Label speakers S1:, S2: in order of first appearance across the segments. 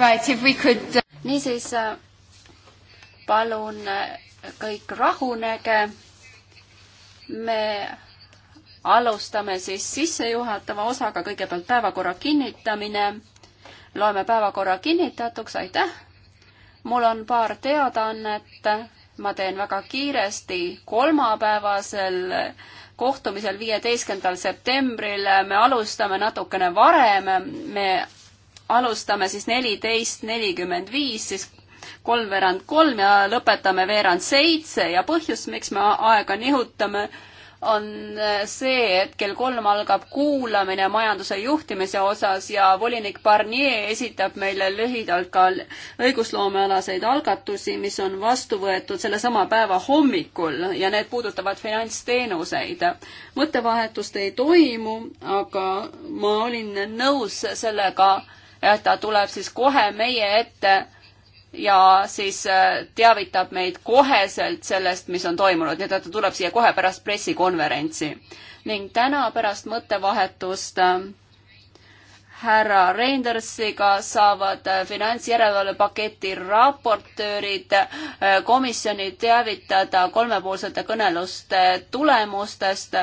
S1: Right, if we could...
S2: Uh, niisiis, äh, palun äh, kõik rahunege. me alustame siis sissejuhatava osaga, kõigepealt päevakorra kinnitamine. loeme päevakorra kinnitatuks, aitäh. mul on paar teadaannet, ma teen väga kiiresti kolmapäevasel kohtumisel, viieteistkümnendal septembril, me alustame natukene varem, me alustame siis neliteist nelikümmend viis, siis kolmveerand kolm ja lõpetame veerand seitse ja põhjus, miks me aega nihutame, on äh, see, et kell kolm algab kuulamine majanduse juhtimise osas ja volinik Barnier esitab meile lühidalt ka õigusloomealaseid algatusi, mis on vastu võetud sellesama päeva hommikul ja need puudutavad finantsteenuseid. mõttevahetust ei toimu, aga ma olin nõus sellega, ta tuleb siis kohe meie ette ja siis äh, teavitab meid koheselt sellest, mis on toimunud, nii et ta tuleb siia kohe pärast pressikonverentsi. ning täna pärast mõttevahetust äh, härra Reindersiga saavad äh, finantsjärelevalve paketi raportöörid komisjoni teavitada kolmepoolsete kõneluste tulemustest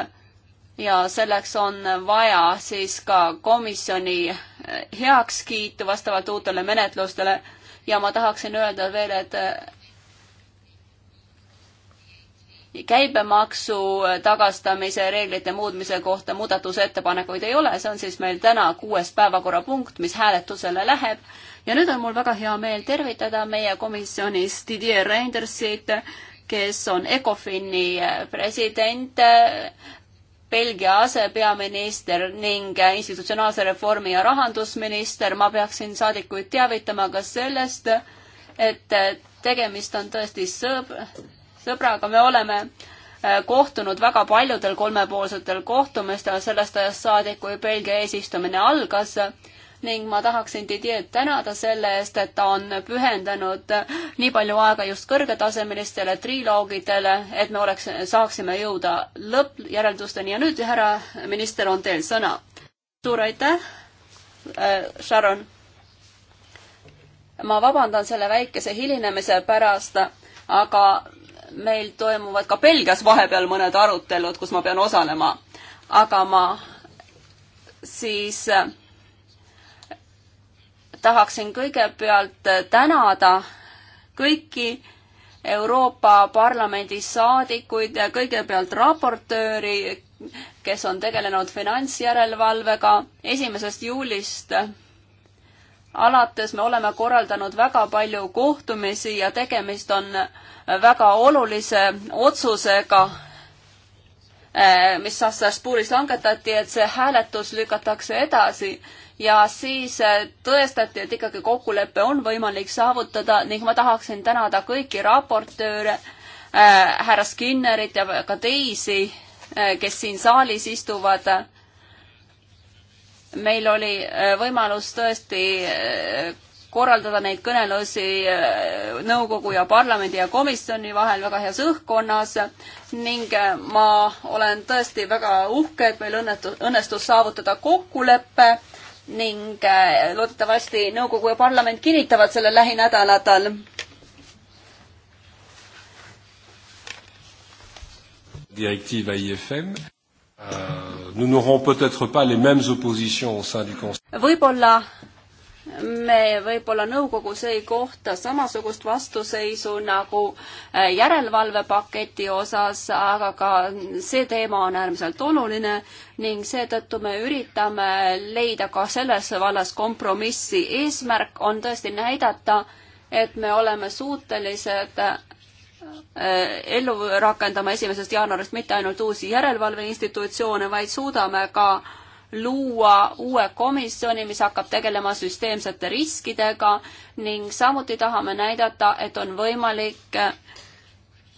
S2: ja selleks on vaja siis ka komisjoni eh, heakskiitu vastavalt uutele menetlustele ja ma tahaksin öelda veel, et eh, käibemaksu tagastamise reeglite muutmise kohta muudatusettepanekuid ei ole, see on siis meil täna kuues päevakorrapunkt, mis hääletusele läheb. ja nüüd on mul väga hea meel tervitada meie komisjonis Didier Reindersit, kes on Ecofini eh, president Belgia asepeaminister ning institutsionaalse reformi ja rahandusminister, ma peaksin saadikuid teavitama ka sellest, et tegemist on tõesti sõb-, sõbraga, me oleme äh, kohtunud väga paljudel kolmepoolsetel kohtumistel sellest ajast saadik, kui Belgia eesistumine algas ning ma tahaksin Didiet tänada selle eest, et ta on pühendanud nii palju aega just kõrgetasemelistele triloogidele, et me oleks, saaksime jõuda lõppjäreldusteni ja nüüd, härra minister, on teil sõna. suur aitäh äh,, Sharon. ma vabandan selle väikese hilinemise pärast, aga meil toimuvad ka Belgias vahepeal mõned arutelud, kus ma pean osalema. aga ma siis äh, tahaksin kõigepealt tänada kõiki Euroopa Parlamendi saadikuid ja kõigepealt raportööri, kes on tegelenud finantsjärelevalvega esimesest juulist alates me oleme korraldanud väga palju kohtumisi ja tegemist on väga olulise otsusega, eh, mis Strasbourgis langetati, et see hääletus lükatakse edasi ja siis äh, tõestati, et ikkagi kokkulepe on võimalik saavutada ning ma tahaksin tänada kõiki raportööre äh,, härra Skinnerit ja ka teisi äh,, kes siin saalis istuvad meil oli äh, võimalus tõesti äh, korraldada neid kõnelusi nõukogu ja parlamendi ja komisjoni vahel väga heas õhkkonnas ning ma olen tõesti väga uhke, et meil õnnetus, õnnestus saavutada kokkulepe ning äh, loodetavasti nõukogu ja parlament kinnitavad selle lähinädalatel.
S3: direktiiv IFM euh, nous n'aurons peut-être pas les mêmes oppositions au sein du Conseil.
S2: Võib-olla me võib-olla nõukogus ei kohta samasugust vastuseisu nagu äh, järelevalvepaketi osas, aga ka see teema on äärmiselt oluline ning seetõttu me üritame leida ka selles vallas kompromissi. eesmärk on tõesti näidata, et me oleme suutelised äh, ellu rakendama esimesest jaanuarist mitte ainult uusi järelevalveinstitutsioone, vaid suudame ka äh, luua uue komisjoni, mis hakkab tegelema süsteemsete riskidega ning samuti tahame näidata, et on võimalik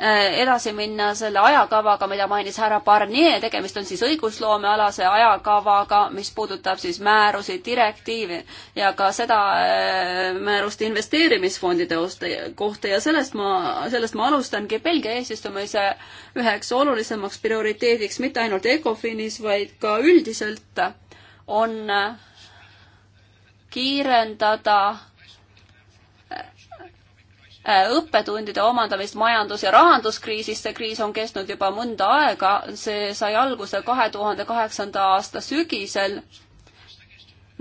S2: Äh, edasi minna selle ajakavaga, mida mainis härra Barnier, tegemist on siis õigusloomealase ajakavaga, mis puudutab siis määrusi, direktiivi ja ka seda äh, määrust investeerimisfondide kohta ja sellest ma, sellest ma alustangi Belgia eesistumise üheks olulisemaks prioriteediks mitte ainult ECOFINis, vaid ka üldiselt on kiirendada Äh, õppetundide omandamist majandus- ja rahanduskriisist. see kriis on kestnud juba mõnda aega, see sai alguse kahe tuhande kaheksanda aasta sügisel.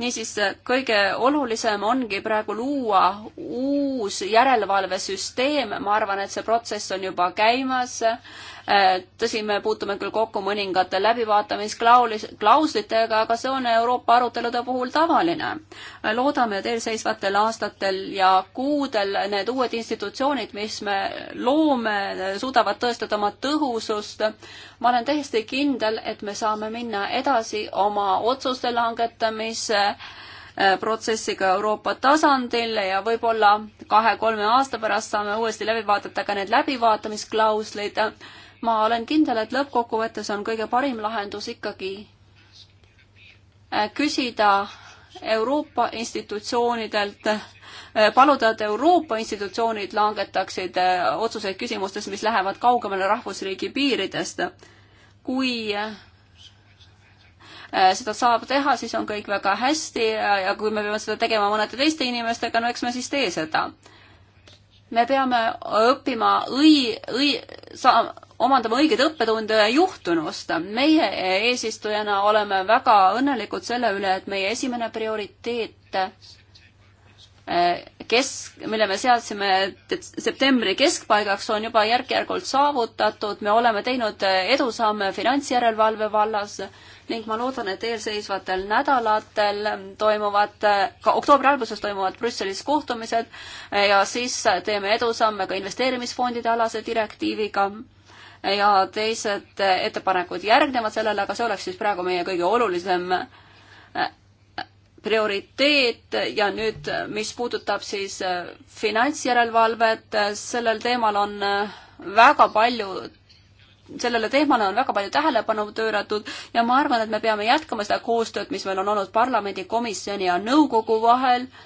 S2: niisiis, kõige olulisem ongi praegu luua uus järelevalvesüsteem, ma arvan, et see protsess on juba käimas Äh, tõsi, me puutume küll kokku mõningate läbivaatamisklauslitega, aga see on Euroopa arutelude puhul tavaline. Äh, loodame, et eelseisvatel aastatel ja kuudel need uued institutsioonid, mis me loome, suudavad tõestada oma tõhusust. ma olen täiesti kindel, et me saame minna edasi oma otsuste langetamise äh, protsessiga Euroopa tasandil ja võib-olla kahe-kolme aasta pärast saame uuesti läbi vaadata ka need läbivaatamisklauslid ma olen kindel, et lõppkokkuvõttes on kõige parim lahendus ikkagi äh, küsida Euroopa institutsioonidelt, äh, paluda, et Euroopa institutsioonid langetaksid äh, otsuseid küsimustes, mis lähevad kaugemale rahvusriigi piiridest. kui seda saab teha, siis on kõik väga hästi ja kui me peame seda tegema mõnede teiste inimestega, no eks me siis tee seda. me peame õppima õi-, õi-, saa-, omandama õigeid õppetunde juhtunust. meie eesistujana oleme väga õnnelikud selle üle, et meie esimene prioriteet eh, kesk, mille me seadsime septembri keskpaigaks, on juba järk-järgult saavutatud, me oleme teinud edusamme finantsjärelevalve vallas ning ma loodan, et eelseisvatel nädalatel toimuvad, ka oktoobri alguses toimuvad Brüsselis kohtumised ja siis teeme edusamme ka investeerimisfondide alase direktiiviga ja teised ettepanekud järgnevad sellele, aga see oleks siis praegu meie kõige olulisem äh, prioriteet ja nüüd, mis puudutab siis äh, finantsjärelevalvet, äh, sellel teemal on väga palju sellele teemale on väga palju tähelepanu pööratud ja ma arvan, et me peame jätkama seda koostööd, mis meil on olnud parlamendi, komisjoni ja nõukogu vahel äh,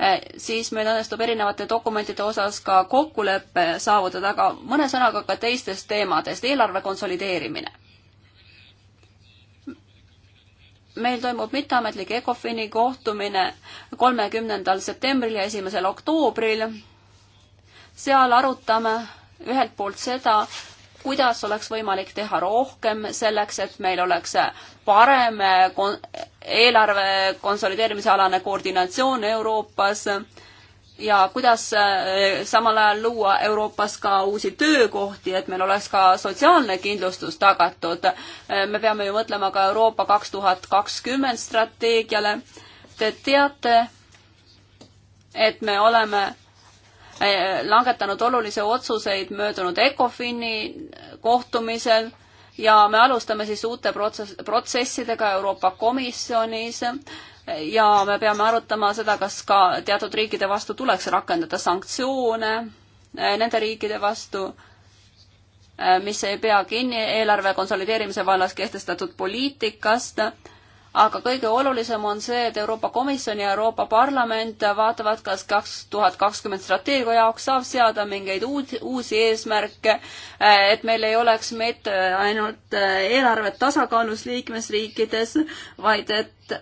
S2: Äh, siis meil õnnestub erinevate dokumentide osas ka kokkulepe saavutada, aga mõne sõnaga ka teistest teemadest, eelarve konsolideerimine. meil toimub mitteametlik ECOFIN-i kohtumine kolmekümnendal septembril ja esimesel oktoobril. seal arutame ühelt poolt seda, kuidas oleks võimalik teha rohkem selleks, et meil oleks parem eh, kon eelarve konsolideerimise alane koordinatsioon Euroopas ja kuidas eh, samal ajal luua Euroopas ka uusi töökohti, et meil oleks ka sotsiaalne kindlustus tagatud. Eh, me peame ju mõtlema ka Euroopa kaks tuhat kakskümmend strateegiale. Te teate, et me oleme Eh, langetanud olulisi otsuseid möödunud ECOFIN-i kohtumisel ja me alustame siis uute protsess, protsessidega Euroopa Komisjonis ja me peame arutama seda, kas ka teatud riikide vastu tuleks rakendada sanktsioone eh, nende riikide vastu, eh, mis ei pea kinni eelarve konsolideerimise vallas kehtestatud poliitikast aga kõige olulisem on see, et Euroopa Komisjon ja Euroopa Parlament vaatavad, kas kaks tuhat kakskümmend strateegia jaoks saab seada mingeid uud, uusi eesmärke, et meil ei oleks mitte ainult äh, eelarved tasakaalus liikmesriikides, vaid et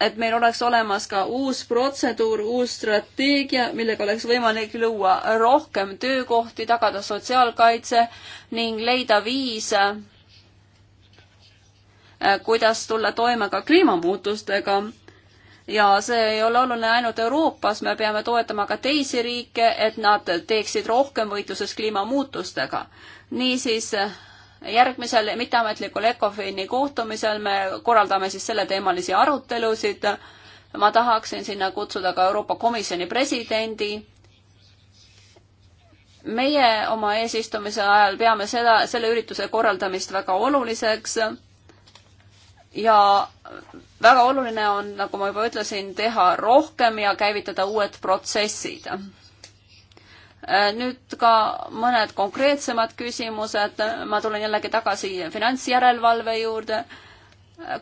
S2: et meil oleks olemas ka uus protseduur, uus strateegia, millega oleks võimalik luua rohkem töökohti, tagada sotsiaalkaitse ning leida viis, äh, Äh, kuidas tulla toime ka kliimamuutustega. ja see ei ole oluline ainult Euroopas, me peame toetama ka teisi riike, et nad teeksid rohkem võitluses kliimamuutustega. niisiis järgmisel mitteametlikul ECOFIN-i kohtumisel me korraldame siis selleteemalisi arutelusid. ma tahaksin sinna kutsuda ka Euroopa Komisjoni presidendi meie oma eesistumise ajal peame seda, selle ürituse korraldamist väga oluliseks ja väga oluline on, nagu ma juba ütlesin, teha rohkem ja käivitada uued protsessid. Äh, nüüd ka mõned konkreetsemad küsimused, ma tulen jällegi tagasi finantsjärelevalve juurde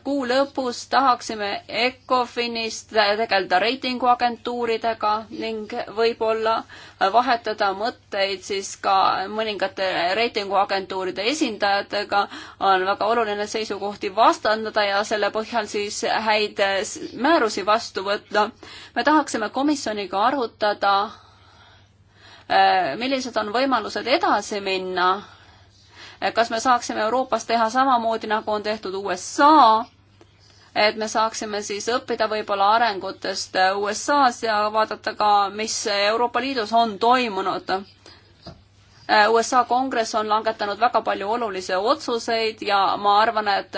S2: kuu lõpus tahaksime ECOFINist tegeleda reitinguagentuuridega ning võib-olla vahetada mõtteid siis ka mõningate reitinguagentuuride esindajatega. on väga oluline seisukohti vastandada ja selle põhjal siis häid määrusi vastu võtta. me tahaksime komisjoniga arutada, eh, millised on võimalused edasi minna kas me saaksime Euroopas teha samamoodi, nagu on tehtud USA, et me saaksime siis õppida võib-olla arengutest USA-s ja vaadata ka, mis Euroopa Liidus on toimunud. USA kongress on langetanud väga palju olulisi otsuseid ja ma arvan, et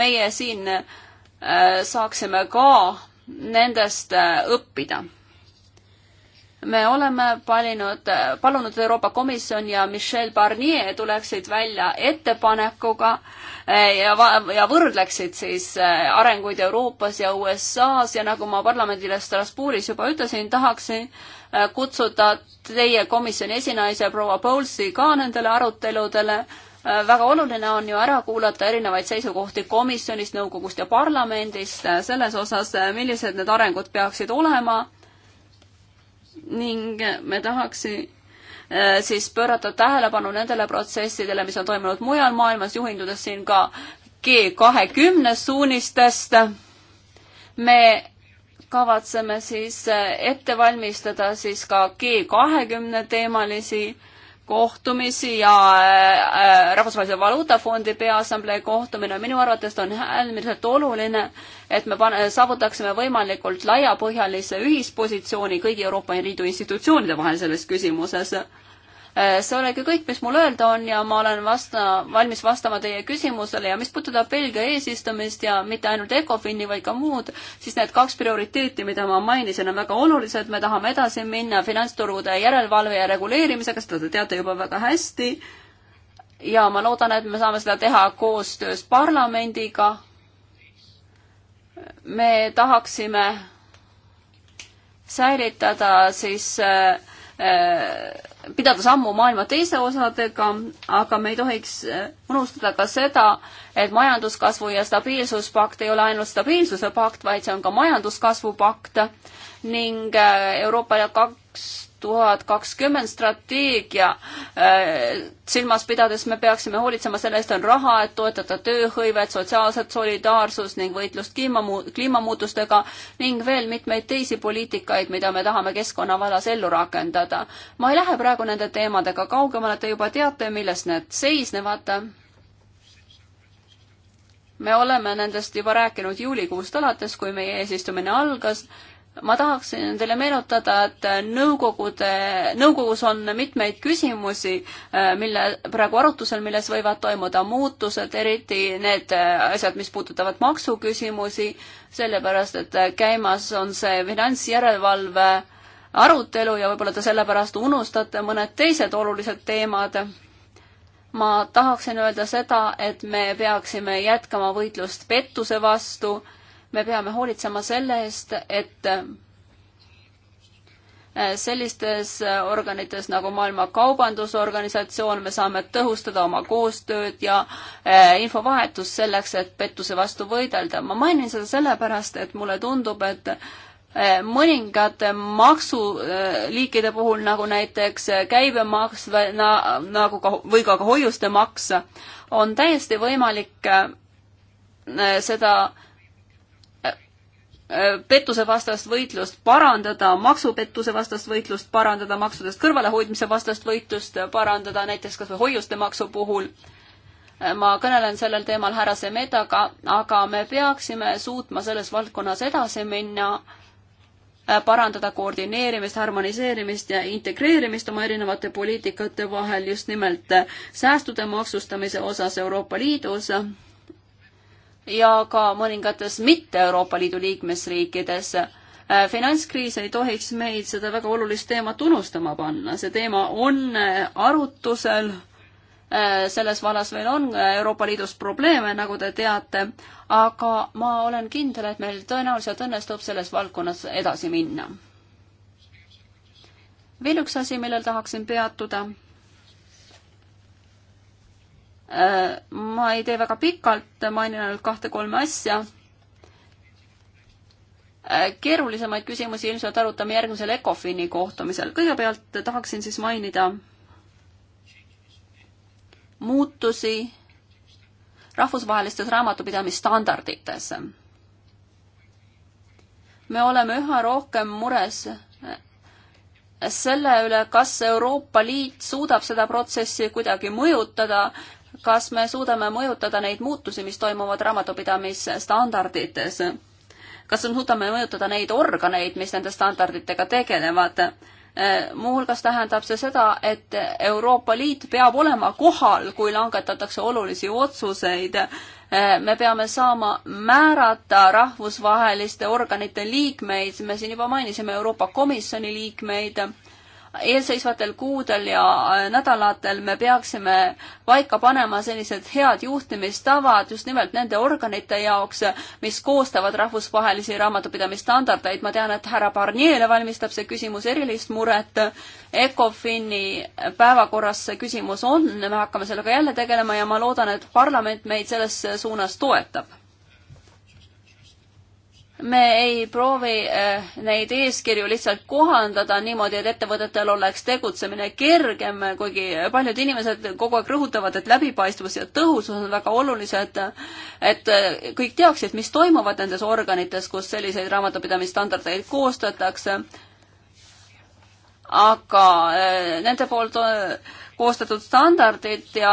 S2: meie siin äh, saaksime ka nendest äh, õppida me oleme palinud, palunud Euroopa Komisjon ja Michel Barnier tuleksid välja ettepanekuga eh, ja, ja võrdleksid siis eh, arenguid Euroopas ja USA-s ja nagu ma parlamendile Strasbourgis juba ütlesin, tahaksin eh, kutsuda teie komisjoni esinaise proua Paulsi ka nendele aruteludele. väga oluline on ju ära kuulata erinevaid seisukohti komisjonist, nõukogust ja parlamendist selles osas, millised need arengud peaksid olema ning me tahaksime äh, siis pöörata tähelepanu nendele protsessidele, mis on toimunud mujal maailmas, juhindudes siin ka G kahekümne suunistest. me kavatseme siis äh, ette valmistada siis ka G kahekümne teemalisi kohtumisi ja äh, äh, Rahvusvahelise Valuutafondi Peaassamblee kohtumine minu arvates on äärmiselt oluline, et me pane, saavutaksime võimalikult laiapõhjalise ühispositsiooni kõigi Euroopa Liidu institutsioonide vahel selles küsimuses Äh, see olegi kõik, mis mul öelda on ja ma olen vasta, valmis vastama teie küsimusele ja mis puudutab Belgia eesistumist ja mitte ainult Ecofini, vaid ka muud, siis need kaks prioriteeti, mida ma mainisin, on väga olulised, me tahame edasi minna finantsturgude järelevalve ja reguleerimisega, seda te teate juba väga hästi. ja ma loodan, et me saame seda teha koostöös parlamendiga. me tahaksime säilitada siis äh, Äh, pidada sammu maailma teise osadega, aga me ei tohiks äh, unustada ka seda, et majanduskasvu ja stabiilsuspakt ei ole ainult stabiilsuse pakt, vaid see on ka majanduskasvu pakt ning äh, Euroopa kaks tuhat kakskümmend strateegia äh, silmas pidades me peaksime hoolitsema selle eest, on raha, et toetada tööhõivet, sotsiaalset solidaarsust ning võitlust kliimamu-, kliimamuutustega ning veel mitmeid teisi poliitikaid, mida me tahame keskkonna vallas ellu rakendada. ma ei lähe praegu nende teemadega kaugemale, te juba teate, milles need seisnevad me oleme nendest juba rääkinud juulikuust alates, kui meie eesistumine algas ma tahaksin teile meenutada, et nõukogude, nõukogus on mitmeid küsimusi, äh, mille, praegu arutusel, milles võivad toimuda muutused, eriti need äh, asjad, mis puudutavad maksuküsimusi, sellepärast et äh, käimas on see finantsjärelevalve arutelu ja võib-olla te sellepärast unustate mõned teised olulised teemad. ma tahaksin öelda seda, et me peaksime jätkama võitlust pettuse vastu me peame hoolitsema selle eest, et äh, sellistes äh, organites nagu Maailma Kaubandusorganisatsioon me saame tõhustada oma koostööd ja äh, infovahetust selleks, et pettuse vastu võidelda. ma mainin seda sellepärast, et mulle tundub, et mõningate maksuliikide puhul, nagu näiteks käibemaks või na, nagu ka, või ka hoiuste maks, on täiesti võimalik seda Äh, pettuse vastast võitlust parandada, maksupettuse vastast võitlust parandada, maksudest kõrvalehoidmise vastast võitlust parandada, näiteks kas või hoiuste maksu puhul. Äh, ma kõnelen sellel teemal härra Semedaga, aga me peaksime suutma selles valdkonnas edasi minna, äh, parandada koordineerimist, harmoniseerimist ja integreerimist oma erinevate poliitikate vahel just nimelt säästude maksustamise osas Euroopa Liidus ja ka mõningates mitte Euroopa Liidu liikmesriikides. Äh, finantskriis ei tohiks meid seda väga olulist teemat unustama panna, see teema on äh, arutusel äh, selles vallas meil on Euroopa Liidus probleeme, nagu te teate, aga ma olen kindel, et meil tõenäoliselt õnnestub selles valdkonnas edasi minna. veel üks asi, millel tahaksin peatuda Äh, ma ei tee väga pikalt, mainin ainult kahte-kolme asja. Äh, keerulisemaid küsimusi ilmselt arutame järgmisel ECOFIN-i kohtumisel. kõigepealt tahaksin siis mainida muutusi rahvusvahelistes raamatupidamisstandardites. me oleme üha rohkem mures selle üle, kas Euroopa Liit suudab seda protsessi kuidagi mõjutada kas me suudame mõjutada neid muutusi, mis toimuvad raamatupidamisstandardites? kas me suudame mõjutada neid organeid, mis nende standarditega tegelevad? muuhulgas tähendab see seda, et Euroopa Liit peab olema kohal, kui langetatakse olulisi otsuseid. me peame saama määrata rahvusvaheliste organite liikmeid, me siin juba mainisime Euroopa Komisjoni liikmeid eelseisvatel kuudel ja äh, nädalatel me peaksime paika panema sellised head juhtimistavad just nimelt nende organite jaoks, mis koostavad rahvusvahelisi raamatupidamisstandardeid. ma tean, et härra Barnier'le valmistab see küsimus erilist muret. ECOFIN-i päevakorras see küsimus on, me hakkame sellega jälle tegelema ja ma loodan, et parlament meid selles suunas toetab me ei proovi eh, neid eeskirju lihtsalt kohandada niimoodi, et ettevõtetel oleks tegutsemine kergem, kuigi paljud inimesed kogu aeg rõhutavad, et läbipaistvus ja tõhusus on väga olulised, et eh, kõik teaksid, mis toimuvad nendes organites, kus selliseid raamatupidamisstandardeid koostatakse. aga eh, nende poolt koostatud standardid ja,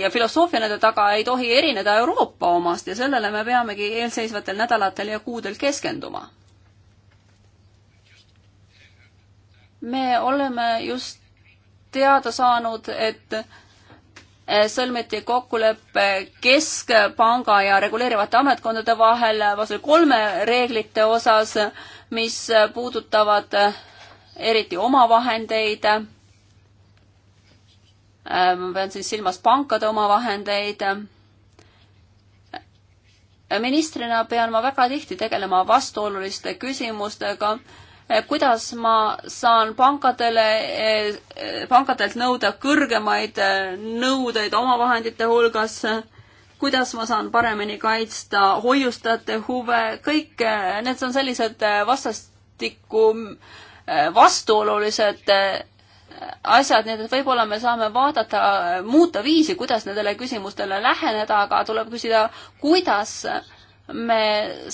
S2: ja filosoofia nende taga ei tohi erineda Euroopa omast ja sellele me peamegi eelseisvatel nädalatel ja kuudel keskenduma. me oleme just teada saanud, et eh, sõlmiti kokkulepe Keskpanga ja reguleerivate ametkondade vahel vastu kolme reeglite osas, mis puudutavad eh, eriti omavahendeid Äh, ma pean siis silmas pankade omavahendeid. Äh, ministrina pean ma väga tihti tegelema vastuoluliste küsimustega, äh, kuidas ma saan pankadele, pankadelt nõuda kõrgemaid nõudeid omavahendite hulgas, kuidas ma saan paremini kaitsta hoiustajate huve, kõik need on sellised vastastikku vastuolulised asjad, nii et võib-olla me saame vaadata, muuta viisi, kuidas nendele küsimustele läheneda, aga tuleb küsida, kuidas me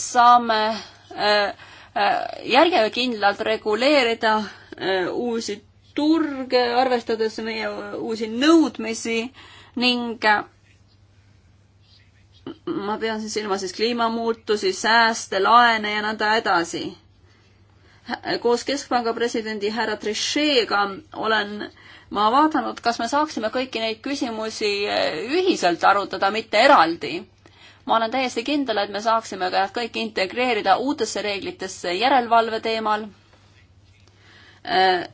S2: saame äh, äh, järjekindlalt reguleerida äh, uusi turge, arvestades meie uusi nõudmisi ning ma pean siin silma siis kliimamuutusi, sääste, laene ja nõnda edasi koos Keskpanga presidendi härra Trichet'ga olen ma vaadanud, kas me saaksime kõiki neid küsimusi eh, ühiselt arutada, mitte eraldi. ma olen täiesti kindel, et me saaksime ka kõik integreerida uutesse reeglitesse järelevalve teemal äh,.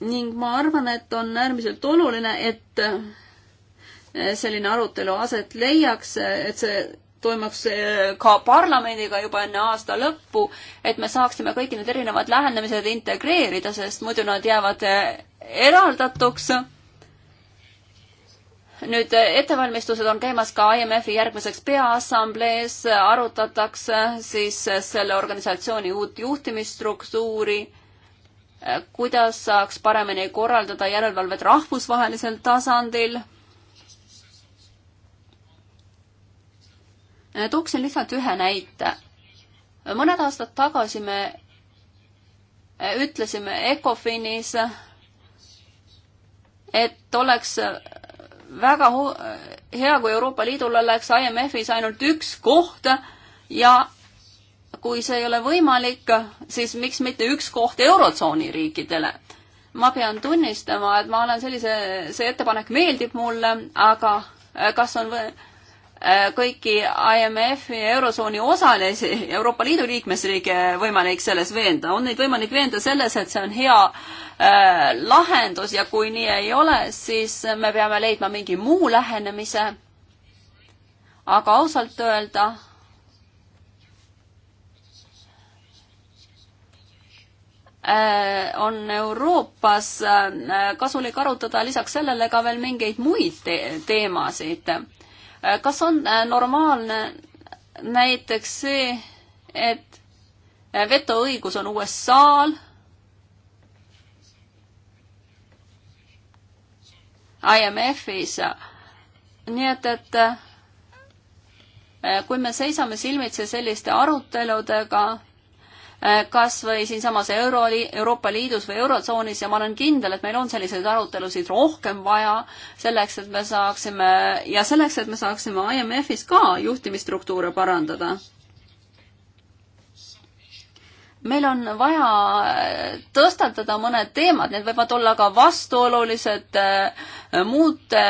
S2: ning ma arvan, et on äärmiselt oluline, et eh, selline arutelu aset leiaks, et see toimuks äh, ka parlamendiga juba enne aasta lõppu, et me saaksime kõik need erinevad lähenemised integreerida, sest muidu nad jäävad äh, eraldatuks. nüüd äh, ettevalmistused on käimas ka IMF-i järgmiseks peaassamblees, arutatakse siis selle organisatsiooni uut juhtimisstruktuuri, kuidas saaks paremini korraldada järelevalvet rahvusvahelisel tasandil Äh, tooksin lihtsalt ühe näite. mõned aastad tagasi me äh, ütlesime Ecofinis, et oleks äh, väga hea, kui Euroopa Liidul oleks IMF-is ainult üks koht ja kui see ei ole võimalik, siis miks mitte üks koht Eurotsooni riikidele. ma pean tunnistama, et ma olen sellise, see ettepanek meeldib mulle, aga kas on või Äh, kõiki IMF-i ja Eurotsooni osalisi, Euroopa Liidu liikmesriike võimalik selles veenda, on neid võimalik veenda selles, et see on hea äh, lahendus ja kui nii ei ole, siis me peame leidma mingi muu lähenemise. aga ausalt öelda äh, on Euroopas äh, kasulik arutada lisaks sellele ka veel mingeid muid te teemasid Äh, kas on äh, normaalne näiteks see, et äh, vetoõigus on USA-l, IMF-is, nii et, et kui me seisame silmitsi selliste aruteludega, Äh, kas või siinsamas Euro, Euroopa Liidus või Eurotsoonis ja ma olen kindel, et meil on selliseid arutelusid rohkem vaja, selleks et me saaksime ja selleks, et me saaksime IMF-is ka juhtimisstruktuure parandada. meil on vaja äh, tõstatada mõned teemad, need võivad olla ka vastuolulised äh, muude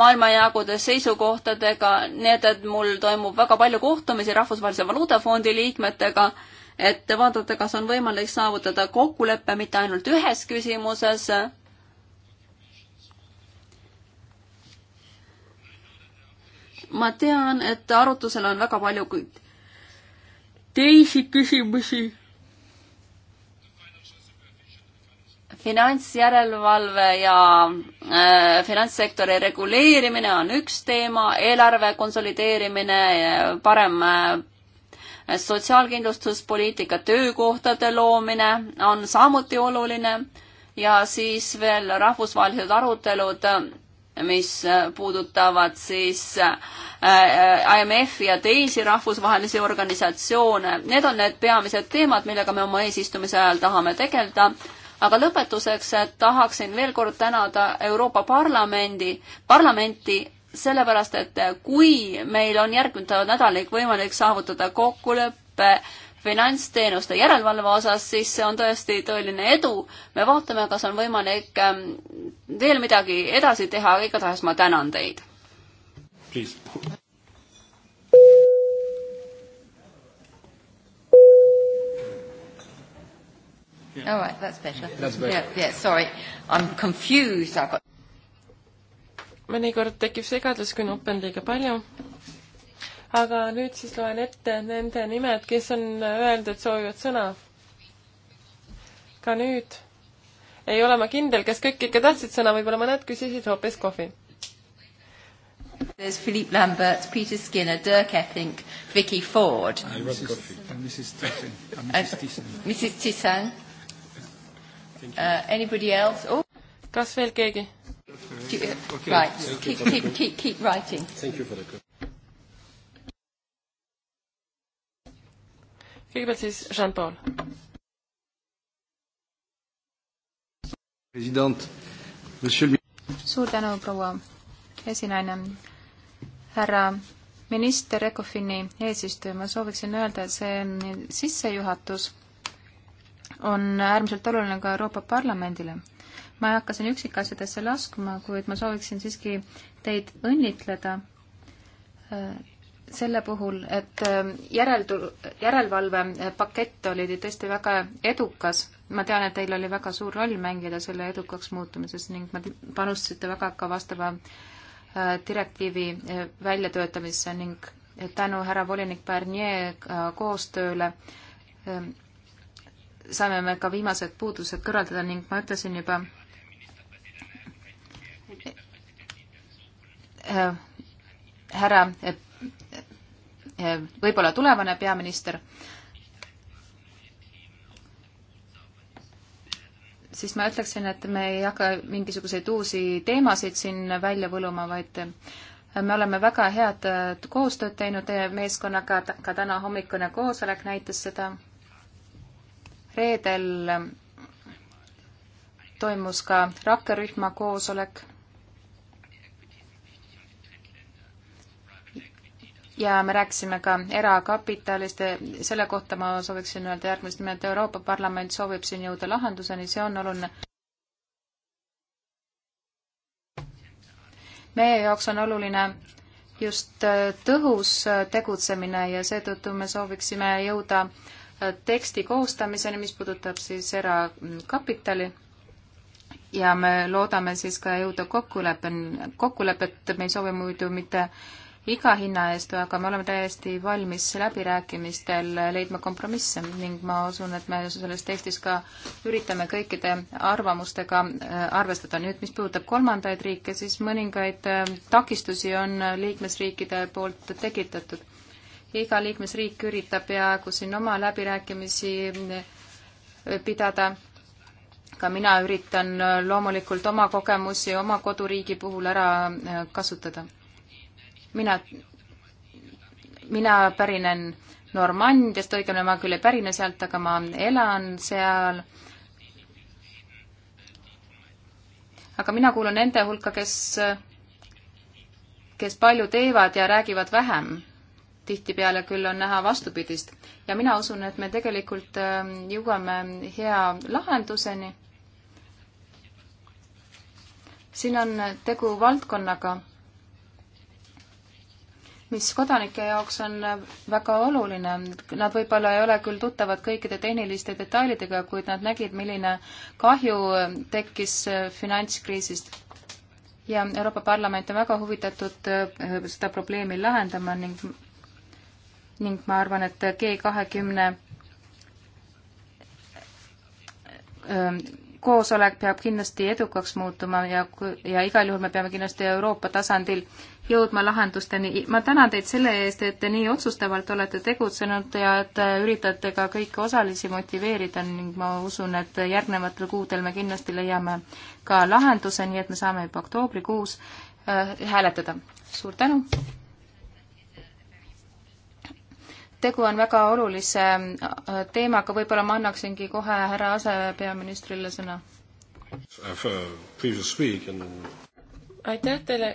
S2: maailmajagude seisukohtadega, nii et, et mul toimub väga palju kohtumisi Rahvusvahelise Valuutafondi liikmetega et vaadata, kas on võimalik saavutada kokkulepe mitte ainult ühes küsimuses, ma tean, et arutusel on väga palju
S3: teisi küsimusi.
S2: finantsjärelevalve ja äh, finantssektori reguleerimine on üks teema, eelarve konsolideerimine, parem äh, sotsiaalkindlustuspoliitika, töökohtade loomine on samuti oluline ja siis veel rahvusvahelised arutelud, mis puudutavad siis IMF-i äh, äh, ja teisi rahvusvahelisi organisatsioone. Need on need peamised teemad, millega me oma eesistumise ajal tahame tegeleda aga lõpetuseks äh, tahaksin veel kord tänada Euroopa Parlamendi, parlamenti sellepärast, et kui meil on järgmine nädalik võimalik saavutada kokkulepe finantsteenuste järelevalve osas, siis see on tõesti tõeline edu. me vaatame, kas on võimalik ähm, veel midagi edasi teha, aga igatahes ma tänan teid.
S1: All right, that's better. That's better. Yeah,
S3: yeah, sorry. I'm confused. I've got mõnikord tekib segadus, kui nuppe on liiga palju. aga nüüd siis loen ette nende nimed, kes on öelnud, et soovivad sõna. ka nüüd ei ole ma kindel, kas kõik ikka tahtsid sõna, võib-olla mõned küsisid hoopis kohvi. There's
S2: Philippe Lambert, Peter Skinner, Dirk Epping, Vicky Ford. I love coffee. And Mrs. Thyssen. And Mrs. Thyssen. Mrs.
S3: Thyssen. Uh, anybody else? Oh. Kas veel keegi? Do you, okay. Uh, right. Thank keep, keep, the... keep, keep writing. Thank you for the kõigepealt siis Jean-Paul.
S1: president, monsieur. suur tänu, proua esinaine. härra minister Ecofini eesistuja, ma sooviksin öelda, et see sissejuhatus on äärmiselt oluline ka Euroopa Parlamendile ma ei hakka siin üksikasjadesse laskuma, kuid ma sooviksin siiski teid õnnitleda äh, selle puhul, et äh, järeltu-, järelevalvepakett oli tõesti väga edukas. ma tean, et teil oli väga suur roll mängida selle edukaks muutumises ning panustasite väga ka vastava äh, direktiivi väljatöötamisse ning tänu härra volinik Barnier koostööle saime me ka viimased puudused kõrvaldada ning ma ütlesin juba Äh, härra, äh, võib-olla tulevane peaminister, siis ma ütleksin, et me ei hakka mingisuguseid uusi teemasid siin välja võluma, vaid äh, me oleme väga head koostööd teinud teie meeskonnaga, ka täna hommikune koosolek näitas seda. reedel toimus ka rakkerühma koosolek ja me rääkisime ka erakapitalist, selle kohta ma sooviksin öelda järgmist, nimelt Euroopa Parlament soovib siin jõuda lahenduseni, see on oluline. meie jaoks on oluline just äh, tõhus äh, tegutsemine ja seetõttu me sooviksime jõuda äh, teksti koostamiseni, mis puudutab siis erakapitali ja me loodame siis ka jõuda kokkuleppeni, kokkulepet me ei soovi muidu mitte äh, iga hinna eest, aga me oleme täiesti valmis läbirääkimistel leidma kompromisse ning ma usun, et me selles tekstis ka üritame kõikide arvamustega äh, arvestada. nüüd, mis puudutab kolmandaid riike, siis mõningaid äh, takistusi on liikmesriikide poolt tekitatud. iga liikmesriik üritab peaaegu siin oma läbirääkimisi äh, pidada ka mina üritan loomulikult oma kogemusi oma koduriigi puhul ära kasutada mina, mina pärinen Normandiast, õigemini ma küll ei pärine sealt, aga ma elan seal. aga mina kuulun nende hulka, kes, kes palju teevad ja räägivad vähem. tihtipeale küll on näha vastupidist ja mina usun, et me tegelikult ähm, jõuame hea lahenduseni. siin on tegu valdkonnaga mis kodanike jaoks on väga oluline. Nad võib-olla ei ole küll tuttavad kõikide tehniliste detailidega, kuid nad nägid, milline kahju tekkis finantskriisist. ja Euroopa Parlament on väga huvitatud äh, seda probleemi lahendama ning, ning ma arvan, et G kahekümne 20 äh, koosolek peab kindlasti edukaks muutuma ja, ja igal juhul me peame kindlasti Euroopa tasandil jõudma lahendusteni. ma tänan teid selle eest, et te nii otsustavalt olete tegutsenud ja et üritate ka kõiki osalisi motiveerida ning ma usun, et järgnevatel kuudel me kindlasti leiame ka lahenduse, nii et me saame juba oktoobrikuus äh, hääletada. suur tänu! tegu on väga olulise äh, teemaga, võib-olla ma annaksingi kohe härra asepeaministrile sõna.
S3: Uh, aitäh teile,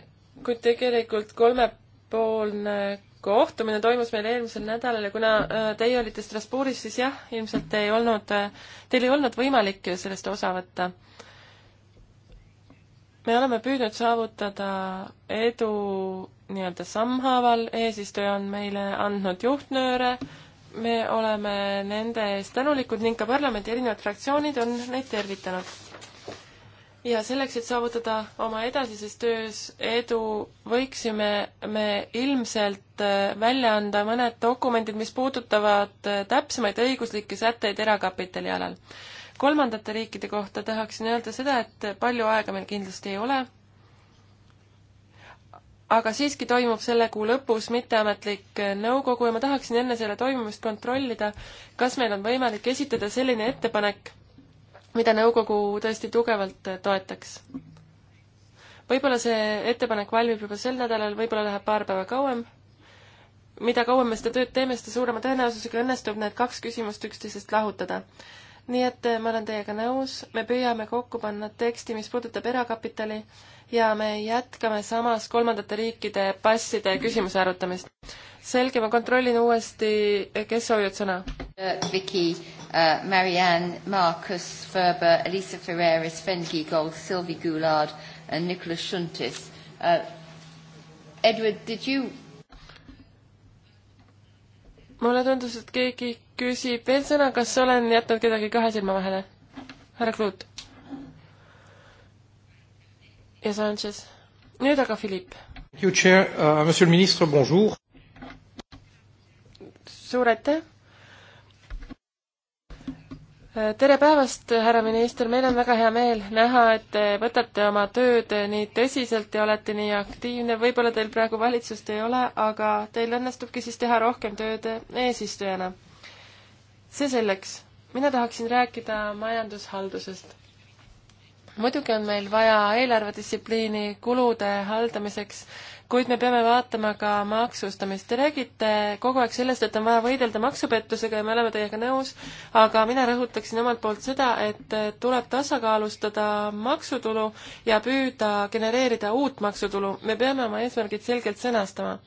S3: kuid tegelikult kolmepoolne kohtumine toimus meil eelmisel nädalal ja kuna äh, teie olite Strasbourgis, siis jah, ilmselt ei olnud, äh, teil ei olnud võimalik sellest osa võtta. me oleme püüdnud saavutada edu nii-öelda sammhaaval, eesistuja on meile andnud juhtnööre, me oleme nende eest tänulikud ning ka parlamendi erinevad fraktsioonid on neid tervitanud. ja selleks, et saavutada oma edasises töös edu, võiksime me ilmselt äh, välja anda mõned dokumendid, mis puudutavad äh, täpsemaid õiguslikke sätteid erakapitali alal kolmandate riikide kohta tahaksin öelda seda, et palju aega meil kindlasti ei ole aga siiski toimub selle kuu lõpus mitteametlik nõukogu ja ma tahaksin enne selle toimumist kontrollida, kas meil on võimalik esitada selline ettepanek, mida nõukogu tõesti tugevalt toetaks. võib-olla see ettepanek valmib juba sel nädalal, võib-olla läheb paar päeva kauem. mida kauem me seda tööd teeme, seda suurema tõenäosusega õnnestub need kaks küsimust üksteisest lahutada nii et eh, ma olen teiega nõus, me püüame kokku panna teksti, mis puudutab erakapitali ja me jätkame samas kolmandate riikide passide küsimuse arutamist. selge, ma kontrollin uuesti, eh, kes soovivad sõna. Eh, Viki uh,, Marianne, Markus, Ferber, Elisa Ferreras, Sven
S2: Kiigold, Silvi Goulard ja Nicolas Šuntis uh,. Edward,
S3: did you mulle tundus, et keegi küsib veel sõna, kas olen jätnud kedagi kahe silma vahele? härra Kruut. ja Sanchez. nüüd aga Philipp.
S1: Uh,
S3: suur aitäh tere päevast, härra minister, meil on väga hea meel näha, et te võtate oma tööd nii tõsiselt ja olete nii aktiivne, võib-olla teil praegu valitsust ei ole, aga teil õnnestubki siis teha rohkem tööd eesistujana. see selleks, mina tahaksin rääkida majandushaldusest. muidugi on meil vaja eelarvedistsipliini kulude haldamiseks kuid me peame vaatama ka maksustamist. Te räägite kogu aeg sellest, et on vaja võidelda maksupettusega ja me oleme teiega nõus, aga mina rõhutaksin omalt poolt seda, et tuleb tasakaalustada maksutulu ja püüda genereerida uut maksutulu. me peame oma eesmärgid selgelt sõnastama.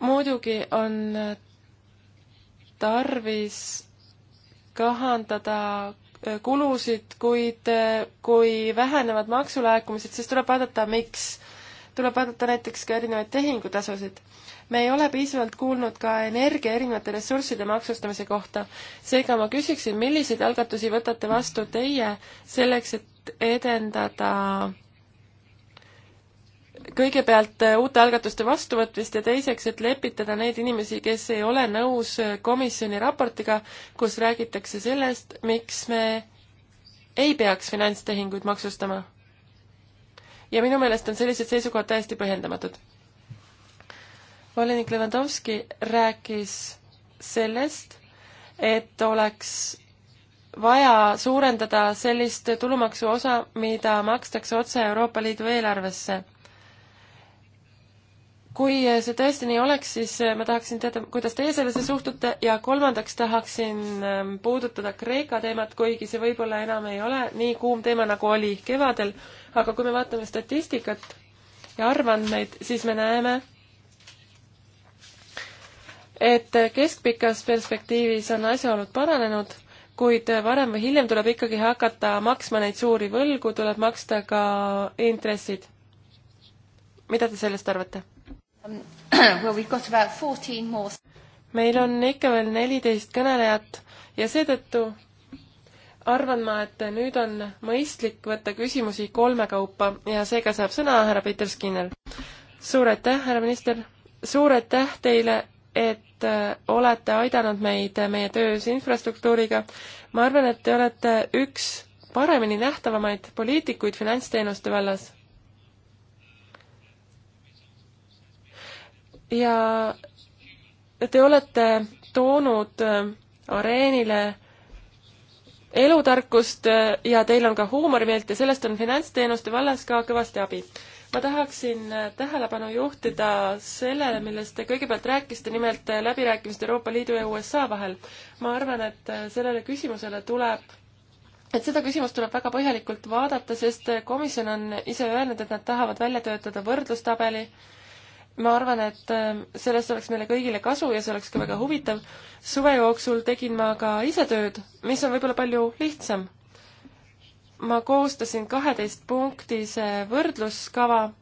S3: muidugi on tarvis kahandada kulusid, kuid kui vähenevad maksulaekumised, siis tuleb vaadata, miks tuleb vaadata näiteks ka erinevaid tehingutasusid. me ei ole piisavalt kuulnud ka energia erinevate ressursside maksustamise kohta. seega ma küsiksin, milliseid algatusi võtate vastu teie selleks, et edendada kõigepealt uute algatuste vastuvõtmist ja teiseks, et lepitada neid inimesi, kes ei ole nõus komisjoni raportiga, kus räägitakse sellest, miks me ei peaks finantstehinguid maksustama ja minu meelest on sellised seisukohad täiesti põhjendamatud. volinik Levandovski rääkis sellest, et oleks vaja suurendada sellist tulumaksu osa, mida makstakse otse Euroopa Liidu eelarvesse kui see tõesti nii oleks, siis äh, ma tahaksin teada, kuidas teie sellesse suhtute ja kolmandaks tahaksin ähm, puudutada Kreeka teemat, kuigi see võib-olla enam ei ole nii kuum teema, nagu oli kevadel, aga kui me vaatame statistikat ja arvandmeid, siis me näeme, et keskpikas perspektiivis on asjaolud paranenud, kuid varem või hiljem tuleb ikkagi hakata maksma neid suuri võlgu, tuleb maksta ka intressid. mida te sellest arvate? Um, meil on ikka veel neliteist kõnelejat ja seetõttu arvan ma, et nüüd on mõistlik võtta küsimusi kolme kaupa ja seega saab sõna härra Peter Skinner. suur aitäh, härra minister, suur aitäh teile, et äh, olete aidanud meid äh, meie töös infrastruktuuriga. ma arvan, et te olete üks paremini nähtavamaid poliitikuid finantsteenuste vallas ja te olete toonud äh, areenile elutarkust äh, ja teil on ka huumorimeelt ja sellest on finantsteenuste vallas ka kõvasti abi. ma tahaksin äh, tähelepanu juhtida sellele, millest te kõigepealt rääkisite, nimelt läbirääkimised Euroopa Liidu ja USA vahel. ma arvan, et sellele küsimusele tuleb et seda küsimust tuleb väga põhjalikult vaadata, sest komisjon on ise öelnud, et nad tahavad välja töötada võrdlustabeli äh, ma arvan, et ähm, sellest oleks meile kõigile kasu ja see oleks ka väga huvitav. suve jooksul tegin ma ka ise tööd, mis on võib-olla palju lihtsam. ma koostasin kaheteistpunktise võrdluskava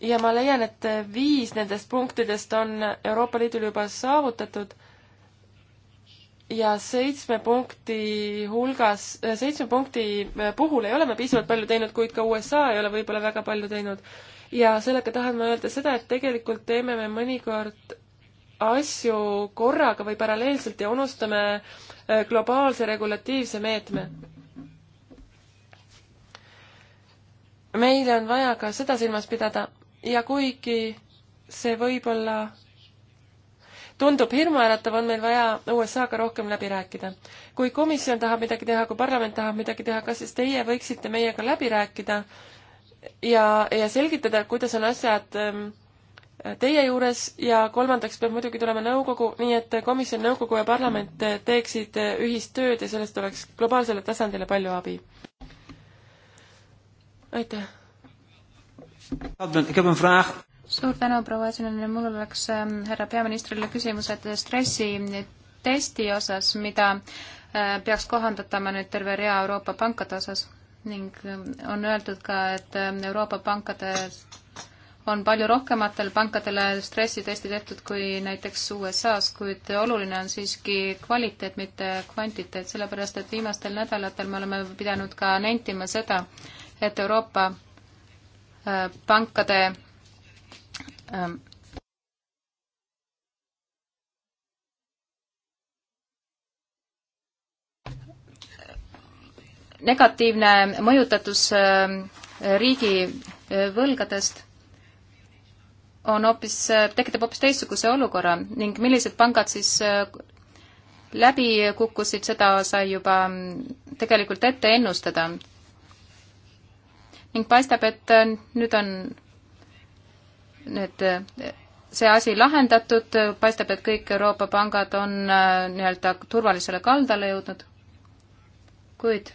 S3: ja ma leian, et viis nendest punktidest on Euroopa Liidul juba saavutatud ja seitsme punkti hulgas, seitsme punkti puhul ei ole me piisavalt palju teinud, kuid ka USA ei ole võib-olla väga palju teinud ja sellega tahan ma öelda seda, et tegelikult teeme me mõnikord asju korraga või paralleelselt ja unustame äh, globaalse regulatiivse meetme. meile on vaja ka seda silmas pidada ja kuigi see võib-olla tundub hirmuäratav, on meil vaja USA-ga rohkem läbi rääkida. kui komisjon tahab midagi teha, kui parlament tahab midagi teha, kas siis teie võiksite meiega läbi rääkida äh, ja, ja selgitada, kuidas on asjad ähm, teie juures ja kolmandaks peab muidugi tulema nõukogu, nii et komisjon, nõukogu ja parlament äh, teeksid äh, ühist tööd ja sellest oleks globaalsele tasandile palju abi. aitäh.
S1: suur tänu, proua esineja, mul oleks ähm, härra peaministrile küsimus, et stressitesti osas, mida äh, peaks kohandatama nüüd terve rea Euroopa pankade osas ning on öeldud ka, et ähm, Euroopa pankades on palju rohkematel pankadele stressitesti tehtud kui näiteks USA-s, kuid oluline on siiski kvaliteet, mitte kvantiteet, sellepärast et viimastel nädalatel me oleme pidanud ka nentima seda, et Euroopa äh, pankade ähm, negatiivne mõjutatus ähm, riigi äh, võlgadest on hoopis, äh, tekitab hoopis teistsuguse olukorra ning millised pangad siis äh, läbi kukkusid, seda sai juba mm, tegelikult ette ennustada. ning paistab, et nüüd on need, see asi lahendatud, paistab, et kõik Euroopa pangad on nii-öelda turvalisele kaldale jõudnud, kuid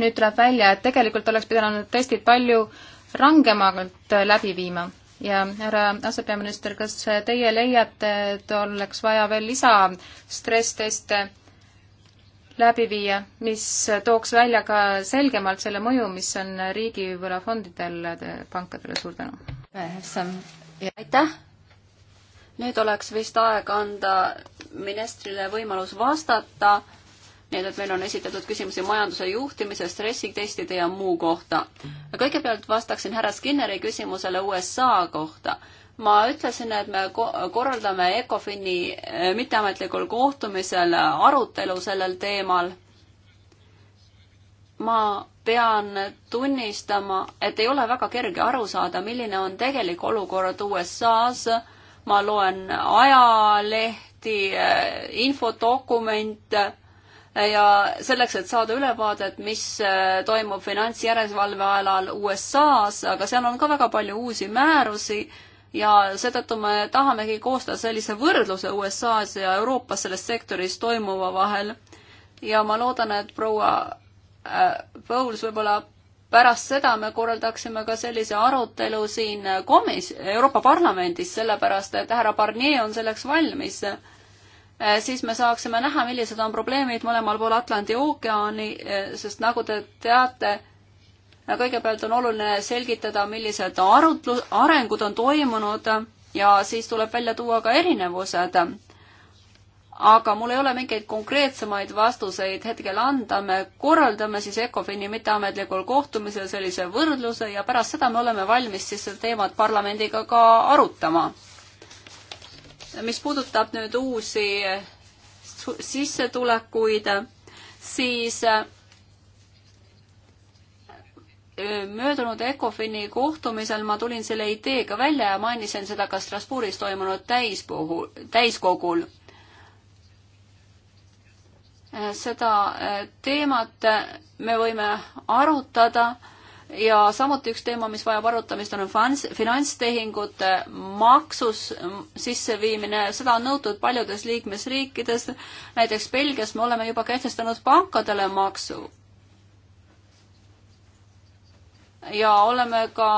S1: nüüd tuleb välja, et tegelikult oleks pidanud testid palju rangemalt läbi viima ja härra asepeaminister, kas teie leiate, et oleks vaja veel lisa stress-teste läbi viia, mis tooks välja ka selgemalt selle mõju, mis on riigivõlafondidel pankadele, suur tänu! aitäh!
S2: nüüd oleks vist aeg anda ministrile võimalus vastata nii et meil on esitatud küsimusi majanduse juhtimise, stressitestide ja muu kohta. kõigepealt vastaksin härra Skinneri küsimusele USA kohta. ma ütlesin, et me korraldame ECOFIN-i eh, mitteametlikul kohtumisel arutelu sellel teemal. ma pean tunnistama, et ei ole väga kerge aru saada, milline on tegelik olukord USA-s. ma loen ajalehti, eh, infodokumente ja selleks, et saada ülevaadet, mis äh, toimub finantsjärelevalve alal USA-s, aga seal on ka väga palju uusi määrusi ja seetõttu me tahamegi koostada sellise võrdluse USA-s ja Euroopas selles sektoris toimuva vahel. ja ma loodan, et proua äh, Pauls võib-olla pärast seda me korraldaksime ka sellise arutelu siin komis-, Euroopa Parlamendis, sellepärast et härra Barnier on selleks valmis Äh, siis me saaksime näha, millised on probleemid mõlemal pool Atlandi ookeani, äh, sest nagu te teate, äh, kõigepealt on oluline selgitada, millised arutlus, arengud on toimunud ja siis tuleb välja tuua ka erinevused. aga mul ei ole mingeid konkreetsemaid vastuseid hetkel anda, me korraldame siis ECOFIN-i mitteametlikul kohtumisel sellise võrdluse ja pärast seda me oleme valmis siis seda teemat parlamendiga ka arutama mis puudutab nüüd uusi sissetulekuid, siis äh, möödunud ECOFIN-i kohtumisel ma tulin selle ideega välja ja mainisin seda ka Strasbourgis toimunud täispuhu, täiskogul. Äh, seda äh, teemat me võime arutada ja samuti üks teema, mis vajab arutamist, on finantstehingute maksus sisseviimine, seda on nõutud paljudes liikmesriikides, näiteks Belgias me oleme juba kehtestanud pankadele maksu ja oleme ka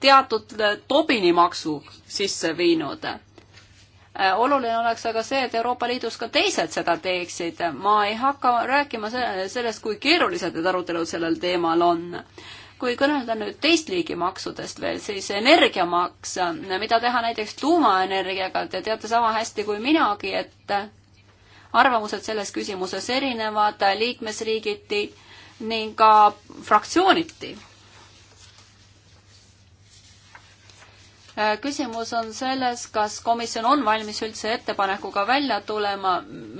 S2: teatud tobinimaksu sisse viinud. Äh, oluline oleks aga see, et Euroopa Liidus ka teised seda teeksid. ma ei hakka rääkima sellest, kui keerulised need arutelud sellel teemal on kui kõnelda nüüd teist liigi maksudest veel, siis energiamaks, mida teha näiteks tuumaenergiaga, te teate sama hästi kui minagi, et arvamused selles küsimuses erinevad liikmesriigiti ning ka fraktsiooniti Äh, küsimus on selles, kas komisjon on valmis üldse ettepanekuga välja tulema.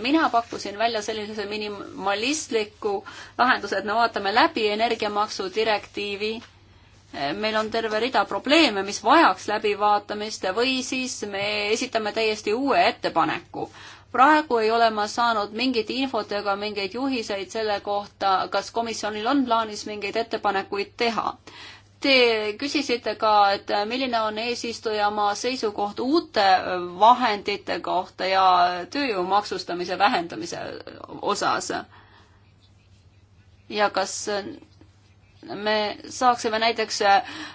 S2: mina pakkusin välja sellise minimalistliku lahenduse, et me vaatame läbi energiamaksu direktiivi. Äh, meil on terve rida probleeme, mis vajaks läbivaatamist või siis me esitame täiesti uue ettepaneku praegu ei ole ma saanud mingit infot ega mingeid juhiseid selle kohta, kas komisjonil on plaanis mingeid ettepanekuid teha. Te küsisite ka, et milline on eesistujamaa seisukoht uute vahendite kohta ja tööjõu maksustamise vähendamise osas. ja kas me saaksime näiteks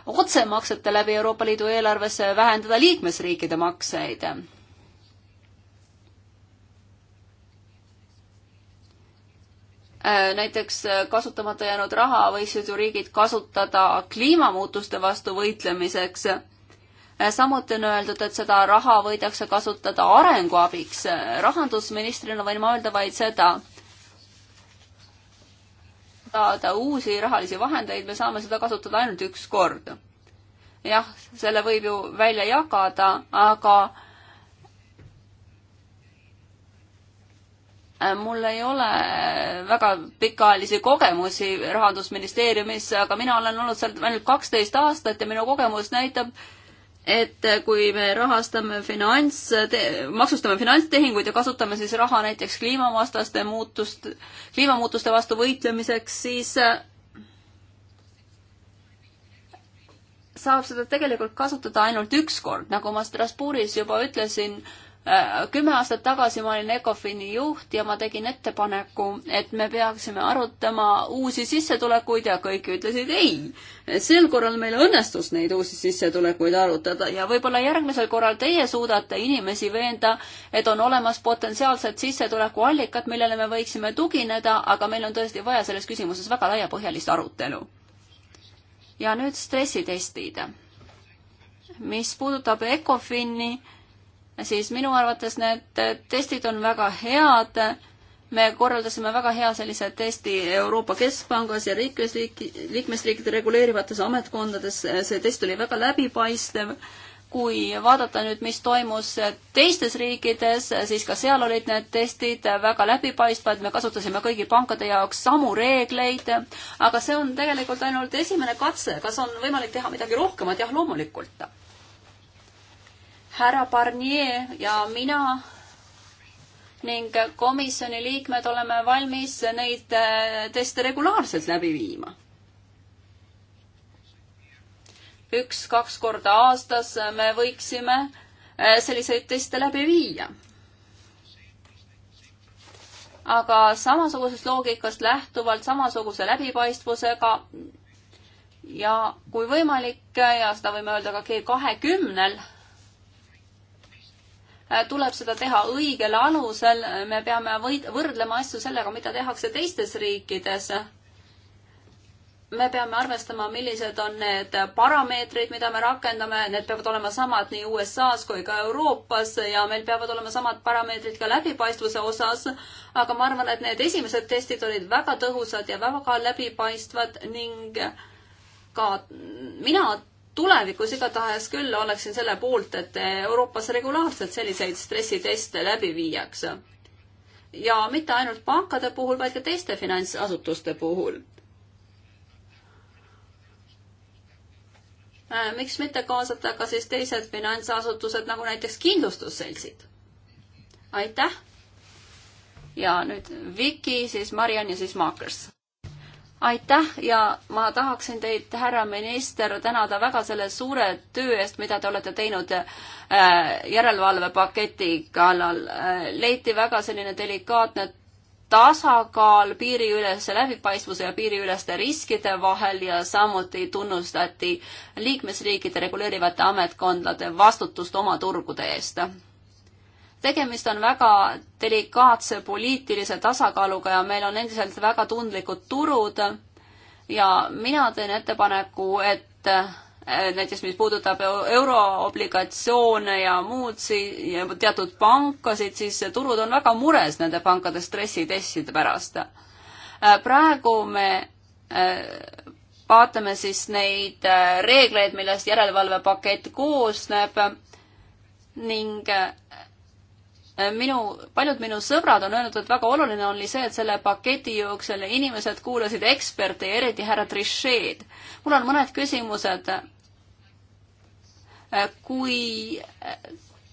S2: otsemaksete läbi Euroopa Liidu eelarvesse vähendada liikmesriikide makseid? Äh, näiteks äh, kasutamata jäänud raha võiksid ju riigid kasutada kliimamuutuste vastu võitlemiseks. Äh, samuti on öeldud, et seda raha võidakse kasutada arenguabiks. rahandusministrina võin ma öelda vaid seda, saada uusi rahalisi vahendeid, me saame seda kasutada ainult üks kord. jah, selle võib ju välja jagada, aga Äh, mul ei ole äh, väga pikaajalisi kogemusi Rahandusministeeriumis, aga mina olen olnud seal ainult kaksteist aastat ja minu kogemus näitab, et äh, kui me rahastame finants, maksustame finantstehinguid ja kasutame siis raha näiteks kliimavastaste muutust, kliimamuutuste vastu võitlemiseks, siis saab seda tegelikult kasutada ainult üks kord, nagu ma Strasbourgis juba ütlesin Äh, kümme aastat tagasi ma olin Ecofini juht ja ma tegin ettepaneku, et me peaksime arutama uusi sissetulekuid ja kõik ütlesid ei. sel korral meil õnnestus neid uusi sissetulekuid arutada ja võib-olla järgmisel korral teie suudate inimesi veenda, et on olemas potentsiaalsed sissetulekuallikad, millele me võiksime tugineda, aga meil on tõesti vaja selles küsimuses väga laiapõhjalist arutelu. ja nüüd stressitestid. mis puudutab Ecofini siis minu arvates need testid on väga head. me korraldasime väga hea sellise testi Euroopa Keskpangas ja liikmesriik, liikmesriikide reguleerivates ametkondades, see test oli väga läbipaistev kui vaadata nüüd, mis toimus teistes riikides, siis ka seal olid need testid väga läbipaistvad, me kasutasime kõigi pankade jaoks samu reegleid, aga see on tegelikult ainult esimene katse, kas on võimalik teha midagi rohkemat, jah, loomulikult härra Barnier ja mina ning komisjoni liikmed oleme valmis neid äh, teste regulaarselt läbi viima. üks, kaks korda aastas me võiksime äh, selliseid teste läbi viia. aga samasugusest loogikast lähtuvalt samasuguse läbipaistvusega ja kui võimalik äh, ja seda võime öelda ka G kahekümnel Äh, tuleb seda teha õigel alusel, me peame võid-, võrdlema asju sellega, mida tehakse teistes riikides. me peame arvestama, millised on need parameetrid, mida me rakendame, need peavad olema samad nii USA-s kui ka Euroopas ja meil peavad olema samad parameetrid ka läbipaistvuse osas, aga ma arvan, et need esimesed testid olid väga tõhusad ja väga läbipaistvad ning ka mina tulevikus igatahes küll oleksin selle poolt, et Euroopas regulaarselt selliseid stressiteste läbi viiakse. ja mitte ainult pankade puhul, vaid ka teiste finantsasutuste puhul. Äh, miks mitte kaasata ka siis teised finantsasutused, nagu näiteks kindlustusseltsid? aitäh! ja nüüd Viki, siis Mariann ja siis Markers aitäh ja ma tahaksin teid, härra minister, tänada väga selle suure töö eest, mida te olete teinud äh, järelevalvepaketi kallal. Äh, leiti väga selline delikaatne tasakaal piiriülese läbipaistvuse ja piiriüleste riskide vahel ja samuti tunnustati liikmesriikide reguleerivate ametkondade vastutust oma turgude eest tegemist on väga delikaatse poliitilise tasakaaluga ja meil on endiselt väga tundlikud turud ja mina teen ettepaneku, et näiteks mis puudutab euroobligatsioone ja muud si- ja teatud pankasid, siis turud on väga mures nende pankade stressitestide pärast. praegu me vaatame siis neid reegleid, millest järelevalvepakett koosneb ning Äh, minu, paljud minu sõbrad on öelnud, et väga oluline oli see, et selle paketi jooksul inimesed kuulasid eksperte ja eriti härra Trichet. mul on mõned küsimused. Äh, kui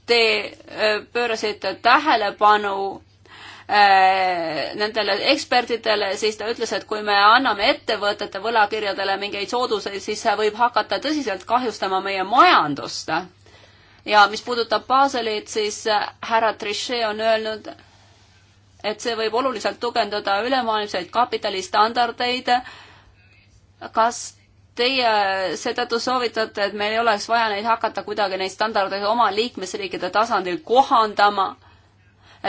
S2: te äh, pöörasite tähelepanu nendele ekspertidele, siis ta ütles, et kui me anname ettevõtete võlakirjadele mingeid sooduseid, siis see võib hakata tõsiselt kahjustama meie majandust ja mis puudutab Baselit, siis äh, härra Trichet on öelnud, et see võib oluliselt tugevdada ülemaailmseid kapitalistandardeid. kas teie seetõttu soovitate, et meil ei oleks vaja neid hakata kuidagi neid standardeid oma liikmesriikide tasandil kohandama?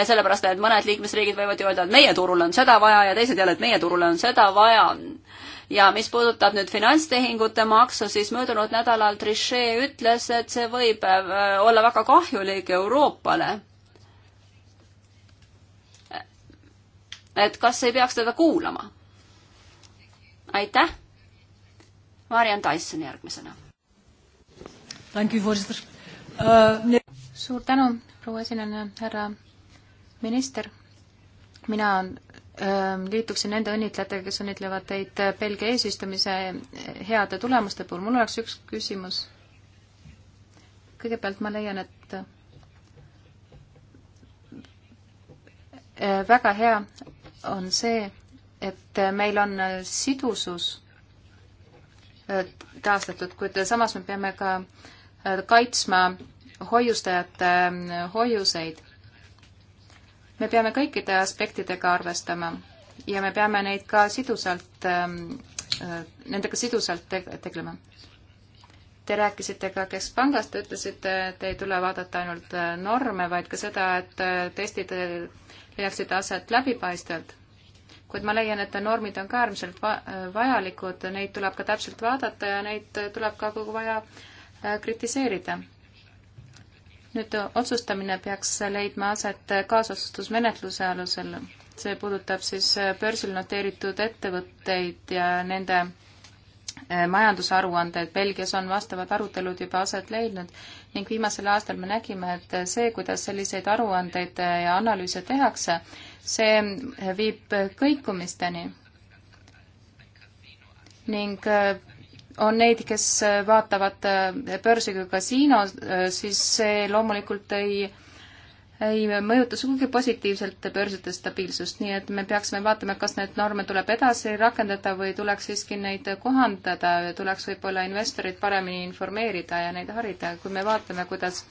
S2: sellepärast, et mõned liikmesriigid võivad ju öelda, et meie turul on seda vaja ja teised jälle, et meie turul on seda vaja ja mis puudutab nüüd finantstehingute maksu, siis möödunud nädalal Trichet ütles, et see võib äh, olla väga kahjulik Euroopale. et kas ei peaks teda kuulama? aitäh. Mariann Tyson järgmisena.
S1: Eh, suur tänu, proua esineja, härra minister. mina Ähm, liituksin nende õnnitlejatega, kes õnnitlevad teid äh, Belgia eesistumise äh, heade tulemuste puhul. mul oleks üks küsimus. kõigepealt ma leian, et äh, väga hea on see, et meil on sidusus taastatud, kuid samas me peame ka kaitsma hoiustajate hoiuseid me peame kõikide aspektidega arvestama ja me peame neid ka sidusalt, ähm, äh, nendega sidusalt tegelema. Te rääkisite ka Keskpangast, te ütlesite, et ei tule vaadata ainult äh, norme, vaid ka seda, et äh, testid leiaksid aset läbipaistvalt. kuid ma leian, et normid on ka äärmiselt va vajalikud, neid tuleb ka täpselt vaadata ja neid tuleb ka, kui vaja, kritiseerida nüüd äh, otsustamine peaks leidma aset äh, kaasotsustusmenetluse alusel. see puudutab siis äh, börsil noteeritud ettevõtteid ja nende majandusaruanded. Belgias on vastavad arutelud juba aset leidnud ning viimasel aastal me nägime, et see, kuidas selliseid aruandeid ja analüüse tehakse, see viib kõikumisteni. ning on neid, kes vaatavad äh, börsiga kasiino, äh, siis see loomulikult ei, ei mõjuta sugugi positiivselt börside stabiilsust, nii et me peaksime vaatama, kas neid norme tuleb edasi rakendada või tuleks siiski neid kohandada ja tuleks võib-olla investorid paremini informeerida ja neid harida, kui me vaatame, kuidas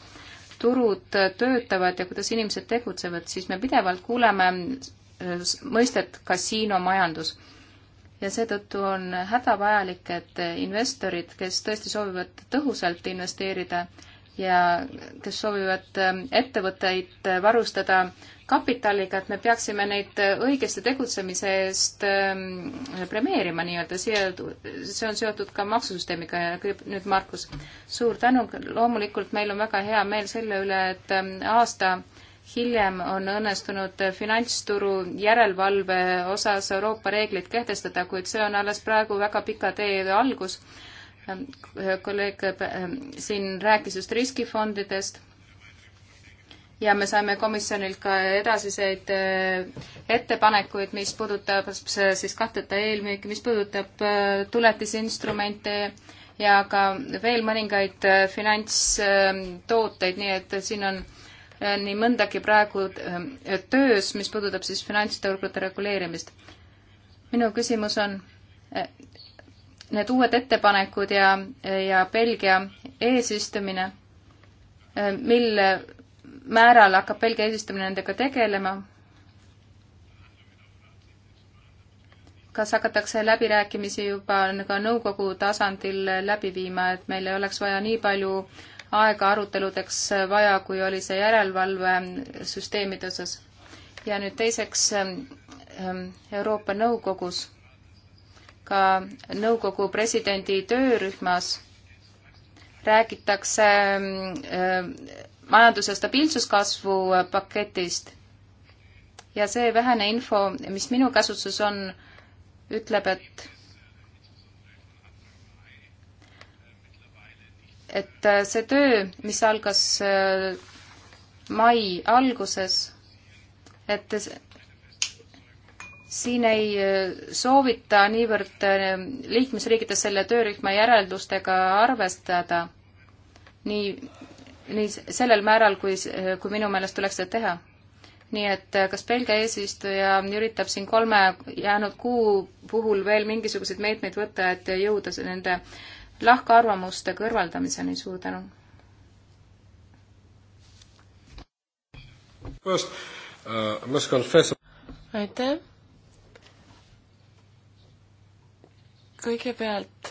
S1: turud töötavad ja kuidas inimesed tegutsevad, siis me pidevalt kuuleme äh, mõistet kasiinomajandus ja seetõttu on hädavajalik, et investorid, kes tõesti soovivad tõhusalt investeerida ja kes soovivad ähm, ettevõtteid äh, varustada kapitaliga, et me peaksime neid õigesti tegutsemise eest ähm, premeerima nii-öelda, siia, see on seotud ka maksusüsteemiga ja nüüd Markus, suur tänu, loomulikult meil on väga hea meel selle üle, et ähm, aasta hiljem on õnnestunud finantsturu järelevalve osas Euroopa reeglid kehtestada, kuid see on alles praegu väga pika tee algus. kolleeg ähm, siin rääkis just riskifondidest ja me saime komisjonilt ka edasiseid äh, ettepanekuid, mis puudutab siis kahteta eelmüüki, mis puudutab äh, tuletisinstrumente ja ka veel mõningaid äh, finantstooteid, nii et siin on Äh, nii mõndagi praegu ähm, töös, mis puudutab siis finantsturgude reguleerimist. minu küsimus on, äh, need uued ettepanekud ja, ja Belgia eesistumine, äh, mil määral hakkab Belgia eesistumine nendega tegelema? kas hakatakse läbirääkimisi juba ka nagu nõukogu tasandil läbi viima, et meil ei oleks vaja nii palju äh, aega aruteludeks vaja, kui oli see järelevalvesüsteemide osas. ja nüüd teiseks ähm, ähm, Euroopa Nõukogus, ka nõukogu presidendi töörühmas räägitakse ähm, äh, majanduse stabiilsuskasvu paketist ja see vähene info, mis minu käsutuses on, ütleb, et et äh, see töö, mis algas äh, mai alguses, et siin ei äh, soovita niivõrd liikmesriikides selle töörühma järeldustega arvestada nii, nii sellel määral, kui, kui minu meelest tuleks seda teha. nii et kas Belgia eesistuja üritab siin kolme jäänud kuu puhul veel mingisuguseid meetmeid võtta, et jõuda nende äh, lahkarvamuste kõrvaldamiseni, suur tänu! Uh,
S3: aitäh! kõigepealt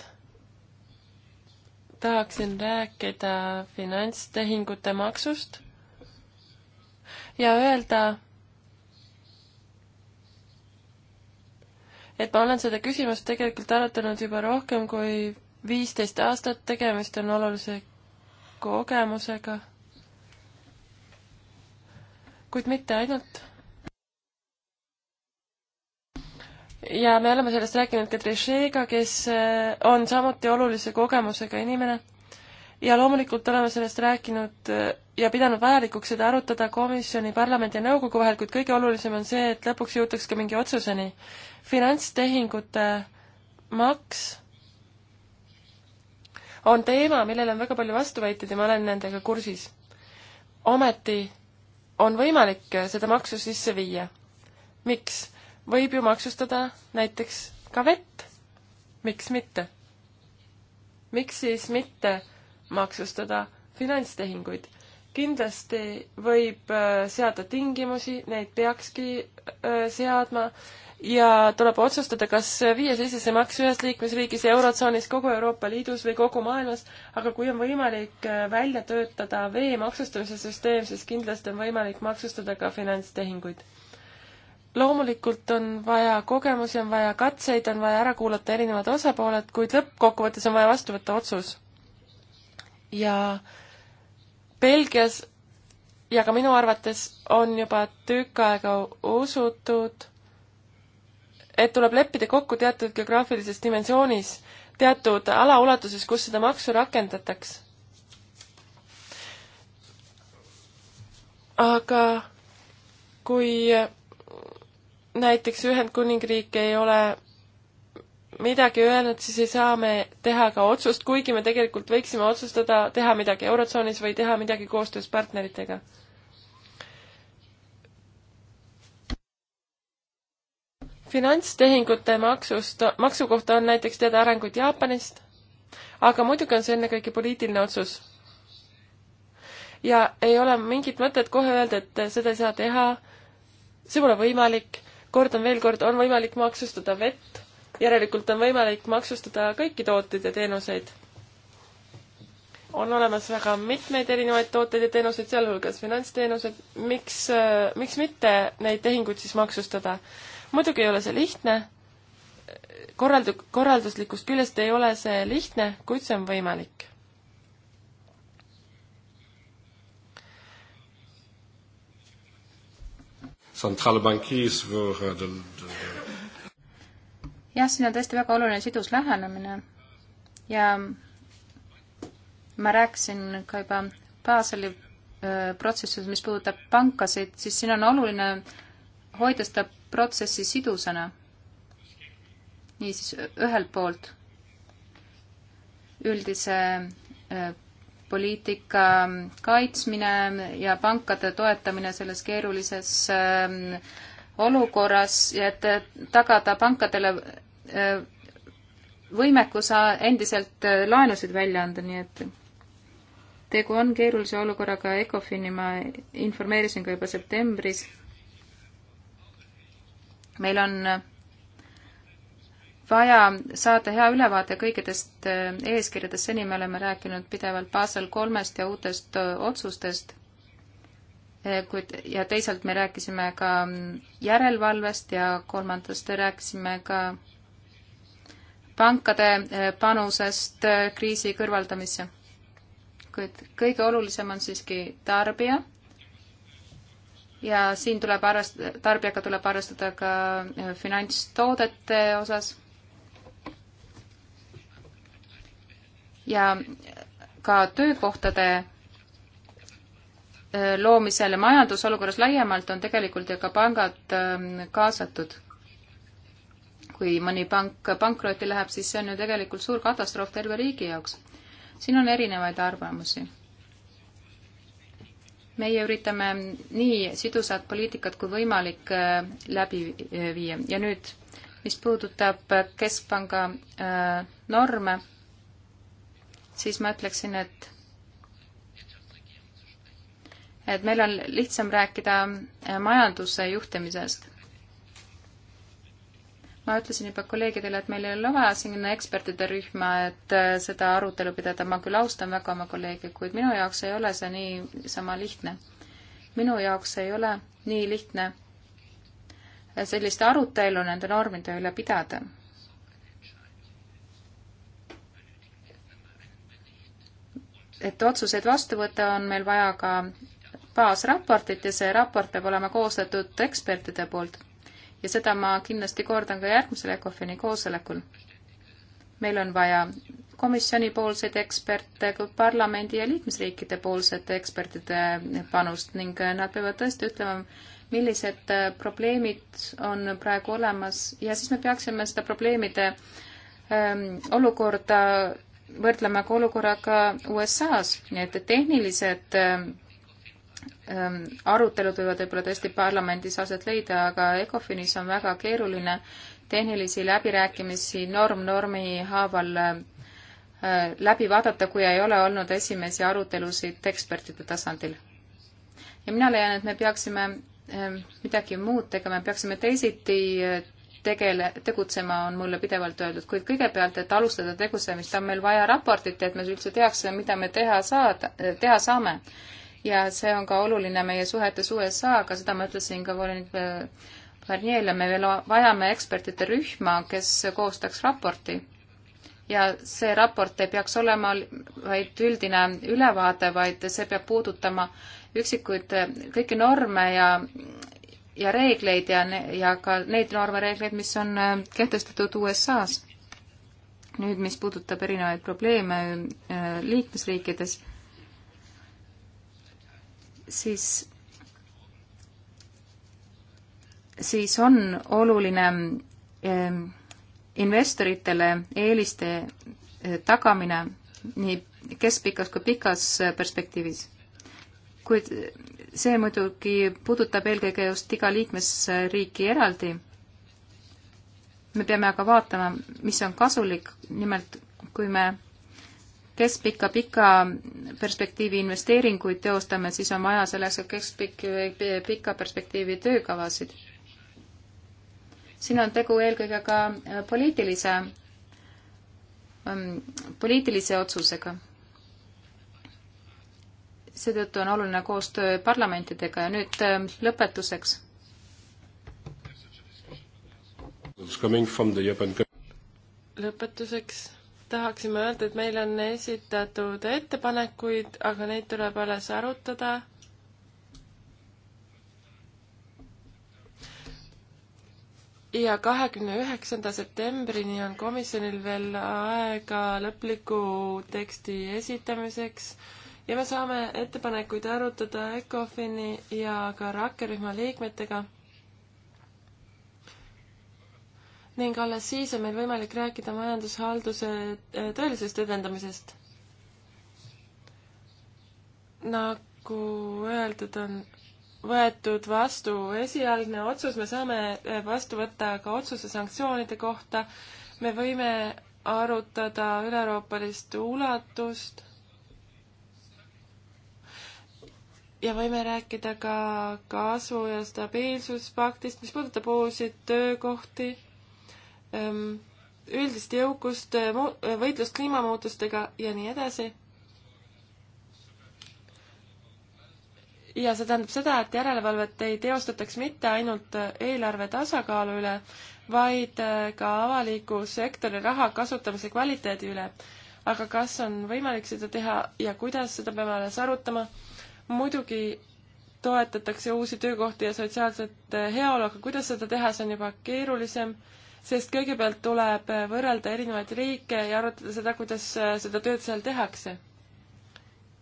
S3: tahaksin rääkida finantstehingute maksust ja öelda, et ma olen seda küsimust tegelikult arutanud juba rohkem kui viisteist aastat, tegemist on olulise kogemusega, kuid mitte ainult. ja me oleme sellest rääkinud ka Trichet'ga, kes äh, on samuti olulise kogemusega inimene ja loomulikult oleme sellest rääkinud äh, ja pidanud vajalikuks seda arutada komisjoni, parlamendi ja nõukogu vahel, kuid kõige olulisem on see, et lõpuks jõutaks ka mingi otsuseni. finantstehingute maks on teema, millele on väga palju vastuväiteid ja ma olen nendega kursis. ometi on võimalik seda maksu sisse viia. miks? võib ju maksustada näiteks ka vett. miks mitte? miks siis mitte maksustada finantstehinguid? kindlasti võib äh, seada tingimusi, neid peakski äh, seadma ja tuleb otsustada, kas viia sisse see maks ühes liikmesriigis, Eurotsoonis, kogu Euroopa Liidus või kogu maailmas, aga kui on võimalik äh, välja töötada vee maksustamise süsteem, siis kindlasti on võimalik maksustada ka finantstehinguid. loomulikult on vaja kogemusi, on vaja katseid, on vaja ära kuulata erinevad osapooled, kuid lõppkokkuvõttes on vaja vastu võtta otsus. ja Belgias ja ka minu arvates on juba tükk aega usutud et tuleb leppida kokku teatud geograafilises dimensioonis, teatud ala ulatuses, kus seda maksu rakendataks. aga kui näiteks Ühendkuningriik ei ole midagi öelnud, siis ei saa me teha ka otsust, kuigi me tegelikult võiksime otsustada teha midagi Eurotsoonis või teha midagi koostöös partneritega finantstehingute maksust, maksu kohta on näiteks teada arenguid Jaapanist, aga muidugi on see ennekõike poliitiline otsus. ja ei ole mingit mõtet kohe öelda, et seda ei saa teha, see pole võimalik, kordan veel kord, on võimalik maksustada vett, järelikult on võimalik maksustada kõiki tooteid ja teenuseid. on olemas väga mitmeid erinevaid tooteid ja teenuseid, sealhulgas finantsteenused, miks, miks mitte neid tehinguid siis maksustada? muidugi ei ole see lihtne, korraldu-, korralduslikust küljest ei ole see lihtne, kuid see on võimalik. Centraalbankiis voor euh, de, de...
S1: jah, siin on tõesti väga oluline sidus lähenemine ja ma rääkisin ka juba Baseli äh, protsessis, mis puudutab pankasid, siis siin on oluline hoida seda protsessi sidusana. niisiis, ühelt poolt üldise äh, poliitika kaitsmine ja pankade toetamine selles keerulises ähm, olukorras ja et tagada pankadele äh, võimekus endiselt äh, laenusid välja anda, nii et tegu on keerulise olukorraga, ECOFIN-i ma informeerisin ka juba septembris meil on vaja saada hea ülevaade kõikidest äh, eeskirjadest, seni me oleme rääkinud pidevalt Basel kolmest ja uutest äh, otsustest, äh, kuid, ja teisalt me rääkisime ka mm, järelevalvest ja kolmandast rääkisime ka pankade panusest kriisi kõrvaldamisse. kuid kõige olulisem on siiski tarbija ja siin tuleb arvestada, tarbijaga tuleb arvestada ka äh, finantstoodete osas. ja ka töökohtade äh, loomisel majandusolukorras laiemalt on tegelikult ju ka pangad ähm, kaasatud. kui mõni pank pankrotti läheb, siis see on ju tegelikult suur katastroof terve riigi jaoks. siin on erinevaid arvamusi meie üritame nii sidusat poliitikat kui võimalik äh, läbi äh, viia ja nüüd, mis puudutab keskpanga äh, norme, siis ma ütleksin, et et meil on lihtsam rääkida majanduse juhtimisest ma ütlesin juba kolleegidele, et meil ei ole vaja siin ekspertide rühma, et äh, seda arutelu pidada, ma küll austan väga oma kolleege, kuid minu jaoks ei ole see niisama lihtne. minu jaoks ei ole nii lihtne äh, sellist arutelu nende normide üle pidada et otsuseid vastu võtta, on meil vaja ka baasraportit ja see raport peab olema koostatud ekspertide poolt ja seda ma kindlasti kordan ka järgmisel ECOFIN-i koosolekul. meil on vaja komisjonipoolseid eksperte kui parlamendi ja liikmesriikide poolsete ekspertide panust ning nad peavad tõesti ütlema, millised probleemid on praegu olemas ja siis me peaksime seda probleemide ähm, olukorda võrdlema ka olukorraga USA-s, nii et tehnilised ähm, Ehm, arutelud võivad võib-olla tõesti parlamendis aset leida, aga ECOFINis on väga keeruline tehnilisi läbirääkimisi norm-normi haaval ehm, läbi vaadata, kui ei ole olnud esimesi arutelusid ekspertide tasandil. ja mina leian, et me peaksime ehm, midagi muud tegema, peaksime teisiti tegele, tegutsema, on mulle pidevalt öeldud, kuid kõigepealt, et alustada tegutsemist, on meil vaja raportit, et me üldse teaks, mida me teha saada, teha saame ja see on ka oluline meie suhetes USA-ga, seda ma ütlesin ka volinik äh, Barnierile, me veel vajame ekspertide rühma, kes koostaks raporti. ja see raport ei peaks olema vaid üldine ülevaade, vaid see peab puudutama üksikuid äh, kõiki norme ja, ja reegleid ja, ja ka neid norme, reegleid, mis on äh, kehtestatud USA-s. nüüd, mis puudutab erinevaid probleeme liikmesriikides siis, siis on oluline ehm, investoritele eeliste eh, tagamine nii keskpikas kui pikas eh, perspektiivis. kuid eh, see muidugi puudutab eelkõige just iga liikmesriiki eraldi. me peame aga vaatama, mis on kasulik, nimelt kui me keskpika-pika perspektiivi investeeringuid teostame, siis on vaja selleks ka keskpikka perspektiivi töökavasid. siin on tegu eelkõige ka äh, poliitilise, ähm, poliitilise otsusega. seetõttu on oluline koostöö parlamentidega ja nüüd äh, lõpetuseks.
S3: lõpetuseks tahaksime öelda, et meil on esitatud ettepanekuid, aga neid tuleb alles arutada. ja kahekümne üheksanda septembrini on komisjonil veel aega lõpliku teksti esitamiseks ja me saame ettepanekuid arutada ECOFIN-i ja ka rakkerühma liikmetega ning alles siis on meil võimalik rääkida majandushalduse äh, tõelisest edendamisest. nagu öeldud, on võetud vastu esialgne otsus, me saame äh, vastu võtta ka otsuse sanktsioonide kohta, me võime arutada üleeuroopalist ulatust ja võime rääkida ka kasvu- ja stabiilsuspaktist, mis puudutab uusi töökohti üldist jõukust, äh, äh, võitlust kliimamuutustega ja nii edasi. ja see tähendab seda, et järelevalvet ei teostataks mitte ainult äh, eelarve tasakaalu üle, vaid ka avaliku sektori raha kasutamise kvaliteedi üle. aga kas on võimalik seda teha ja kuidas, seda peame alles arutama. muidugi toetatakse uusi töökohti ja sotsiaalset heaolu, aga kuidas seda teha, see on juba keerulisem sest kõigepealt tuleb võrrelda erinevaid riike ja arutada seda, kuidas äh, seda tööd seal tehakse.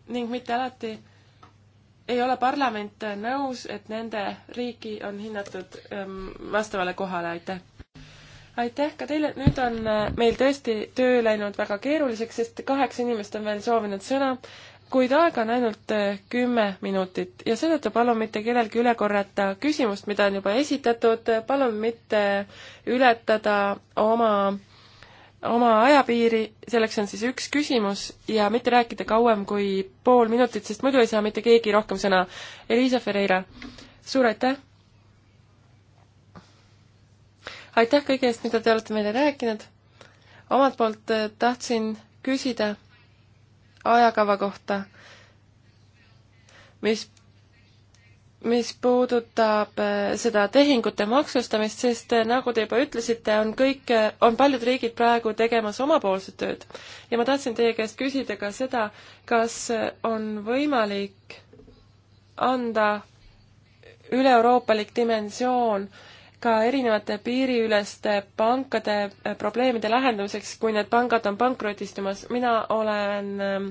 S3: ning mitte alati ei ole parlament nõus, et nende riiki on hinnatud ähm, vastavale kohale, aitäh! aitäh ka teile, nüüd on äh, meil tõesti töö läinud väga keeruliseks, sest kaheksa inimest on veel soovinud sõna kuid aega on ainult eh, kümme minutit ja seetõttu palun mitte kellelgi üle korrata küsimust, mida on juba esitatud, palun mitte ületada oma, oma ajapiiri, selleks on siis üks küsimus, ja mitte rääkida kauem kui pool minutit, sest muidu ei saa mitte keegi rohkem sõna. Elisa Ferreira, suur aitäh! aitäh kõige eest, mida te olete meile rääkinud! omalt poolt eh, tahtsin küsida ajakava kohta, mis, mis puudutab eh, seda tehingute maksustamist, sest eh, nagu te juba ütlesite, on kõik, eh, on paljud riigid praegu tegemas omapoolset tööd. ja ma tahtsin teie käest küsida ka seda, kas on võimalik anda üle-euroopalik dimensioon äh, ka erinevate piiriüleste pankade äh, probleemide lahendamiseks, kui need pangad on pankrotistumas. mina olen ähm,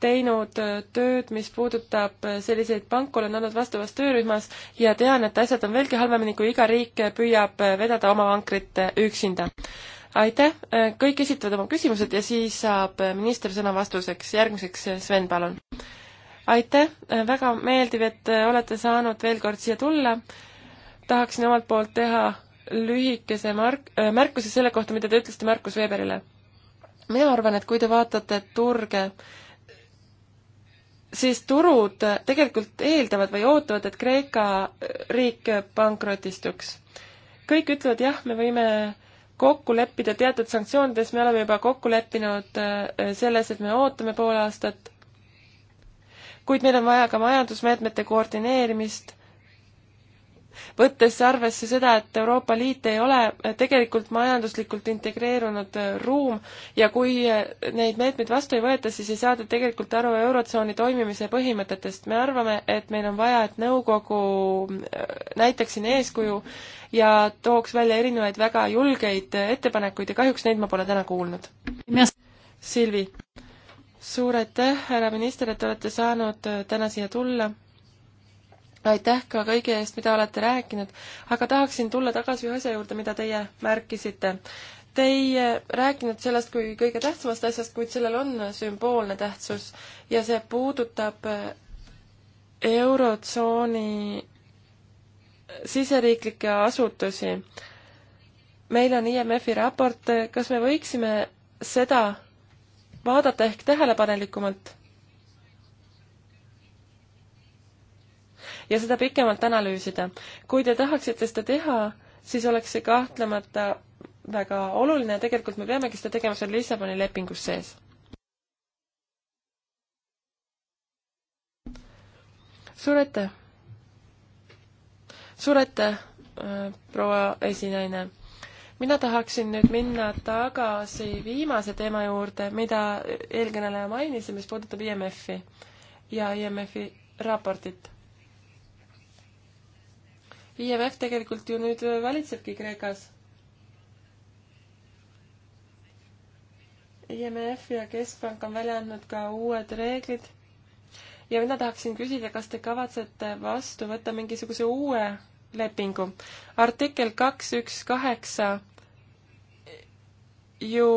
S3: teinud äh, tööd, mis puudutab äh, selliseid panku, olen olnud vastavas töörühmas ja tean, et asjad on veelgi halvemini, kui iga riik püüab vedada oma vankrit üksinda. aitäh, kõik esitavad oma küsimused ja siis saab minister sõna vastuseks. järgmiseks Sven, palun. aitäh, väga meeldiv, et olete saanud veel kord siia tulla tahaksin omalt poolt teha lühikese mark-, äh, märkuse selle kohta, mida te ütlesite Markus Weberile. mina arvan, et kui te vaatate turge, siis turud tegelikult eeldavad või ootavad, et Kreeka riik pankrotistuks. kõik ütlevad jah, me võime kokku leppida teatud sanktsioonides, me oleme juba kokku leppinud äh, selles, et me ootame pool aastat, kuid meil on vaja ka majandusmeetmete koordineerimist võttes arvesse seda, et Euroopa Liit ei ole tegelikult majanduslikult integreerunud ruum ja kui neid meetmeid vastu ei võeta, siis ei saada tegelikult aru Eurotsooni toimimise põhimõtetest. me arvame, et meil on vaja, et nõukogu äh, näitaks siin eeskuju ja tooks välja erinevaid väga julgeid ettepanekuid ja kahjuks neid ma pole täna kuulnud. Silvi, suur aitäh, härra minister, et olete saanud täna siia tulla aitäh ka kõige eest, mida olete rääkinud, aga tahaksin tulla tagasi ühe asja juurde, mida teie märkisite. Te ei rääkinud sellest kui kõige tähtsamast asjast, kuid sellel on sümboolne tähtsus ja see puudutab Eurotsooni siseriiklikke asutusi. meil on IMF-i raport, kas me võiksime seda vaadata ehk tähelepanelikumalt? ja seda pikemalt analüüsida. kui te tahaksite seda teha, siis oleks see kahtlemata väga oluline ja tegelikult me peamegi seda tegema seal Lissaboni lepingus sees. suur aitäh! suur aitäh, äh, proua esinaine! mina tahaksin nüüd minna tagasi viimase teema juurde, mida eelkõneleja mainis ja mis puudutab IMF-i ja IMF-i raportit IMF tegelikult ju nüüd valitsebki Kreekas. IMF ja Keskpank on välja andnud ka uued reeglid. ja mina tahaksin küsida, kas te kavatsete vastu võtta mingisuguse uue lepingu? artikkel kaks üks kaheksa ju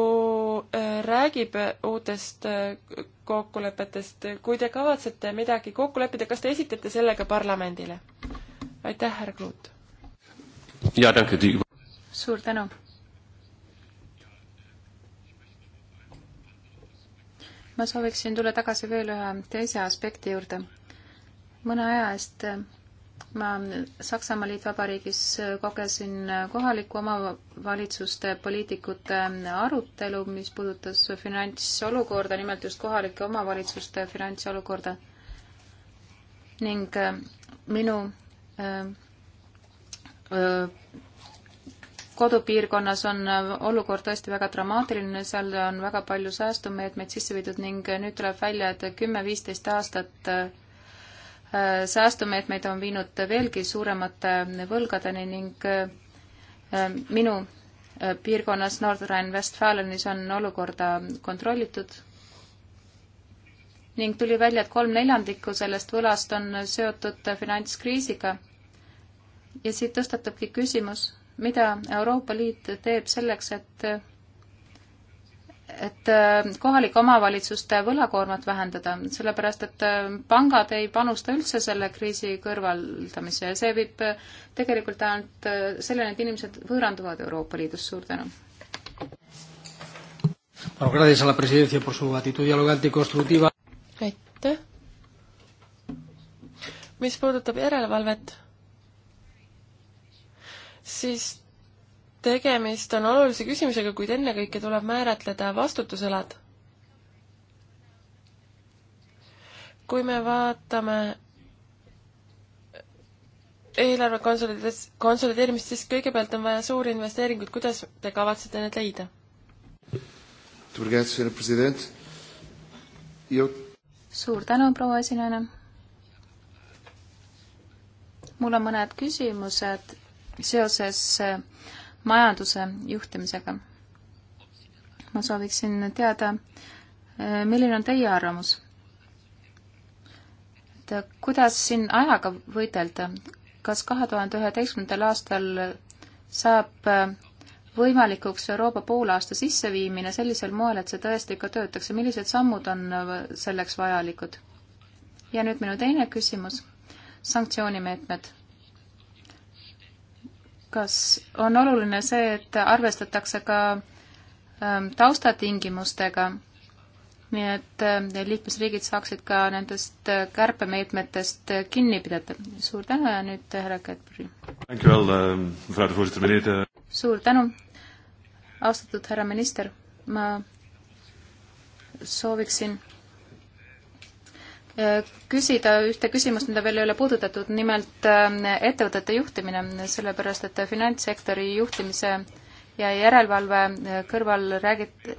S3: äh, räägib uutest äh, kokkulepetest. kui te kavatsete midagi kokku leppida, kas te esitate selle ka parlamendile? aitäh, härra Kruut! suur tänu!
S1: ma sooviksin tulla tagasi veel ühe teise aspekti juurde. mõne aja eest ma Saksamaa Liitvabariigis kogesin kohaliku omavalitsuste poliitikute arutelu, mis puudutas finantsolukorda, nimelt just kohalike omavalitsuste finantsolukorda. ning minu Äh, äh, kodupiirkonnas on äh, olukord tõesti väga dramaatiline, seal on väga palju säästumeetmeid sisse viidud ning nüüd tuleb välja, et kümme-viisteist aastat säästumeetmeid on viinud veelgi suuremate võlgadeni ning minu piirkonnas Nordrhein-Westfalenis on olukorda kontrollitud ning tuli välja, et kolm neljandikku sellest võlast on seotud finantskriisiga. ja siit tõstatabki küsimus, mida Euroopa Liit teeb selleks, et et äh, kohalike omavalitsuste võlakoormat vähendada, sellepärast et äh, pangad ei panusta üldse selle kriisi kõrvaldamise ja see viib äh, tegelikult ainult selleni, et inimesed võõranduvad Euroopa Liidust, suur tänu.
S3: Bueno, gracias a la presidencia por su actitud dialogante y constructiva aitäh! mis puudutab järelevalvet, siis tegemist on olulise küsimusega, kuid ennekõike tuleb määratleda vastutusalad. kui me vaatame eelarve konsolideerimist, konsolideerimist, siis kõigepealt on vaja suuri investeeringuid, kuidas te kavatsete need leida? suur
S1: tänu, proua esinejana. mul on mõned küsimused seoses eh, majanduse juhtimisega. ma sooviksin teada, eh, milline on teie arvamus? et eh, kuidas siin ajaga võidelda, kas kahe tuhande üheteistkümnendal aastal saab võimalikuks Euroopa poolaasta sisseviimine sellisel moel, et see tõesti ka töötaks ja millised sammud on äh, selleks vajalikud? ja nüüd minu teine küsimus, sanktsioonimeetmed. kas on oluline see, et arvestatakse ka ähm, taustatingimustega, nii et ähm, liikmesriigid saaksid ka nendest äh, kärpemeetmetest äh, kinni pidada. suur tänu ja nüüd härra Kätberi suur tänu, austatud härra minister, ma sooviksin äh, küsida ühte küsimust, mida veel ei ole puudutatud, nimelt äh, ettevõtete juhtimine, sellepärast et finantssektori juhtimise ja järelevalve äh, kõrval räägit-,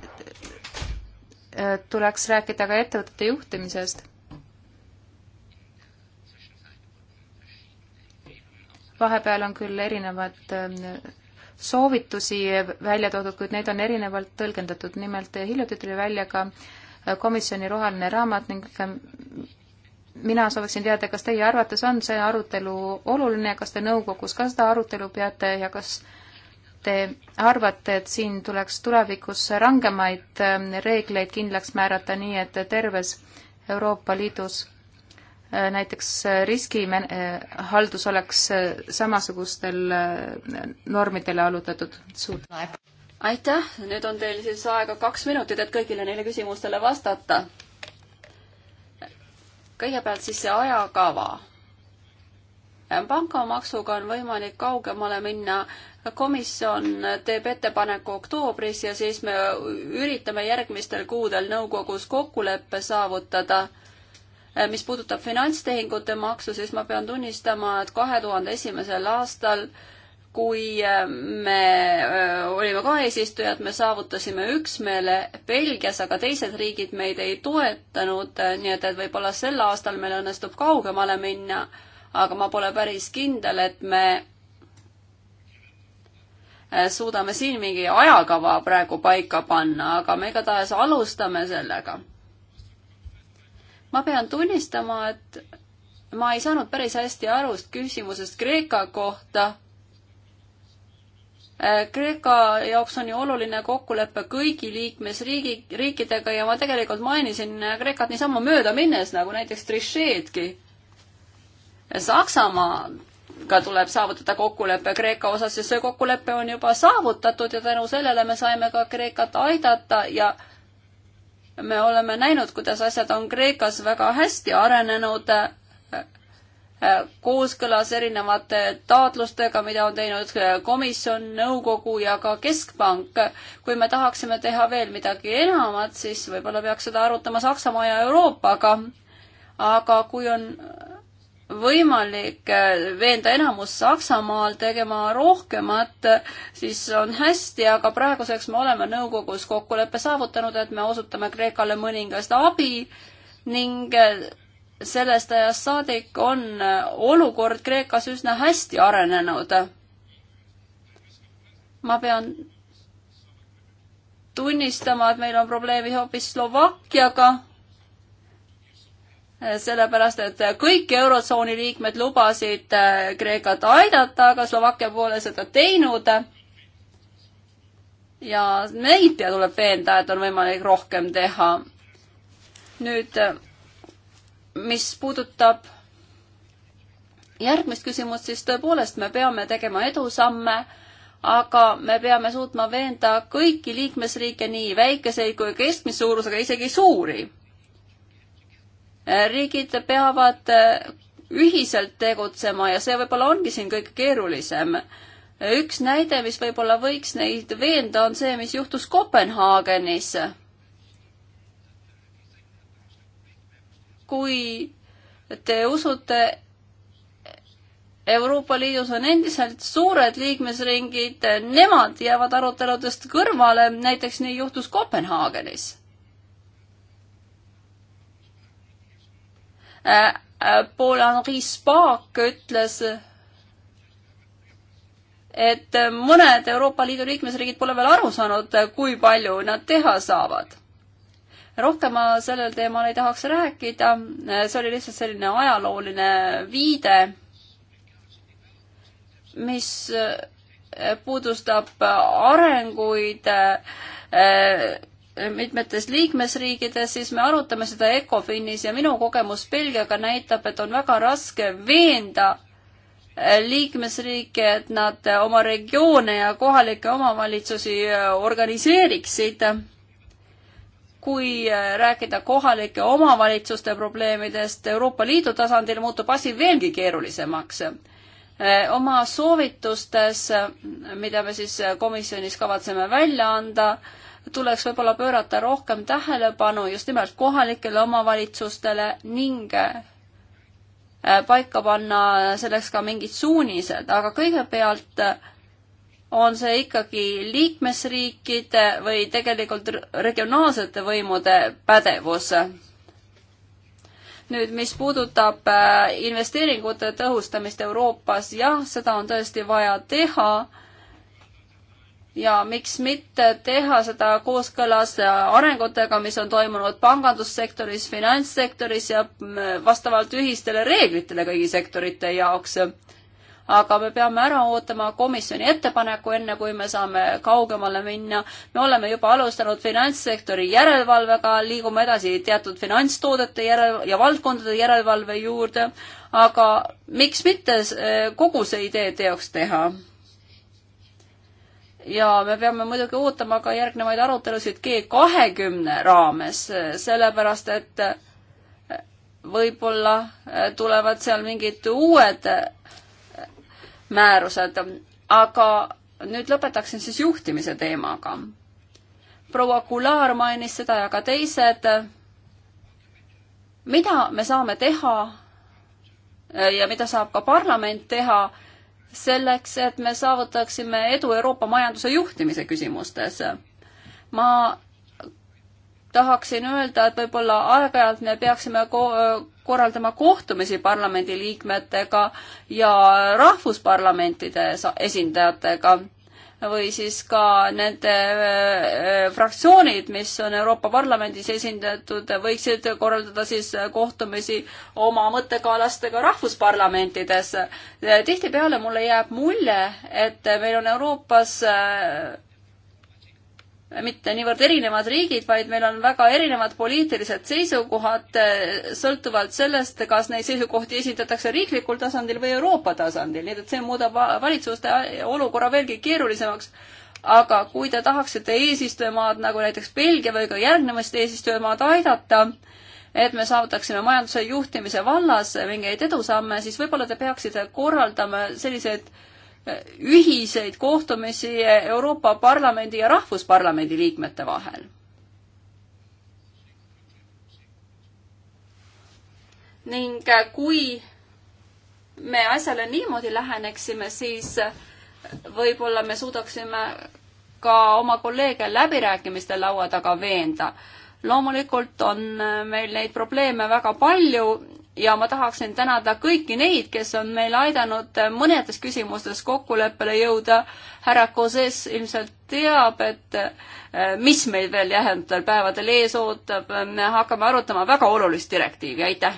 S1: tuleks rääkida ka ettevõtete juhtimisest. vahepeal on küll erinevad soovitusi välja toodud, kuid neid on erinevalt tõlgendatud. nimelt hiljuti tuli välja ka komisjoni roheline raamat ning mina sooviksin teada, kas teie arvates on see arutelu oluline, kas te nõukogus ka seda arutelu peate ja kas te arvate, et siin tuleks tulevikus rangemaid äh, reegleid kindlaks määrata, nii et terves Euroopa Liidus Äh, näiteks äh, riskihaldus äh, oleks samasugustel normidele allutatud.
S2: aitäh, nüüd on teil siis aega kaks minutit, et kõigile neile küsimustele vastata. kõigepealt siis see ajakava. pangamaksuga on võimalik kaugemale minna komisjon teeb ettepaneku oktoobris ja siis me üritame järgmistel kuudel nõukogus kokkuleppe saavutada Äh, mis puudutab finantstehingute maksu, siis ma pean tunnistama, et kahe tuhande esimesel aastal kui äh, me äh, olime ka eesistujad, me saavutasime üksmeele Belgias, aga teised riigid meid ei toetanud, nii et, et võib-olla sel aastal meil õnnestub kaugemale minna, aga ma pole päris kindel, et me suudame siin mingi ajakava praegu paika panna, aga me igatahes alustame sellega ma pean tunnistama, et ma ei saanud päris hästi aru küsimusest Kreeka kohta. Äh, Kreeka jaoks on ju oluline kokkulepe kõigi liikmesriigi, riikidega ja ma tegelikult mainisin äh, Kreekat niisama mööda minnes, nagu näiteks Trichet'dki. Saksamaa ka tuleb saavutada kokkulepe Kreeka osas ja see kokkulepe on juba saavutatud ja tänu sellele me saime ka Kreekat aidata ja äh, me oleme näinud, kuidas asjad on Kreekas väga hästi arenenud, äh, äh, kooskõlas erinevate taotlustega, mida on teinud äh, komisjon, nõukogu ja ka keskpank. kui me tahaksime teha veel midagi enamat, siis võib-olla peaks seda arutama Saksamaa ja Euroopaga. aga kui on võimalik äh, veenda enamus Saksamaal tegema rohkemat, äh, siis on hästi, aga praeguseks me oleme nõukogus kokkuleppe saavutanud, et me osutame Kreekale mõningast abi ning äh, sellest ajast saadik on olukord Kreekas üsna hästi arenenud. ma pean tunnistama, et meil on probleemi hoopis Slovakkiaga sellepärast et kõik Eurotsooni liikmed lubasid äh, Kreekat aidata, aga Slovakkia pole seda teinud. ja neid tuleb veenda, et on võimalik rohkem teha. nüüd, mis puudutab järgmist küsimust, siis tõepoolest me peame tegema edusamme, aga me peame suutma veenda kõiki liikmesriike, nii väikeseid kui keskmise suurusega, isegi suuri riigid peavad äh, ühiselt tegutsema ja see võib-olla ongi siin kõige keerulisem. üks näide, mis võib-olla võiks neid veenda, on see, mis juhtus Kopenhaagenis. kui te usute, Euroopa Liidus on endiselt suured liikmesringid, nemad jäävad aruteludest kõrvale, näiteks nii juhtus Kopenhaagenis Äh, äh, Paul-Henri Spaak ütles, et äh, mõned Euroopa Liidu liikmesriigid pole veel aru saanud, kui palju nad teha saavad. rohkem ma sellel teemal ei tahaks rääkida, see oli lihtsalt selline ajalooline viide, mis puudustab arenguid äh, mitmetes liikmesriikides, siis me arutame seda ECOFINis ja minu kogemus Belgiaga näitab, et on väga raske veenda äh, liikmesriike, et nad äh, oma regioone ja kohalikke omavalitsusi äh, organiseeriksid kui rääkida kohalike omavalitsuste probleemidest Euroopa Liidu tasandil, muutub asi veelgi keerulisemaks. oma soovitustes, mida me siis komisjonis kavatseme välja anda, tuleks võib-olla pöörata rohkem tähelepanu just nimelt kohalikele omavalitsustele ning äh, paika panna selleks ka mingid suunised, aga kõigepealt äh, on see ikkagi liikmesriikide või tegelikult regionaalsete võimude pädevus. nüüd, mis puudutab äh, investeeringute tõhustamist Euroopas, jah, seda on tõesti vaja teha ja miks mitte teha seda kooskõlas arengutega, mis on toimunud pangandussektoris, finantssektoris ja mm, vastavalt ühistele reeglitele kõigi sektorite jaoks. aga me peame ära ootama komisjoni ettepaneku, enne kui me saame kaugemale minna. me oleme juba alustanud finantssektori järelevalvega, liigume edasi teatud finantstoodete järel- ja valdkondade järelevalve juurde, aga miks mitte eh, kogu see idee teoks teha ja me peame muidugi ootama ka järgnevaid arutelusid G kahekümne raames, sellepärast et võib-olla tulevad seal mingid uued määrused, aga nüüd lõpetaksin siis juhtimise teemaga. proua Kular mainis seda ja ka teised. mida me saame teha ja mida saab ka parlament teha selleks, et me saavutaksime edu Euroopa majanduse juhtimise küsimustes. ma tahaksin öelda, et võib-olla aeg-ajalt me peaksime ko korraldama kohtumisi parlamendiliikmetega ja rahvusparlamentide esindajatega või siis ka nende äh, fraktsioonid, mis on Euroopa Parlamendis esindatud, võiksid korraldada siis kohtumisi oma mõttekaalastega rahvusparlamentides. tihtipeale mulle jääb mulje, et meil on Euroopas äh, mitte niivõrd erinevad riigid, vaid meil on väga erinevad poliitilised seisukohad, eh, sõltuvalt sellest, kas neid seisukohti esindatakse riiklikul tasandil või Euroopa tasandil, nii et see muudab valitsuste eh, olukorra veelgi keerulisemaks. aga kui te tahaksite eesistujamaad nagu näiteks Belgia või ka järgnevast eesistujamaad aidata, et me saavutaksime majanduse juhtimise vallas mingeid edusamme, siis võib-olla te peaksite korraldama selliseid äh, ühiseid kohtumisi Euroopa Parlamendi ja Rahvusparlamendi liikmete vahel. ning äh, kui me asjale niimoodi läheneksime, siis võib-olla me suudaksime ka oma kolleege läbirääkimiste laua taga veenda. loomulikult on äh, meil neid probleeme väga palju ja ma tahaksin tänada kõiki neid, kes on meil aidanud mõnedes küsimustes kokkuleppele jõuda. härra Kozes ilmselt teab, et äh, mis meil veel järgnevatel päevadel ees ootab. me hakkame arutama väga olulist direktiivi, aitäh.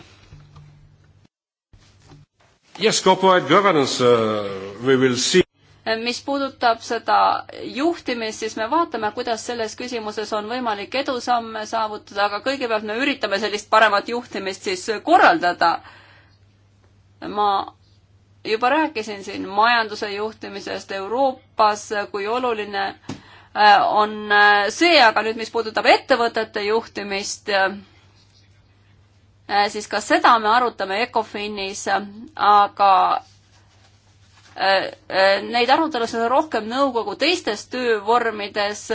S3: Yes, corporate governance uh,, we will see
S2: mis puudutab seda juhtimist, siis me vaatame, kuidas selles küsimuses on võimalik edusamme saavutada, aga kõigepealt me üritame sellist paremat juhtimist siis korraldada. ma juba rääkisin siin majanduse juhtimisest Euroopas, kui oluline äh, on äh, see, aga nüüd, mis puudutab ettevõtete juhtimist, äh, siis ka seda me arutame ECOFINis, aga Äh, äh, neid arutelusid on rohkem nõukogu teistes töövormides.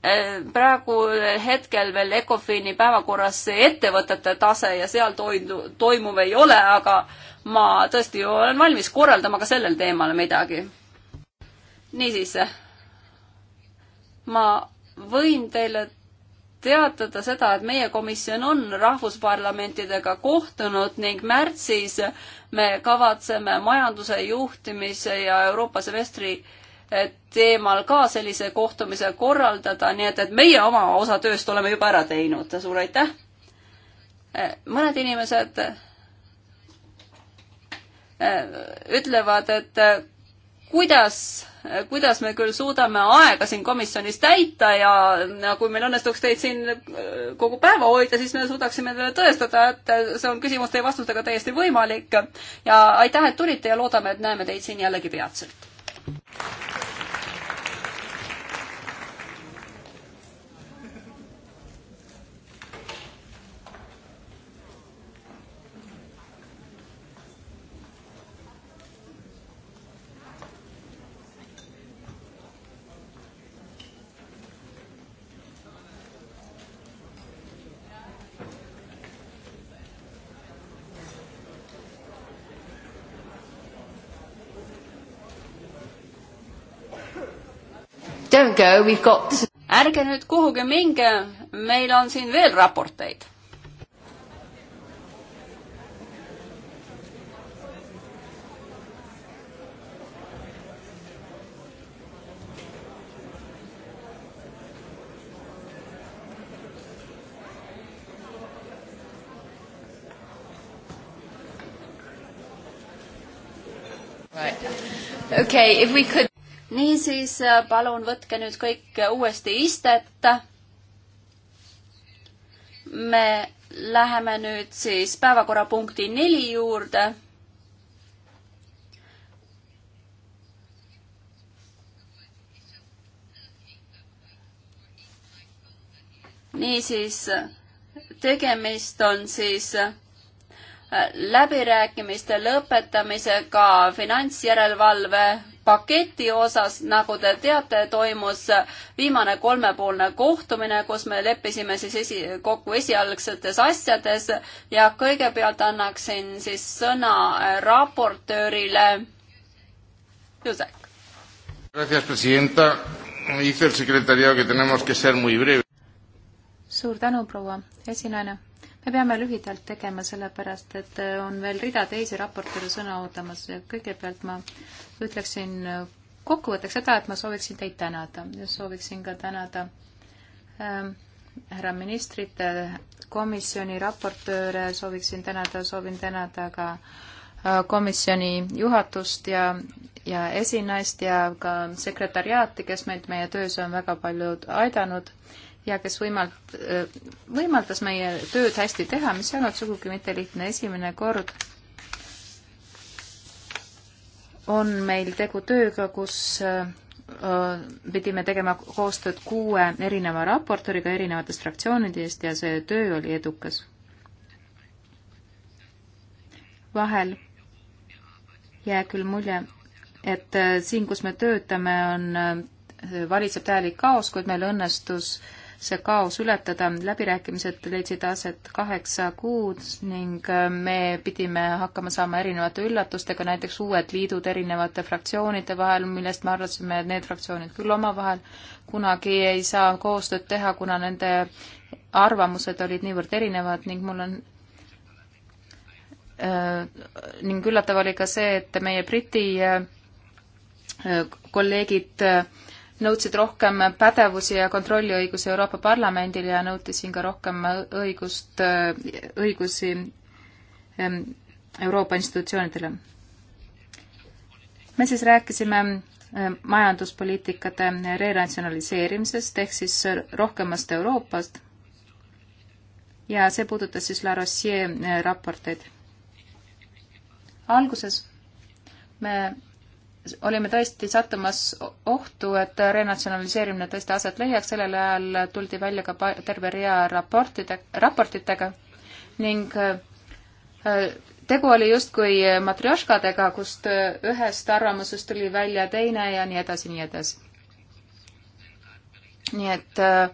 S2: Äh, praegu hetkel veel Ecofini päevakorras see ettevõtete tase ja seal toidu, toimuv ei ole, aga ma tõesti olen valmis korraldama ka sellel teemal midagi. niisiis, ma võin teile teatada seda, et meie komisjon on rahvusparlamentidega kohtunud ning märtsis me kavatseme majanduse juhtimise ja Euroopa semestri eh, teemal ka sellise kohtumise korraldada, nii et, et meie oma osa tööst oleme juba ära teinud. suur aitäh! Eh, mõned inimesed eh, ütlevad, et kuidas kuidas me küll suudame aega siin komisjonis täita ja, ja kui meil õnnestuks teid siin äh, kogu päeva hoida, siis me suudaksime teile tõestada, et äh, see on küsimuste ja vastustega täiesti võimalik. ja aitäh, et tulite ja loodame, et näeme teid siin jällegi peatselt. don't go, we've got ärge nüüd kuhugi minge, meil on siin veel raporteid.
S1: Right. Okay, if we
S2: could niisiis, palun võtke nüüd kõik uuesti istet. me läheme nüüd siis päevakorrapunkti neli juurde. niisiis, tegemist on siis äh, läbirääkimiste lõpetamisega finantsjärelevalve paketi osas, nagu te teate, toimus viimane kolmepoolne kohtumine, kus me leppisime siis esi, kokku esialgsetes asjades ja kõigepealt annaksin siis sõna
S1: raportöörile. Jusek. Gracias, presidenta. Dice el secretariado que tenemos que ser muy breve. suur tänu, proua esinaine me peame lühidalt tegema, sellepärast et on veel rida teisi raportööre sõna ootamas. kõigepealt ma ütleksin kokkuvõtteks seda, et ma sooviksin teid tänada ja sooviksin ka tänada ähm, härra ministrit, komisjoni raportööre, sooviksin tänada, soovin tänada ka äh, komisjoni juhatust ja, ja esinaist ja ka sekretariaati, kes meid meie töös on väga palju aidanud ja kes võimalt-, võimaldas meie tööd hästi teha, mis ei olnud sugugi mitte lihtne esimene kord, on meil tegu tööga, kus pidime tegema koostööd kuue erineva raportoriga erinevatest fraktsioonidest ja see töö oli edukas. vahel jääb küll mulje, et äh, siin, kus me töötame, on, äh, valitseb täielik kaos, kuid meil õnnestus äh, see kaos ületada. läbirääkimised leidsid aset kaheksa kuud ning äh, me pidime hakkama saama erinevate üllatustega, näiteks uued liidud erinevate fraktsioonide vahel, millest me arvasime, et need fraktsioonid küll omavahel kunagi ei saa koostööd teha, kuna nende arvamused olid niivõrd erinevad ning mul on äh, ning üllatav oli ka see, et meie Briti äh, kolleegid nõudsid rohkem pädevusi ja kontrolliõigusi Euroopa Parlamendil ja nõuti siin ka rohkem õigust, õigusi ehm, Euroopa institutsioonidele. me siis rääkisime ehm, majanduspoliitikate renatsionaliseerimisest ehk siis rohkemast Euroopast ja see puudutas siis La Rossier ehm, raporteid. alguses me olime tõesti sattumas ohtu, et renatsionaliseerimine tõesti aset leiaks, sellel ajal tuldi välja ka terve rea raportide, raportitega ning äh, tegu oli justkui matrjoškadega, kust äh, ühest arvamusest tuli välja teine ja nii edasi, nii edasi. nii et äh,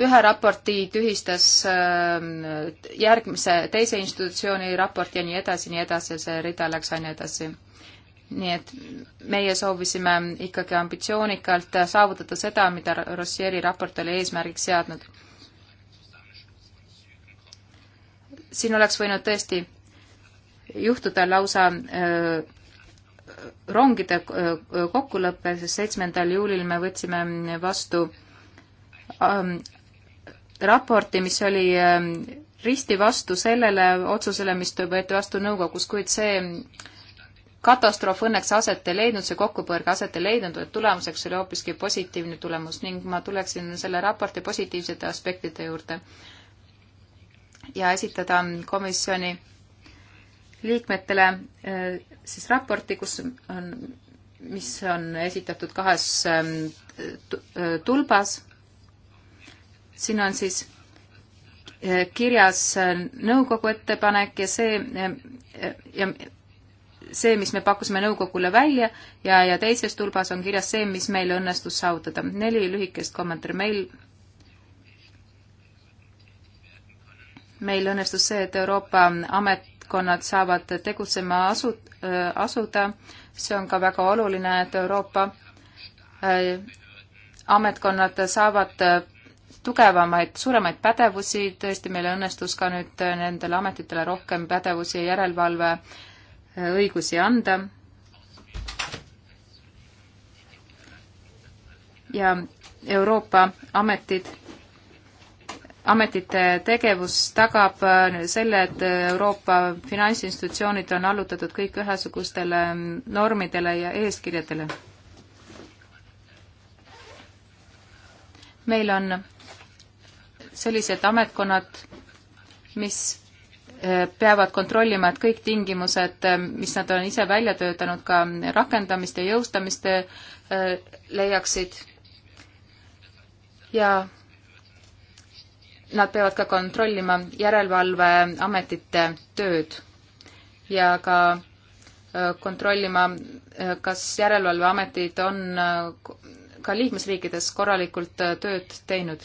S1: ühe raporti tühistas järgmise, teise institutsiooni raport ja nii edasi, nii edasi ja see rida läks aina edasi nii et meie soovisime ikkagi ambitsioonikalt saavutada seda, mida Rossieri raport oli eesmärgiks seadnud. siin oleks võinud tõesti juhtuda lausa öö, rongide kokkulõpe, sest seitsmendal juulil me võtsime vastu ähm, raporti, mis oli ähm, risti vastu sellele otsusele, mis võeti vastu nõukogus, kuid see katastroof õnneks aset ei leidnud, see kokkupõrge aset ei leidnud, vaid tulemuseks oli hoopiski positiivne tulemus ning ma tuleksin selle raporti positiivsete aspektide juurde ja esitada komisjoni liikmetele eh, siis raporti, kus on, mis on esitatud kahes eh, tulbas. siin on siis eh, kirjas nõukogu ettepanek ja see ja see, mis me pakkusime nõukogule välja ja, ja teises tulbas on kirjas see, mis meil õnnestus saavutada. neli lühikest kommentaari. meil, meil õnnestus see, et Euroopa ametkonnad saavad tegutsema asu-, äh, asuda, see on ka väga oluline, et Euroopa äh, ametkonnad saavad äh, tugevamaid, suuremaid pädevusi, tõesti meil õnnestus ka nüüd nendele ametitele rohkem pädevusi järelevalve äh, õigusi anda. ja Euroopa ametid, ametite tegevus tagab äh, selle, et Euroopa finantsinstitutsioonid on allutatud kõik ühesugustele mm, normidele ja eeskirjadele meil on sellised ametkonnad, mis Äh, peavad kontrollima, et kõik tingimused, äh, mis nad on ise välja töötanud, ka rakendamist ja jõustamist äh, leiaksid. ja nad peavad ka kontrollima järelevalveametite tööd ja ka kontrollima, kas järelevalveametid on ka liikmesriikides korralikult tööd teinud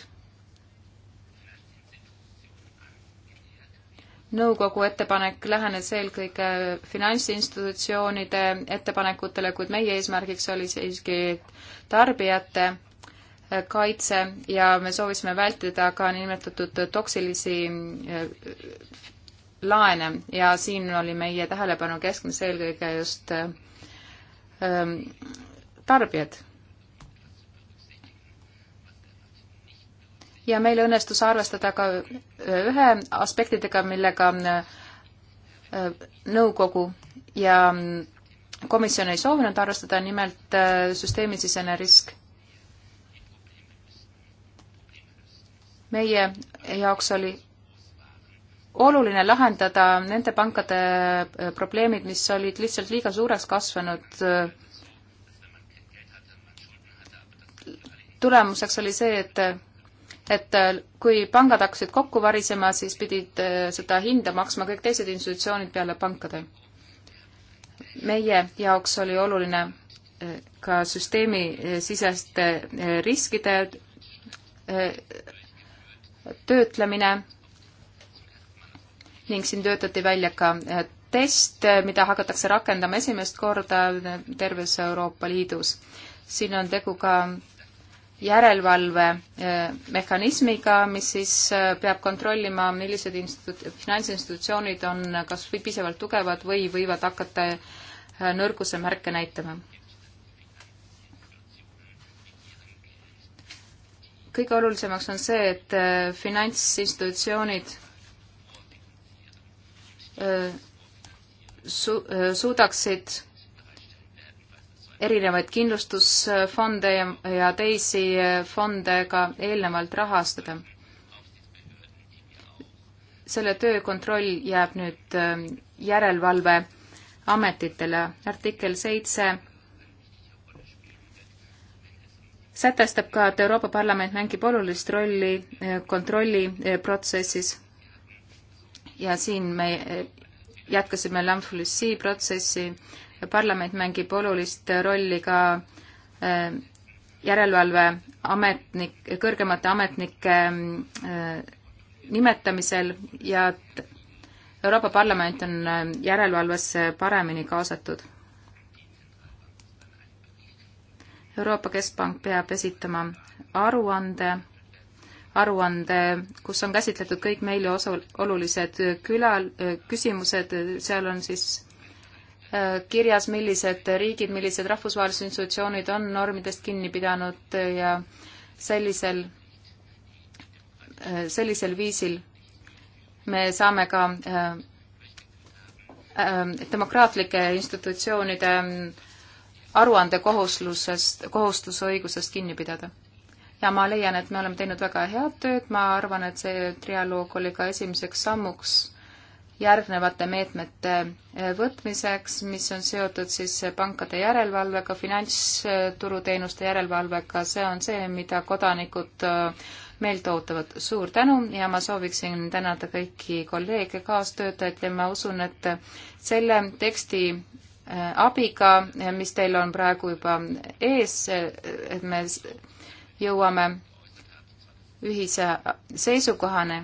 S1: nõukogu ettepanek lähenes eelkõige finantsinstitutsioonide ettepanekutele, kuid meie eesmärgiks oli siiski tarbijate kaitse ja me soovisime vältida ka niinimetatud toksilisi eh, laene ja siin oli meie tähelepanu keskmes eelkõige just eh, tarbijad ja meil õnnestus arvestada ka äh, ühe aspektidega, millega äh, nõukogu ja mm, komisjon ei soovinud arvestada, nimelt äh, süsteemisisene risk. meie jaoks oli oluline lahendada nende pankade probleemid, mis olid lihtsalt liiga suureks kasvanud tulemuseks oli see, et et äh, kui pangad hakkasid kokku varisema, siis pidid äh, seda hinda maksma kõik teised institutsioonid peale pankade. meie jaoks oli oluline äh, ka süsteemi siseste riskide töötlemine ning siin töötati välja ka test, mida hakatakse rakendama esimest korda terves Euroopa Liidus. siin on tegu ka järelevalvemehhanismiga, eh, mis siis eh, peab kontrollima, millised instituut-, finantsinstitutsioonid on kas või piisavalt tugevad või võivad hakata eh, nõrguse märke näitama. kõige olulisemaks on see, et finantsinstitutsioonid su-, suudaksid erinevaid kindlustusfonde ja, ja teisi fonde ka eelnevalt rahastada. selle töö kontroll jääb nüüd ähm, järelevalveametitele. artikkel seitse sätestab ka, et Euroopa Parlament mängib olulist rolli äh, kontrolliprotsessis äh, ja siin me äh, jätkasime Lamflussi protsessi parlament mängib olulist rolli ka äh, järelevalveametnik, kõrgemate ametnike äh, nimetamisel ja Euroopa Parlament on äh, järelevalvesse paremini kaasatud. Euroopa Keskpank peab esitama aruande, aruande, kus on käsitletud kõik meile osa, olulised küla, küsimused, seal on siis Äh, kirjas, millised riigid, millised rahvusvahelised institutsioonid on normidest kinni pidanud ja sellisel, äh, sellisel viisil me saame ka äh, demokraatlike institutsioonide mm, aruandekohustusest, kohustusõigusest kinni pidada. ja ma leian, et me oleme teinud väga head tööd, ma arvan, et see trialoog oli ka esimeseks sammuks järgnevate meetmete eh, võtmiseks, mis on seotud siis pankade järelevalvega, finantsturuteenuste järelevalvega, see on see, mida kodanikud eh, meilt ootavad. suur tänu ja ma sooviksin tänada kõiki kolleege, kaastöötajaid ja ma usun, et selle teksti eh, abiga, mis teil on praegu juba ees, et me jõuame ühise seisukohani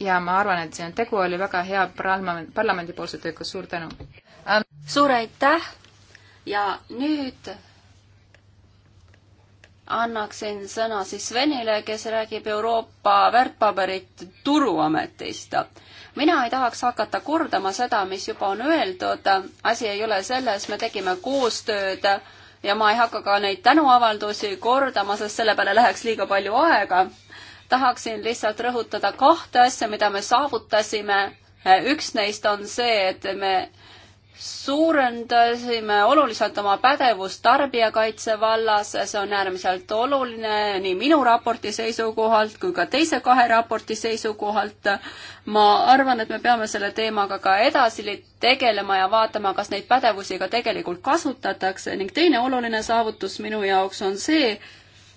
S1: ja ma arvan, et see on, tegu oli väga hea parlamendipoolse tööga, suur tänu! Ähm, suur aitäh ja nüüd annaksin
S2: sõna siis Svenile, kes räägib Euroopa väärtpaberit Turuametist. mina ei tahaks hakata kordama seda, mis juba on öeldud, asi ei ole selles, me tegime koostööd ja ma ei hakka ka neid tänuavaldusi kordama, sest selle peale läheks liiga palju aega tahaksin lihtsalt rõhutada kahte asja, mida me saavutasime. üks neist on see, et me suurendasime oluliselt oma pädevust tarbijakaitse vallas, see on äärmiselt oluline nii minu raporti seisukohalt kui ka teise kahe raporti seisukohalt. ma arvan, et me peame selle teemaga ka edasi tegelema ja vaatama, kas neid pädevusi ka tegelikult kasutatakse ning teine oluline saavutus minu jaoks on see,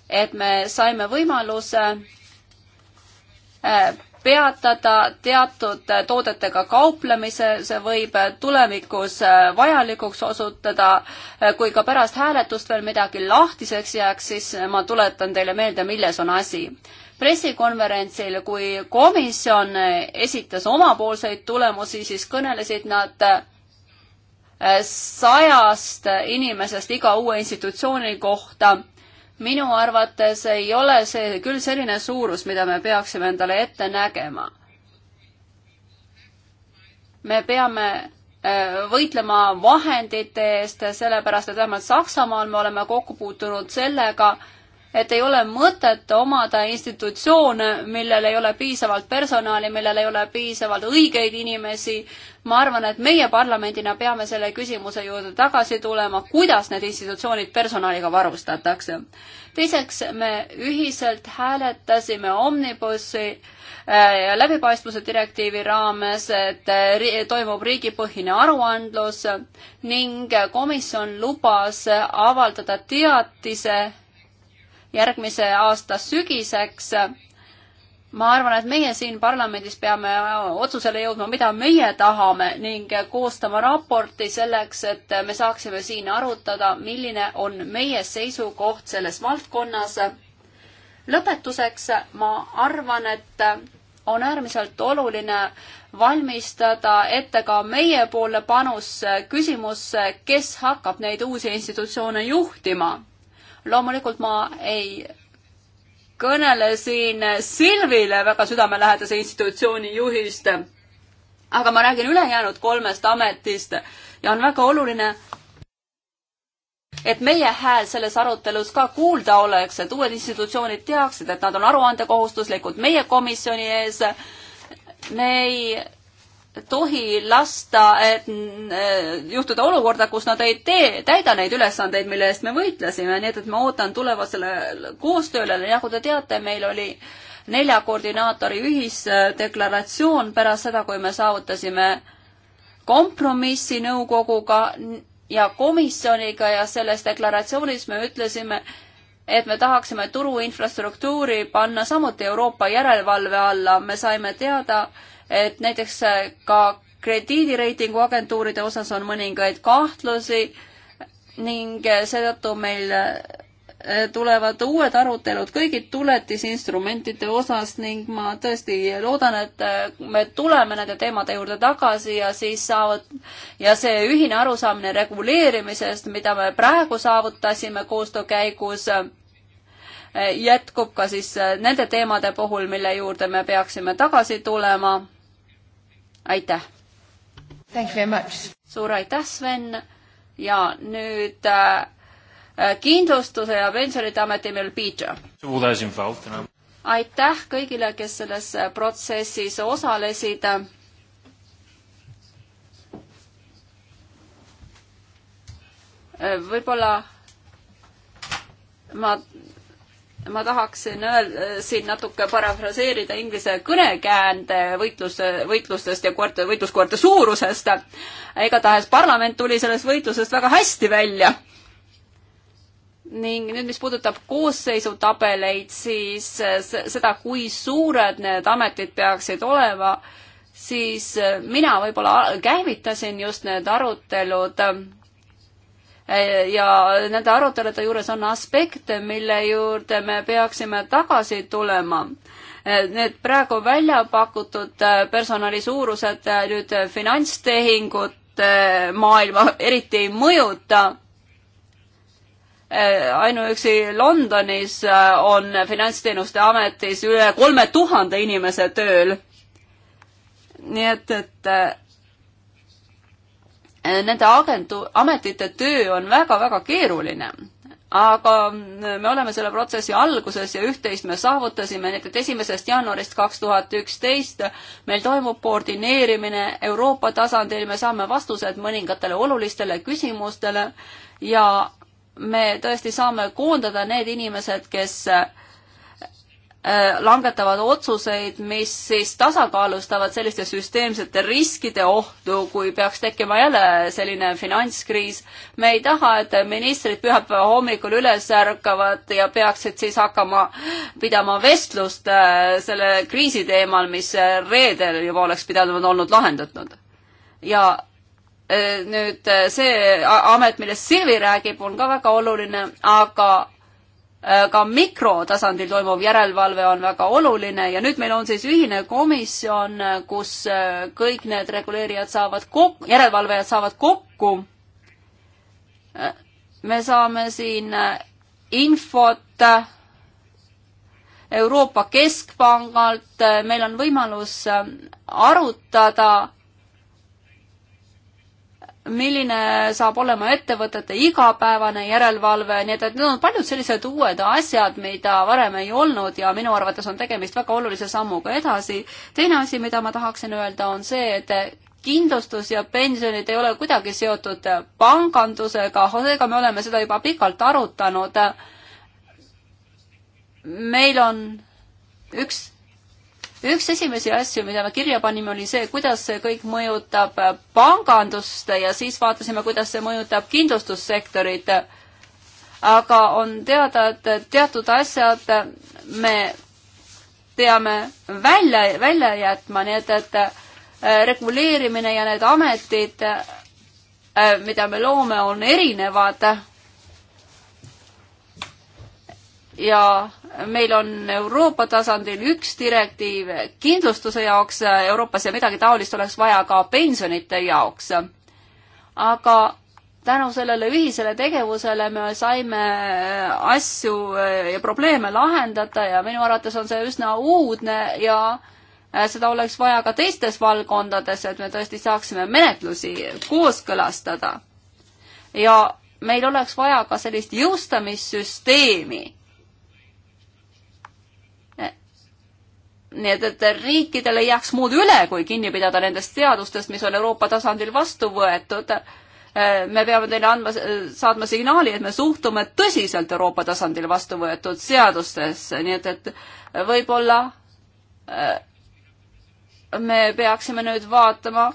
S2: et me saime võimaluse Äh, peatada teatud äh, toodetega kauplemise, see võib äh, tulevikus vajalikuks osutuda. kui ka pärast hääletust veel midagi lahtiseks jääks, siis ma tuletan teile meelde, milles on asi. pressikonverentsil, kui komisjon esitas omapoolseid tulemusi, siis kõnelesid nad sajast inimesest iga uue institutsiooni kohta minu arvates ei ole see küll selline suurus, mida me peaksime endale ette nägema. me peame äh, võitlema vahendite eest, sellepärast et vähemalt Saksamaal me oleme kokku puutunud sellega, et ei ole mõtet omada institutsioone, millel ei ole piisavalt personali, millel ei ole piisavalt õigeid inimesi. ma arvan, et meie parlamendina peame selle küsimuse juurde tagasi tulema, kuidas need institutsioonid personaliga varustatakse. teiseks, me ühiselt hääletasime Omnibussi äh, läbipaistvuse direktiivi raames, et äh, toimub riigipõhine aruandlus ning komisjon lubas avaldada teatise järgmise aasta sügiseks. ma arvan, et meie siin parlamendis peame otsusele jõudma, mida meie tahame ning koostama raporti selleks, et me saaksime siin arutada, milline on meie seisukoht selles valdkonnas. lõpetuseks ma arvan, et on äärmiselt oluline valmistada ette ka meiepoolne panus küsimusse, kes hakkab neid uusi institutsioone juhtima loomulikult ma ei kõnelesin Silvile väga südamelähedase institutsiooni juhist, aga ma räägin ülejäänud kolmest ametist ja on väga oluline, et meie hääl selles arutelus ka kuulda oleks, et uued institutsioonid teaksid, et nad on aruandekohustuslikud meie komisjoni ees. me ei tohi lasta eh, juhtuda olukorda, kus nad ei tee, täida neid ülesandeid, mille eest me võitlesime, nii et, et ma ootan tulevasele koostööle, nagu te teate, meil oli nelja koordinaatori ühisdeklaratsioon pärast seda, kui me saavutasime kompromissi nõukoguga ja komisjoniga ja selles deklaratsioonis me ütlesime, et me tahaksime turuinfrastruktuuri panna samuti Euroopa järelevalve alla, me saime teada, et näiteks äh, ka krediidireitingu agentuuride osas on mõningaid kahtlusi ning äh, seetõttu meil äh, tulevad uued arutelud kõigi tuletisinstrumentide osas ning ma tõesti loodan, et me tuleme nende teemade juurde tagasi ja siis saavad ja see ühine arusaamine reguleerimisest, mida me praegu saavutasime koostöö käigus, jätkub ka siis nende teemade puhul, mille juurde me peaksime tagasi tulema aitäh! suur aitäh, Sven! ja nüüd äh, kindlustuse ja pensionide ameti meil Piitra. aitäh kõigile, kes selles protsessis osalesid. Äh, võib-olla ma ma tahaksin öelda, siin natuke parafraseerida inglise kõnekäände võitluse, võitlustest ja koerte, võitluskoerte suurusest. igatahes parlament tuli sellest võitlusest väga hästi välja. ning nüüd, mis puudutab koosseisutabeleid, siis seda, kui suured need ametid peaksid olema, siis mina võib-olla käivitasin just need arutelud ja nende arutelude juures on aspekte, mille juurde me peaksime tagasi tulema. Need praegu välja pakutud personali suurused nüüd finantstehingut maailma eriti ei mõjuta. ainuüksi Londonis on finantsteenuste ametis üle kolme tuhande inimese tööl. nii et, et Äh, nende agentu-, ametite töö on väga-väga keeruline. aga äh, me oleme selle protsessi alguses ja üht-teist me saavutasime, nii et esimesest jaanuarist kaks tuhat üksteist meil toimub koordineerimine Euroopa tasandil, me saame vastused mõningatele olulistele küsimustele ja me tõesti saame koondada need inimesed, kes äh, Äh, langetavad otsuseid, mis siis tasakaalustavad selliste süsteemsete riskide ohtu, kui peaks tekkima jälle selline finantskriis. me ei taha, et ministrid pühapäeva hommikul üles ärkavad ja peaksid siis hakkama pidama vestlust äh, selle kriisi teemal, mis äh, reedel juba oleks pidanud olnud lahendatud. ja nüüd see amet, millest Silvi räägib, on ka väga oluline, aga Äh, ka mikrotasandil toimuv järelevalve on väga oluline ja nüüd meil on siis ühine komisjon, äh, kus äh, kõik need reguleerijad saavad kok-, järelevalvajad saavad kokku. me saame siin infot Euroopa Keskpangalt, meil on võimalus arutada milline saab olema ettevõtete igapäevane järelevalve, nii et, et need on paljud sellised uued asjad, mida varem ei olnud ja minu arvates on tegemist väga olulise sammuga edasi. teine asi, mida ma tahaksin öelda, on see, et kindlustus ja pensionid ei ole kuidagi seotud pangandusega, seega me oleme seda juba pikalt arutanud. meil on üks üks esimesi asju, mida me kirja panime, oli see, kuidas see kõik mõjutab äh, pangandust ja siis vaatasime, kuidas see mõjutab kindlustussektorit. aga on teada, et teatud asjad me peame välja, välja jätma, nii et, et äh, reguleerimine ja need ametid, äh, mida me loome, on erinevad ja meil on Euroopa tasandil üks direktiiv kindlustuse jaoks Euroopas ja midagi taolist oleks vaja ka pensionite jaoks. aga tänu sellele ühisele tegevusele me saime asju ja probleeme lahendada ja minu arvates on see üsna uudne ja seda oleks vaja ka teistes valdkondades, et me tõesti saaksime menetlusi kooskõlastada. ja meil oleks vaja ka sellist jõustamissüsteemi nii et, et riikidel ei jääks muud üle, kui kinni pidada nendest seadustest, mis on Euroopa tasandil vastu võetud. Äh, me peame teile andma, äh, saatma signaali, et me suhtume tõsiselt Euroopa tasandil vastu võetud seadustesse, nii et, et võib-olla äh, me peaksime nüüd vaatama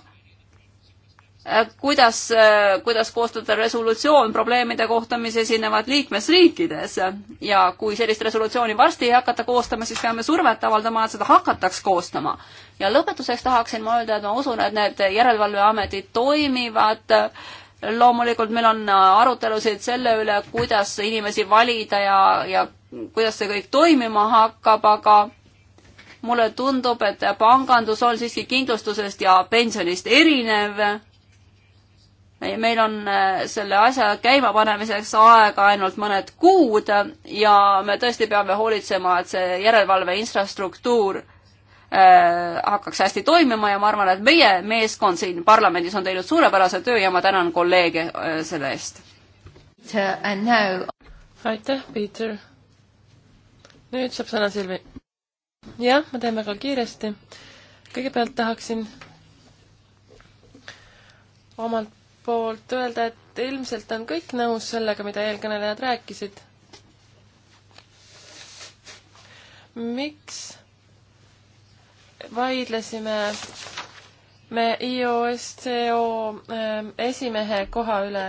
S2: Äh, kuidas, äh, kuidas koostada resolutsioon probleemide kohta, mis esinevad liikmesriikides ja kui sellist resolutsiooni varsti ei hakata koostama, siis peame survet avaldama, et seda hakataks koostama. ja lõpetuseks tahaksin ma öelda, et ma usun, et need järelevalveametid toimivad loomulikult meil on arutelusid selle üle, kuidas inimesi valida ja, ja kuidas see kõik toimima hakkab, aga mulle tundub, et pangandus on siiski kindlustusest ja pensionist erinev meil on äh, selle asja käimapanemiseks aega ainult mõned kuud ja me tõesti peame hoolitsema, et see järelevalve infrastruktuur äh, hakkaks hästi toimima ja ma arvan, et meie meeskond siin parlamendis on teinud suurepärase töö ja ma tänan kolleege äh, selle
S3: eest. aitäh, Peeter. nüüd saab sõna Silvi. jah, ma teen väga kiiresti. kõigepealt tahaksin omalt poolt öelda, et ilmselt on kõik nõus sellega, mida eelkõnelejad rääkisid. miks vaidlesime me IOSCO ähm, esimehe koha üle?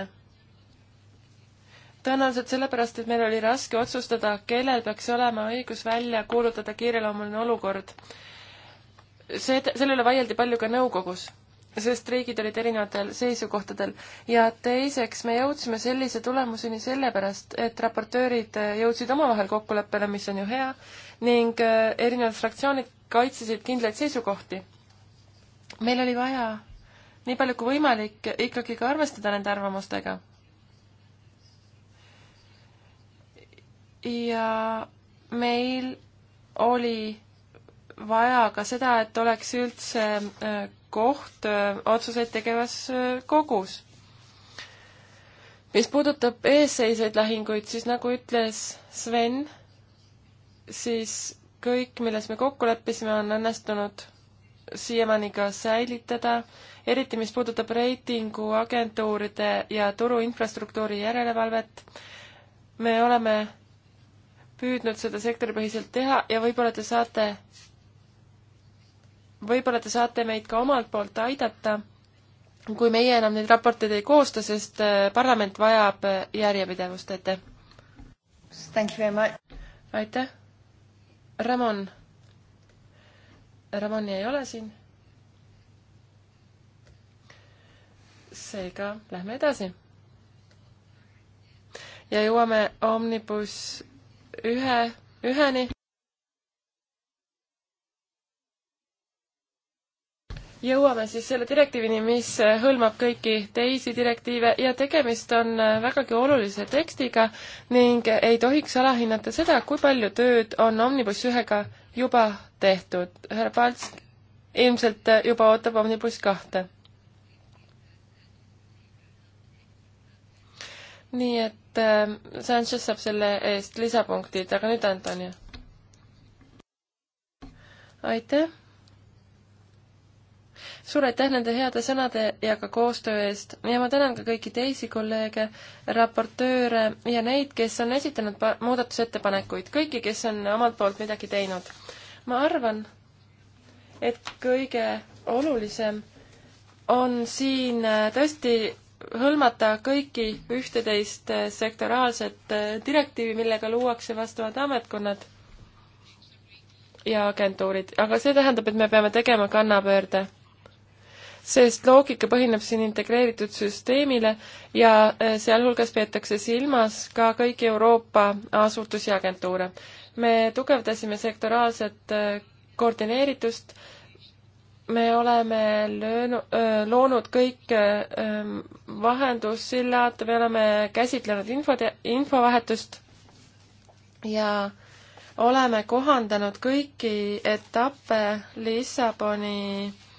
S3: tõenäoliselt sellepärast, et meil oli raske otsustada, kellel peaks olema õigus välja kuulutada kiireloomuline olukord. see, selle üle vaieldi palju ka nõukogus sest riigid olid erinevatel seisukohtadel. ja teiseks, me jõudsime sellise tulemuseni sellepärast, et raportöörid jõudsid omavahel kokkuleppele, mis on ju hea, ning äh, erinevad fraktsioonid kaitsesid kindlaid seisukohti. meil oli vaja nii palju kui võimalik ikkagi ka arvestada nende arvamustega. ja meil oli vaja ka seda, et oleks üldse äh, koht otsuseid tegevas kogus. mis puudutab eesseisvaid lahinguid, siis nagu ütles Sven, siis kõik, milles me kokku leppisime, on õnnestunud siiamaani ka säilitada, eriti mis puudutab reitinguagentuuride ja turu infrastruktuuri järelevalvet. me oleme püüdnud seda sektoripõhiselt teha ja võib-olla te saate võib-olla te saate meid ka omalt poolt aidata, kui meie enam neid raporteid ei koosta, sest äh, parlament vajab äh, järjepidevust, aitäh! aitäh! Ramon. Ramoni ei ole siin. seega lähme edasi. ja jõuame Omnibus ühe, üheni jõuame siis selle direktiivini, mis hõlmab kõiki teisi direktiive ja tegemist on äh, vägagi olulise tekstiga ning ei tohiks alahinnata seda, kui palju tööd on Omnibus ühega juba tehtud. härra Palts ilmselt äh, juba ootab Omnibus kahte. nii et äh, Sanchez saab selle eest lisapunktid, aga nüüd Antonia. aitäh suur aitäh nende heade sõnade ja ka koostöö eest ja ma tänan ka kõiki teisi kolleege, raportööre ja neid, kes on esitanud muudatusettepanekuid, kõiki, kes on omalt poolt midagi teinud. ma arvan, et kõige olulisem on siin äh, tõesti hõlmata kõiki ühteteist äh, sektoraalset äh, direktiivi, millega luuakse vastavad ametkonnad ja agentuurid, aga see tähendab, et me peame tegema kannapöörde sest loogika põhineb siin integreeritud süsteemile ja eh, sealhulgas peetakse silmas ka kõiki Euroopa asutusi ja agentuure. me tugevdasime sektoraalset eh, koordineeritust, me oleme löönu-, eh, loonud kõik vahendussillad, me oleme käsitlenud infode, infovahetust ja oleme kohandanud kõiki etappe Lissaboni äh,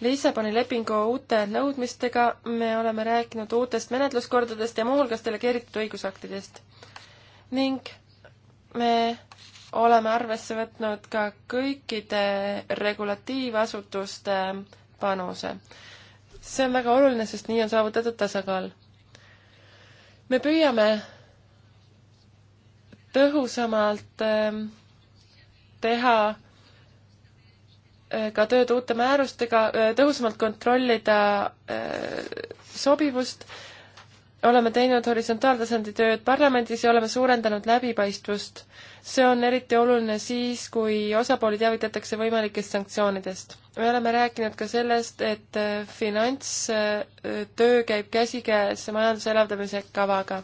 S3: Lissaboni lepingu uute nõudmistega me oleme rääkinud uutest menetluskordadest ja muuhulgas delegeeritud õigusaktidest. ning me oleme arvesse võtnud ka kõikide regulatiivasutuste panuse. see on väga oluline, sest nii on saavutatud tasakaal. me püüame tõhusamalt ähm, teha Äh, ka tööd uute määrustega, äh, tõhusamalt kontrollida äh, sobivust, oleme teinud horisontaaltasandi tööd parlamendis ja oleme suurendanud läbipaistvust. see on eriti oluline siis, kui osapooli teavitatakse võimalikest sanktsioonidest. me oleme rääkinud ka sellest, et finantstöö käib käsikäes majanduse elavdamise kavaga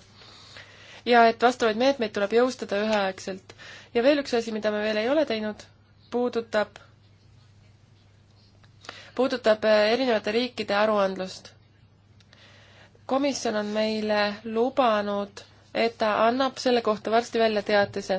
S3: ja et vastavaid meetmeid tuleb jõustada üheaegselt. ja veel üks asi, mida me veel ei ole teinud, puudutab puudutab äh, erinevate riikide aruandlust. komisjon on meile lubanud, et ta annab selle kohta varsti välja teatise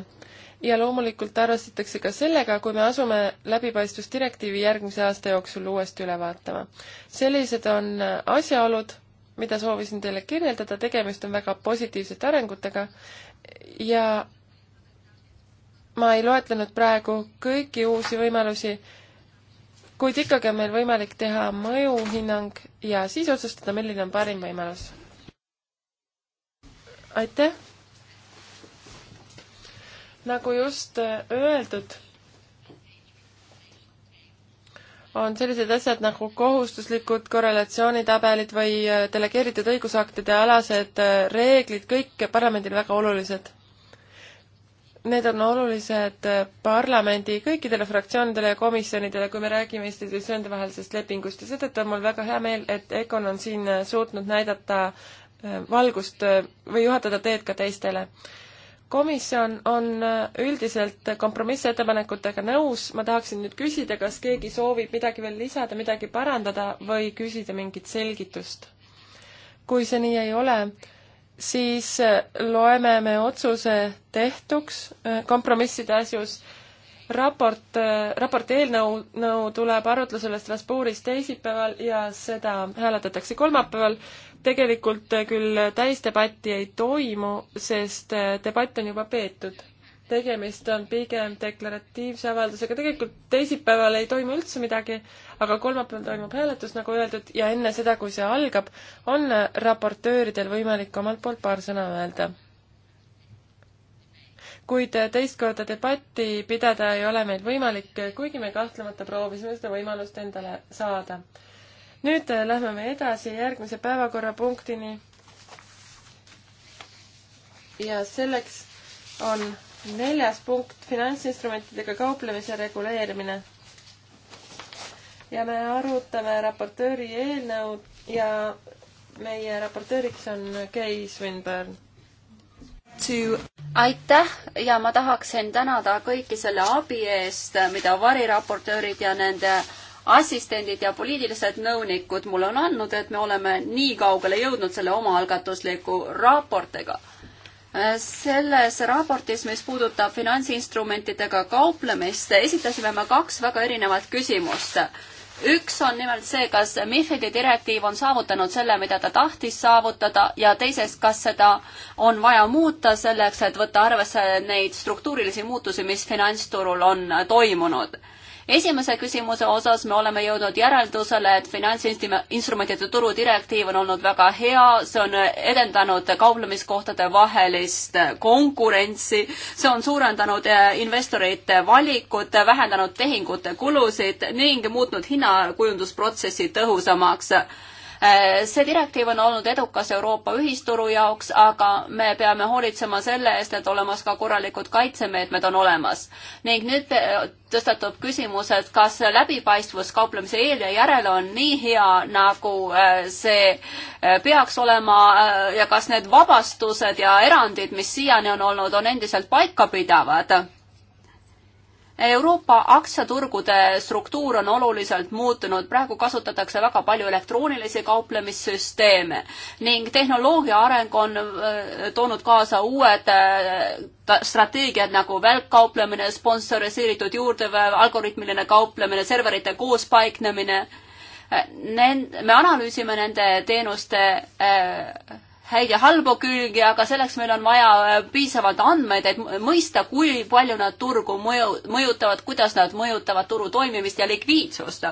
S3: ja loomulikult arvestatakse ka sellega, kui me asume läbipaistvusdirektiivi järgmise aasta jooksul uuesti üle vaatama. sellised on äh, asjaolud, mida soovisin teile kirjeldada, tegemist on väga positiivsete arengutega ja ma ei loetlenud praegu kõiki uusi võimalusi, kuid ikkagi on meil võimalik teha mõjuhinnang ja siis otsustada, milline on parim võimalus. aitäh! nagu just äh, öeldud, on sellised asjad nagu kohustuslikud korrelatsioonitabelid või äh, delegeeritud õigusaktide alased äh, reeglid kõik parlamendil väga olulised Need on olulised äh, parlamendi kõikidele fraktsioonidele ja komisjonidele, kui me räägime institutsioonide vahelisest lepingust ja seetõttu on mul väga hea meel, et Econ on siin äh, suutnud näidata äh, valgust või juhatada teed ka teistele. komisjon on üldiselt kompromissettepanekutega nõus, ma tahaksin nüüd küsida, kas keegi soovib midagi veel lisada, midagi parandada või küsida mingit selgitust. kui see nii ei ole, siis äh, loeme me otsuse tehtuks äh, kompromisside asjus. raport, äh, raporti eelnõu no, tuleb arutlusele Strasbourgis teisipäeval ja seda hääletatakse kolmapäeval. tegelikult küll täisdebatti ei toimu, sest debatt on juba peetud tegemist on pigem deklaratiivse avaldusega, tegelikult teisipäeval ei toimu üldse midagi, aga kolmapäeval toimub hääletus, nagu öeldud, ja enne seda, kui see algab, on raportööridel võimalik omalt poolt paar sõna öelda. kuid teist korda debatti pidada ei ole meil võimalik, kuigi me kahtlemata proovisime seda võimalust endale saada. nüüd lähme me edasi järgmise päevakorrapunktini. ja selleks on neljas punkt, finantsinstrumentidega kauplemise reguleerimine. ja me arutame raportööri eelnõu ja meie raportööriks on
S2: Kei Swinburne. aitäh ja ma tahaksin tänada kõiki selle abi eest, mida variraportöörid ja nende assistendid ja poliitilised nõunikud mulle on andnud, et me oleme nii kaugele jõudnud selle omaalgatusliku raportiga selles raportis, mis puudutab finantsinstrumentidega kauplemist, esitasime me kaks väga erinevat küsimust. üks on nimelt see, kas MIFID-i direktiiv on saavutanud selle, mida ta tahtis saavutada ja teiseks, kas seda on vaja muuta selleks, et võtta arvesse neid struktuurilisi muutusi, mis finantsturul on toimunud esimese küsimuse osas me oleme jõudnud järeldusele, et finantsinstrumentide turu direktiiv on olnud väga hea, see on edendanud kauplemiskohtade vahelist konkurentsi, see on suurendanud äh, investorite valikut, vähendanud tehingute kulusid ning muutnud hinnakujundusprotsessi tõhusamaks Äh, see direktiiv on olnud edukas Euroopa ühisturu jaoks, aga me peame hoolitsema selle eest, et olemas ka korralikud kaitsemeetmed on olemas. ning nüüd tõstatub küsimus, et kas läbipaistvus kauplemise eel ja järel on nii hea, nagu äh, see äh, peaks olema ja kas need vabastused ja erandid, mis siiani on olnud, on endiselt paikapidavad Euroopa aktsiaturgude struktuur on oluliselt muutunud, praegu kasutatakse väga palju elektroonilisi kauplemissüsteeme ning tehnoloogia areng on äh, toonud kaasa uued äh, strateegiad nagu välkkauplemine, sponsoriseeritud juurdeväev, algoritmiline kauplemine, serverite koospaiknemine. Äh, Nend-, me analüüsime nende teenuste äh, häid ja halbu külgi, aga selleks meil on vaja äh, piisavalt andmeid, et mõista, kui palju nad turgu mõju, mõjutavad, kuidas nad mõjutavad turu toimimist ja likviidsust.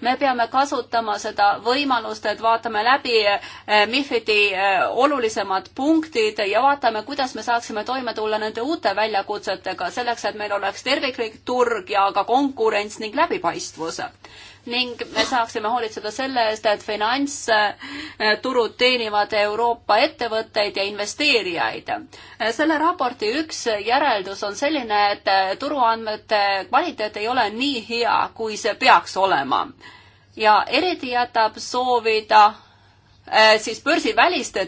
S2: me peame kasutama seda võimalust, et vaatame läbi äh, MIFID-i äh, olulisemad punktid ja vaatame, kuidas me saaksime toime tulla nende uute väljakutsetega, selleks et meil oleks terviklik turg ja ka konkurents ning läbipaistvus ning me saaksime hoolitseda selle eest, et finantsturud teenivad Euroopa ettevõtteid ja investeerijaid. selle raporti üks järeldus on selline, et turuandmete kvaliteet ei ole nii hea, kui see peaks olema ja eriti jätab soovida Äh, siis börsiväliste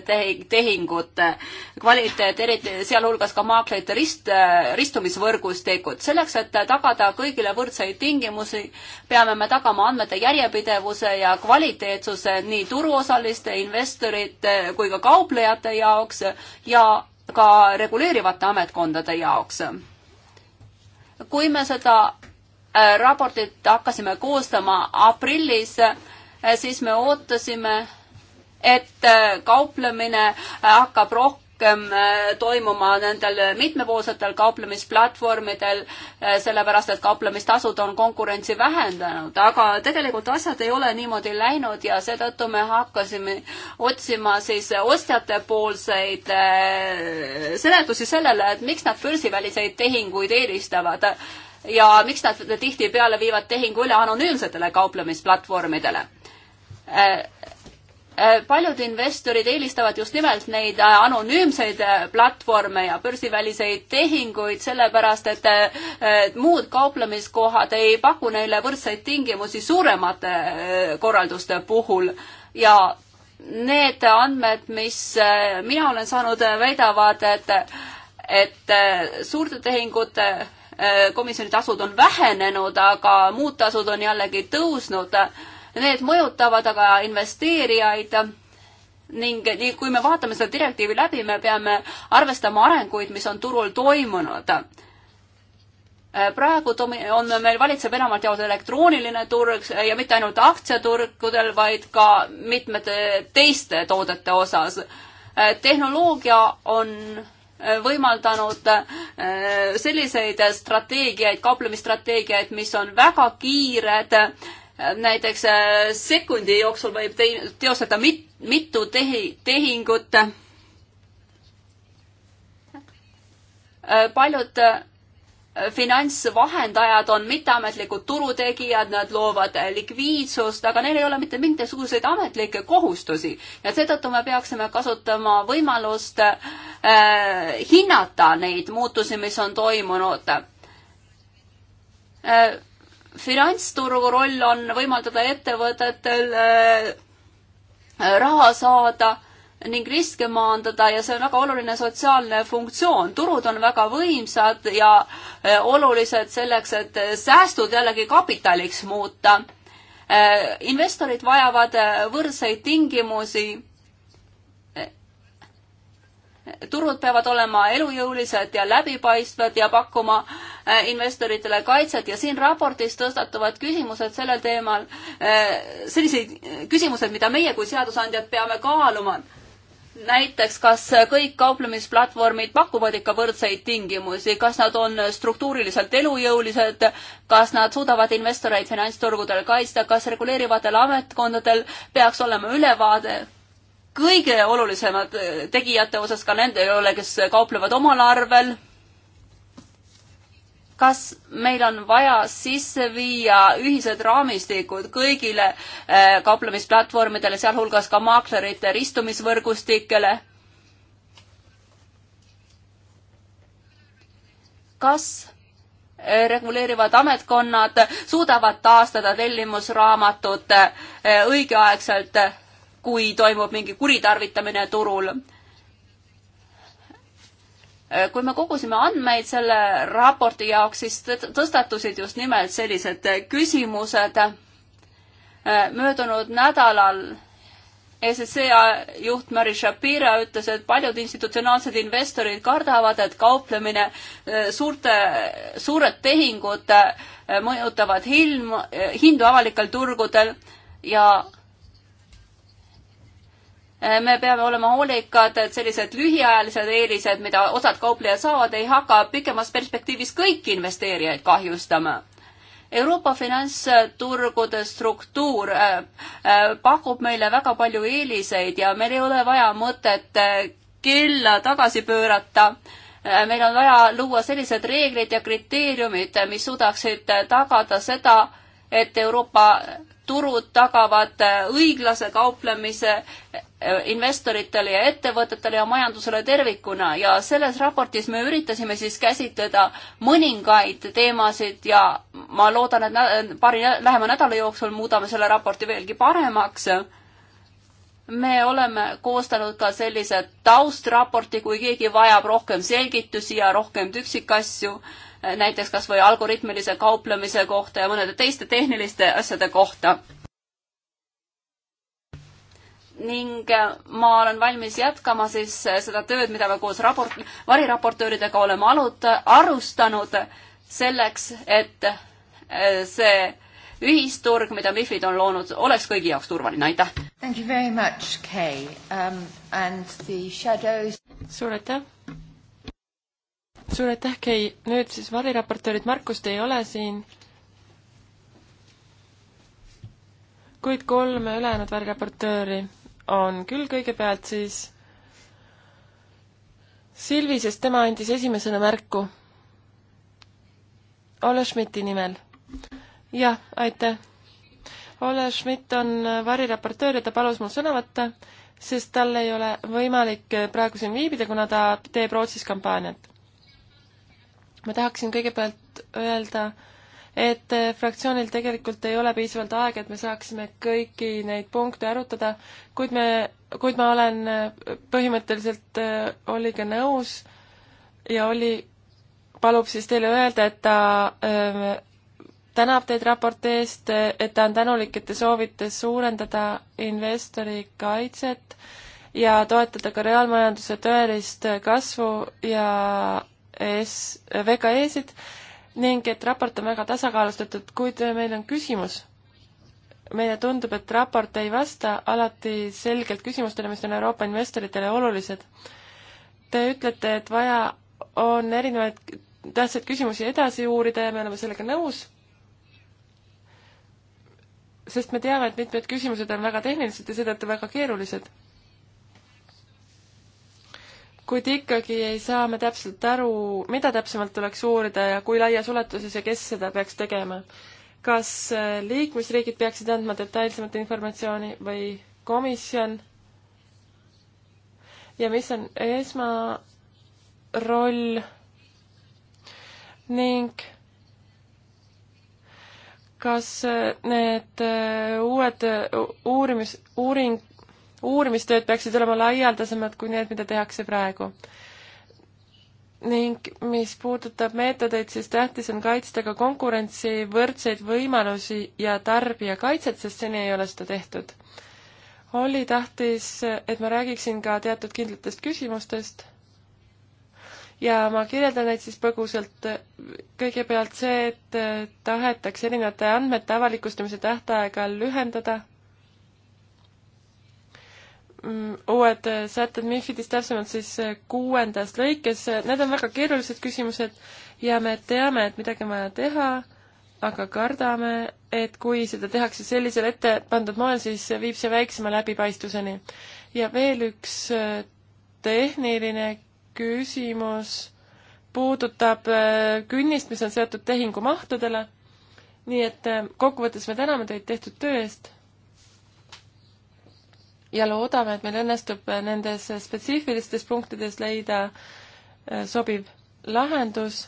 S2: tehingute kvaliteet, eriti sealhulgas ka maaklerite rist, äh, ristumisvõrgustikud. selleks, et tagada kõigile võrdseid tingimusi, peame me tagama andmete järjepidevuse ja kvaliteetsuse nii turuosaliste, investorite kui ka kauplejate jaoks ja ka reguleerivate ametkondade jaoks. kui me seda äh, raportit hakkasime koostama aprillis, siis me ootasime et äh, kauplemine äh, hakkab rohkem äh, toimuma nendel mitmepoolsetel kauplemisplatvormidel, sellepärast et kauplemistasud on konkurentsi vähendanud, aga tegelikult asjad ei ole niimoodi läinud ja seetõttu me hakkasime otsima siis ostjatepoolseid seletusi sellele, et miks nad börsiväliseid tehinguid eelistavad ja miks nad tihtipeale viivad tehingu üle anonüümsetele kauplemisplatvormidele Äh, paljud investorid eelistavad just nimelt neid äh, anonüümseid äh, platvorme ja börsiväliseid tehinguid, sellepärast et muud kauplemiskohad ei paku neile võrdseid tingimusi suuremate korralduste puhul ja need andmed, mis mina olen saanud, väidavad, et, et suurte tehingute komisjoni tasud on vähenenud, aga muud tasud on jällegi tõusnud Need mõjutavad aga investeerijaid ning nii, kui me vaatame seda direktiivi läbi, me peame arvestama arenguid, mis on turul toimunud praegu on meil valitseb enamalt jaolt elektrooniline turg ja mitte ainult aktsiaturgudel, vaid ka mitmete teiste toodete osas. tehnoloogia on võimaldanud eh, selliseid strateegiaid, kauplemisstrateegiaid, mis on väga kiired näiteks äh, sekundi jooksul võib te-, teostada mit-, mitu tehi-, tehingut. Äh, paljud äh, finantsvahendajad on mitteametlikud turutegijad, nad loovad likviidsust, aga neil ei ole mitte mingisuguseid ametlikke kohustusi ja seetõttu me peaksime kasutama võimalust äh, hinnata neid muutusi, mis on toimunud äh, finantsturu roll on võimaldada ettevõtetel äh, raha saada ning riske maandada ja see on väga oluline sotsiaalne funktsioon. turud on väga võimsad ja äh, olulised selleks, et säästud jällegi kapitaliks muuta. Äh, investorid vajavad võrdseid tingimusi turud peavad olema elujõulised ja läbipaistvad ja pakkuma äh, investoritele kaitset ja siin raportis tõstatuvad küsimused sellel teemal, äh, sellised äh, küsimused, mida meie kui seadusandjad peame kaaluma. näiteks, kas kõik kauplemisplatvormid pakuvad ikka võrdseid tingimusi, kas nad on struktuuriliselt elujõulised, kas nad suudavad investoreid finantsturgudel kaitsta, kas reguleerivatel ametkondadel peaks olema ülevaade kõige olulisemad äh, tegijate osas ka nende üle, kes kauplevad omal arvel. kas meil on vaja sisse viia ühised raamistikud kõigile äh, kauplemisplatvormidele, sealhulgas ka maaklerite ristumisvõrgustikele? kas äh, reguleerivad ametkonnad suudavad taastada tellimusraamatut õigeaegselt kui toimub mingi kuritarvitamine turul. kui me kogusime andmeid selle raporti jaoks, siis tõstatusid just nimelt sellised küsimused. möödunud nädalal SSC juht Mary Shapira ütles, et paljud institutsionaalsed investorid kardavad, et kauplemine, suurte, suured tehingud mõjutavad hilm, hindu avalikel turgudel ja Eh, me peame olema hoolikad, et sellised lühiajalised eelised, mida osad kauplejad saavad, ei hakka pikemas perspektiivis kõiki investeerijaid kahjustama. Euroopa finantsturgude struktuur eh, eh, pakub meile väga palju eeliseid ja meil ei ole vaja mõtet kella tagasi pöörata. meil on vaja luua sellised reeglid ja kriteeriumid, mis suudaksid tagada seda, et Euroopa turud tagavad äh, õiglase kauplemise äh, investoritele ja ettevõtetele ja majandusele tervikuna ja selles raportis me üritasime siis käsitleda mõningaid teemasid ja ma loodan, et paari lähema nädala jooksul muudame selle raporti veelgi paremaks me oleme koostanud ka sellise taustraporti, kui keegi vajab rohkem selgitusi ja rohkem üksikasju äh, näiteks kas või algoritmilise kauplemise kohta ja mõnede teiste tehniliste asjade kohta. ning äh, ma olen valmis jätkama siis äh, seda tööd, mida me koos raport, variraportööridega oleme alut-, arustanud selleks, et äh, see ühisturg, mida MIFID on loonud, oleks kõigi jaoks turvaline, aitäh!
S3: Thank you very much, Kay um,, and the shadows suur aitäh! suur aitäh, Kei, nüüd siis variraportöörid, Markust ei ole siin. kuid kolme ülejäänud variraportööri on küll, kõigepealt siis Silvi, sest tema andis esimesena märku. Ole Schmidti nimel. jah, aitäh. Ole Schmidt on variraportöör ja ta palus mul sõna võtta, sest tal ei ole võimalik praegu siin viibida, kuna ta teeb Rootsis kampaaniat ma tahaksin kõigepealt öelda, et eh, fraktsioonil tegelikult ei ole piisavalt aega, et me saaksime kõiki neid punkte arutada, kuid me, kuid ma olen eh, põhimõtteliselt eh, Olliga nõus ja Olli palub siis teile öelda, et ta öö, tänab teid raporti eest, et ta on tänulik, et te soovite suurendada investori kaitset ja toetada ka reaalmajanduse tõelist kasvu ja es-, VKE-sid ning et raport on väga tasakaalustatud, kuid meil on küsimus. meile tundub, et raport ei vasta alati selgelt küsimustele, mis on Euroopa investoritele olulised. Te ütlete, et vaja on erinevaid tähtsaid küsimusi edasi uurida ja me oleme sellega nõus, sest me teame, et mitmed küsimused on väga tehnilised ja seetõttu väga keerulised kuid ikkagi ei saa me täpselt aru, mida täpsemalt tuleks uurida ja kui laias ulatuses ja kes seda peaks tegema. kas äh, liikmesriigid peaksid andma detailsemat informatsiooni või komisjon? ja mis on esmaroll ning kas äh, need äh, uued uurimis, uuring uurimistööd peaksid olema laialdasemad kui need, mida tehakse praegu. ning mis puudutab meetodeid, siis tähtis on kaitsta ka konkurentsi, võrdseid võimalusi ja tarbijakaitset, sest seni ei ole seda tehtud. Olli tahtis, et ma räägiksin ka teatud kindlatest küsimustest ja ma kirjeldan neid siis põgusalt. kõigepealt see, et tahetakse erinevate andmete avalikustamise tähtaega lühendada Mm, uued äh, sätted MIFIDis täpsemalt siis äh, kuuendas lõikes, need on väga keerulised küsimused ja me teame, et midagi on vaja teha, aga kardame, et kui seda tehakse sellisel ette pandud moel, siis viib see väiksema läbipaistvuseni. ja veel üks äh, tehniline küsimus puudutab künnist, mis on seotud tehingumahtudele, nii et kokkuvõttes me täname teid tehtud töö eest ja loodame, et meil õnnestub nendes spetsiifilistes punktides leida äh, sobiv lahendus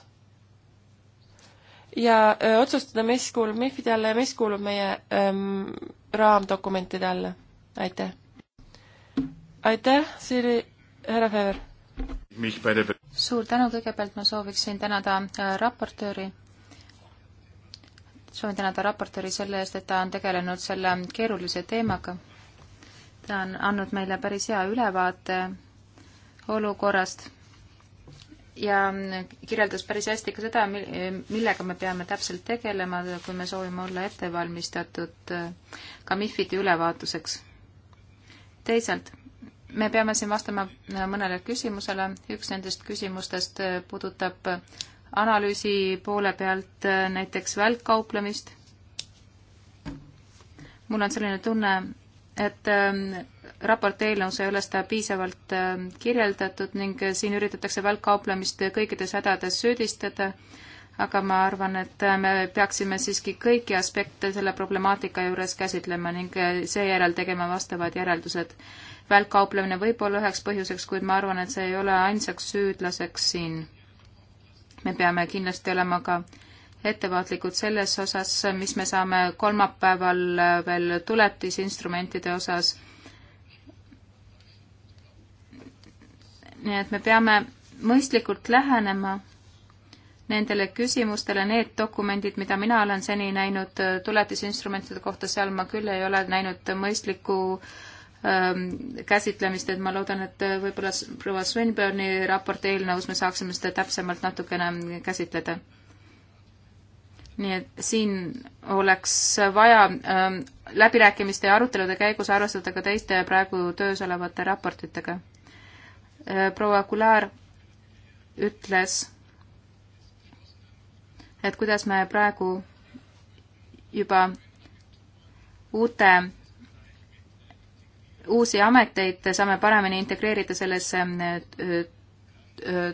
S3: ja öö, äh, otsustada, mis kuulub MIFide alla ja mis kuulub meie öö, ähm, raamdokumentide alla. aitäh! aitäh, Siiri, härra
S1: Fever! suur tänu, kõigepealt ma sooviksin tänada äh, raportööri, soovin tänada raportööri selle eest, et ta on tegelenud selle keerulise teemaga ta on andnud meile päris hea ülevaate olukorrast ja kirjeldas päris hästi ka seda, millega me peame täpselt tegelema, kui me soovime olla ettevalmistatud äh, ka MIFID-i ülevaatuseks. teisalt, me peame siin vastama äh, mõnele küsimusele, üks nendest küsimustest äh, puudutab analüüsi poole pealt näiteks välkkauplemist. mul on selline tunne, et ähm, raporti eelnõus ei ole seda piisavalt ähm, kirjeldatud ning siin üritatakse välkkauplemist kõikides hädades süüdistada, aga ma arvan, et äh, me peaksime siiski kõiki aspekte selle problemaatika juures käsitlema ning äh, seejärel tegema vastavad järeldused. välkkauplemine võib olla üheks põhjuseks, kuid ma arvan, et see ei ole ainsaks süüdlaseks siin. me peame kindlasti olema ka äh, ettevaatlikud selles osas, mis me saame kolmapäeval veel tuletisinstrumentide osas. nii et me peame mõistlikult lähenema nendele küsimustele, need dokumendid, mida mina olen seni näinud tuletisinstrumentide kohta, seal ma küll ei ole näinud mõistlikku ähm, käsitlemist, et ma loodan, et võib-olla proua Swinburne'i raporti eelnõus me saaksime seda täpsemalt natukene käsitleda nii et siin oleks vaja ähm, läbirääkimiste ja arutelude käigus arvestada ka teiste praegu töös olevate raportitega äh,. proua Kular ütles, et kuidas me praegu juba uute, uusi ameteid saame paremini integreerida sellesse äh,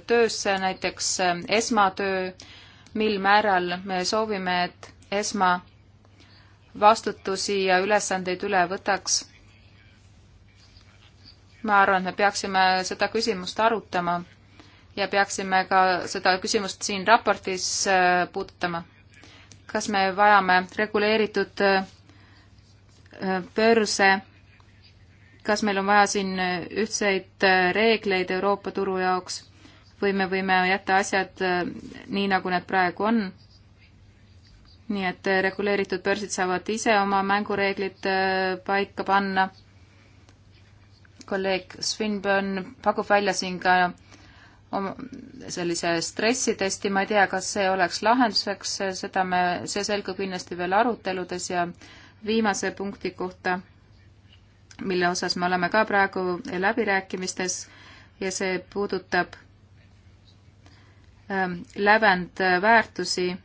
S1: töösse, näiteks äh, esmatöö äh, mil määral me soovime, et ESMA vastutusi ja ülesandeid üle võtaks. ma arvan, et me peaksime seda küsimust arutama ja peaksime ka seda küsimust siin raportis äh, puudutama. kas me vajame reguleeritud äh, börse, kas meil on vaja siin ühtseid äh, reegleid Euroopa turu jaoks või me võime jätta asjad äh, nii, nagu need praegu on. nii et äh, reguleeritud börsid saavad ise oma mängureeglid äh, paika panna. kolleeg Swinburne pakub välja siin ka oma sellise stressitesti, ma ei tea, kas see oleks lahenduseks, seda me, see selgub kindlasti veel aruteludes ja viimase punkti kohta, mille osas me oleme ka praegu läbirääkimistes ja see puudutab Ähm, lävendväärtusi äh,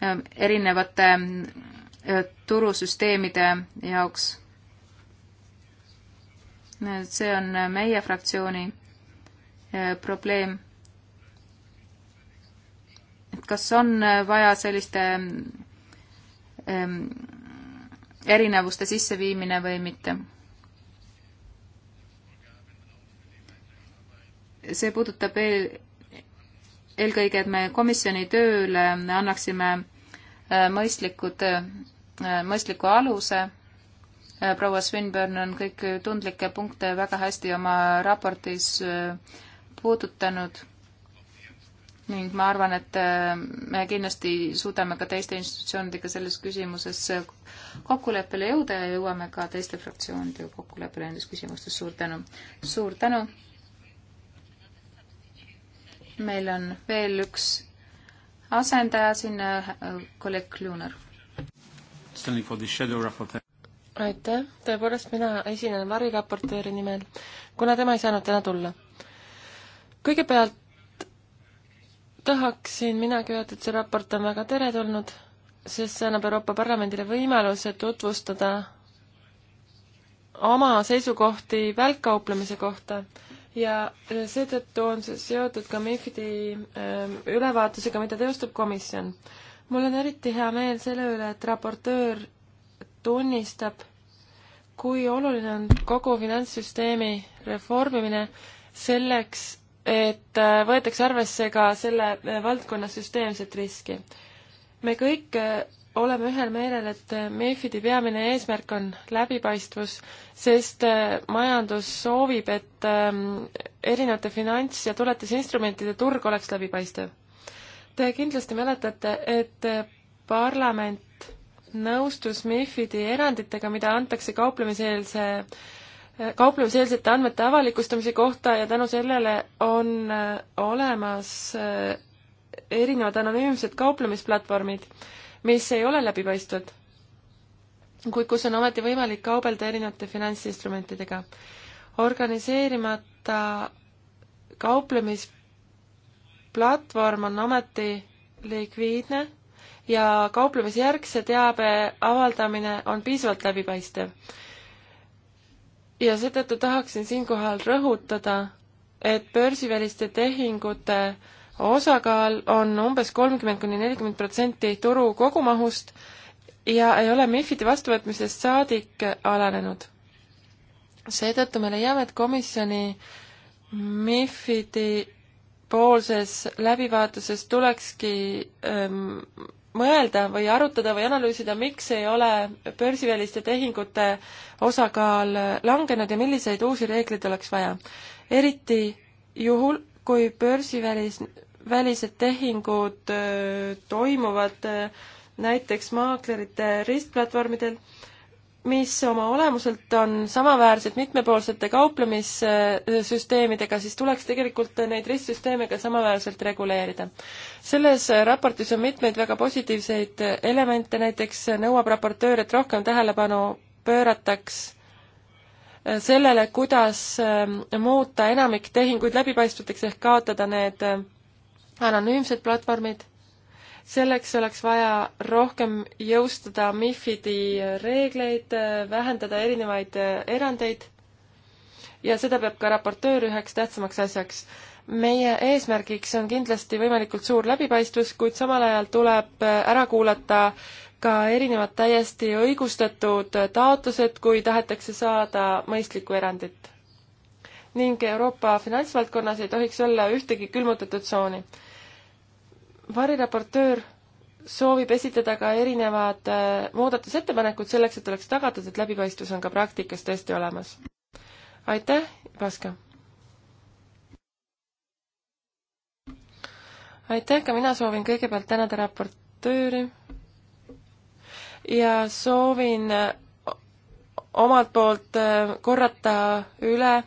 S1: ähm, erinevate äh, turusüsteemide jaoks. see on äh, meie fraktsiooni probleem. et kas on vaja selliste ähm, erinevuste sisseviimine või mitte see puudutab eel, eelkõige, et me komisjoni tööle annaksime äh, mõistlikud, äh, mõistliku aluse. Äh, proua Swinburne on kõik tundlikke punkte väga hästi oma raportis puudutanud ning ma arvan, et me kindlasti suudame ka teiste institutsioonidega selles küsimuses kokkuleppele jõuda ja jõuame ka teiste fraktsioonidega kokkuleppele nendes küsimustes. suur tänu! suur tänu! meil on veel üks asendaja sinna, äh, kolleeg Kluuner.
S3: aitäh, tõepoolest mina esinen variraportööri nimel, kuna tema ei saanud täna tulla. kõigepealt tahaksin minagi öelda, et see raport on väga teretulnud, sest see annab Euroopa Parlamendile võimaluse tutvustada oma seisukohti välkkauplemise kohta ja äh, seetõttu on see seotud ka MIFID-i ähm, ülevaatusega, mida teostab komisjon. mul on eriti hea meel selle üle, et raportöör tunnistab, kui oluline on kogu finantssüsteemi reformimine selleks, et äh, võetakse arvesse ka selle äh, valdkonna süsteemset riski. me kõik oleme ühel meelel, et MEF-idi peamine eesmärk on läbipaistvus, sest äh, majandus soovib, et ähm, erinevate finants- ja tuletisinstrumentide turg oleks läbipaistev. Te kindlasti mäletate, et äh, parlament nõustus MEF-idi eranditega, mida antakse kauplemiseelse äh, kauplemiseelsete andmete avalikustamise kohta ja tänu sellele on olemas erinevad anonüümsed kauplemisplatvormid mis ei ole läbipaistvad, kuid kus on ometi võimalik kaubelda erinevate finantsinstrumentidega. organiseerimata kauplemisplatvorm on ometi likviidne ja kauplemisjärgse teabe avaldamine on piisavalt läbipaistev. ja seetõttu tahaksin siinkohal rõhutada, et börsiväliste tehingute osakaal on umbes kolmkümmend kuni nelikümmend protsenti turu kogumahust ja ei ole MIFID-i vastuvõtmisest saadik alanenud. seetõttu me leiame, et komisjoni MIFID-i poolses läbivaatuses tulekski ähm, mõelda või arutada või analüüsida, miks ei ole börsiväliste tehingute osakaal langenud ja milliseid uusi reegleid oleks vaja. eriti juhul, kui börsivälis, välised tehingud toimuvad näiteks maaklerite ristplatvormidel, mis oma olemuselt on samaväärsed mitmepoolsete kauplemissüsteemidega, siis tuleks tegelikult neid ristsüsteeme ka samaväärselt reguleerida. selles raportis on mitmeid väga positiivseid elemente, näiteks nõuab raportöör, et rohkem tähelepanu pöörataks sellele, kuidas muuta enamik tehinguid läbipaistvateks ehk kaotada need anonüümsed platvormid, selleks oleks vaja rohkem jõustada MIFID-i reegleid, vähendada erinevaid erandeid ja seda peab ka raportöör üheks tähtsamaks asjaks. meie eesmärgiks on kindlasti võimalikult suur läbipaistvus, kuid samal ajal tuleb ära kuulata ka erinevad täiesti õigustatud taotlused, kui tahetakse saada mõistlikku erandit. ning Euroopa finantsvaldkonnas ei tohiks olla ühtegi külmutatud tsooni variraportöör soovib esitada ka erinevad äh, muudatusettepanekud selleks, et oleks tagatud, et läbipaistvus on ka praktikas tõesti olemas. aitäh, Paska! aitäh, ka mina soovin kõigepealt tänada raportööri ja soovin äh, omalt poolt äh, korrata üle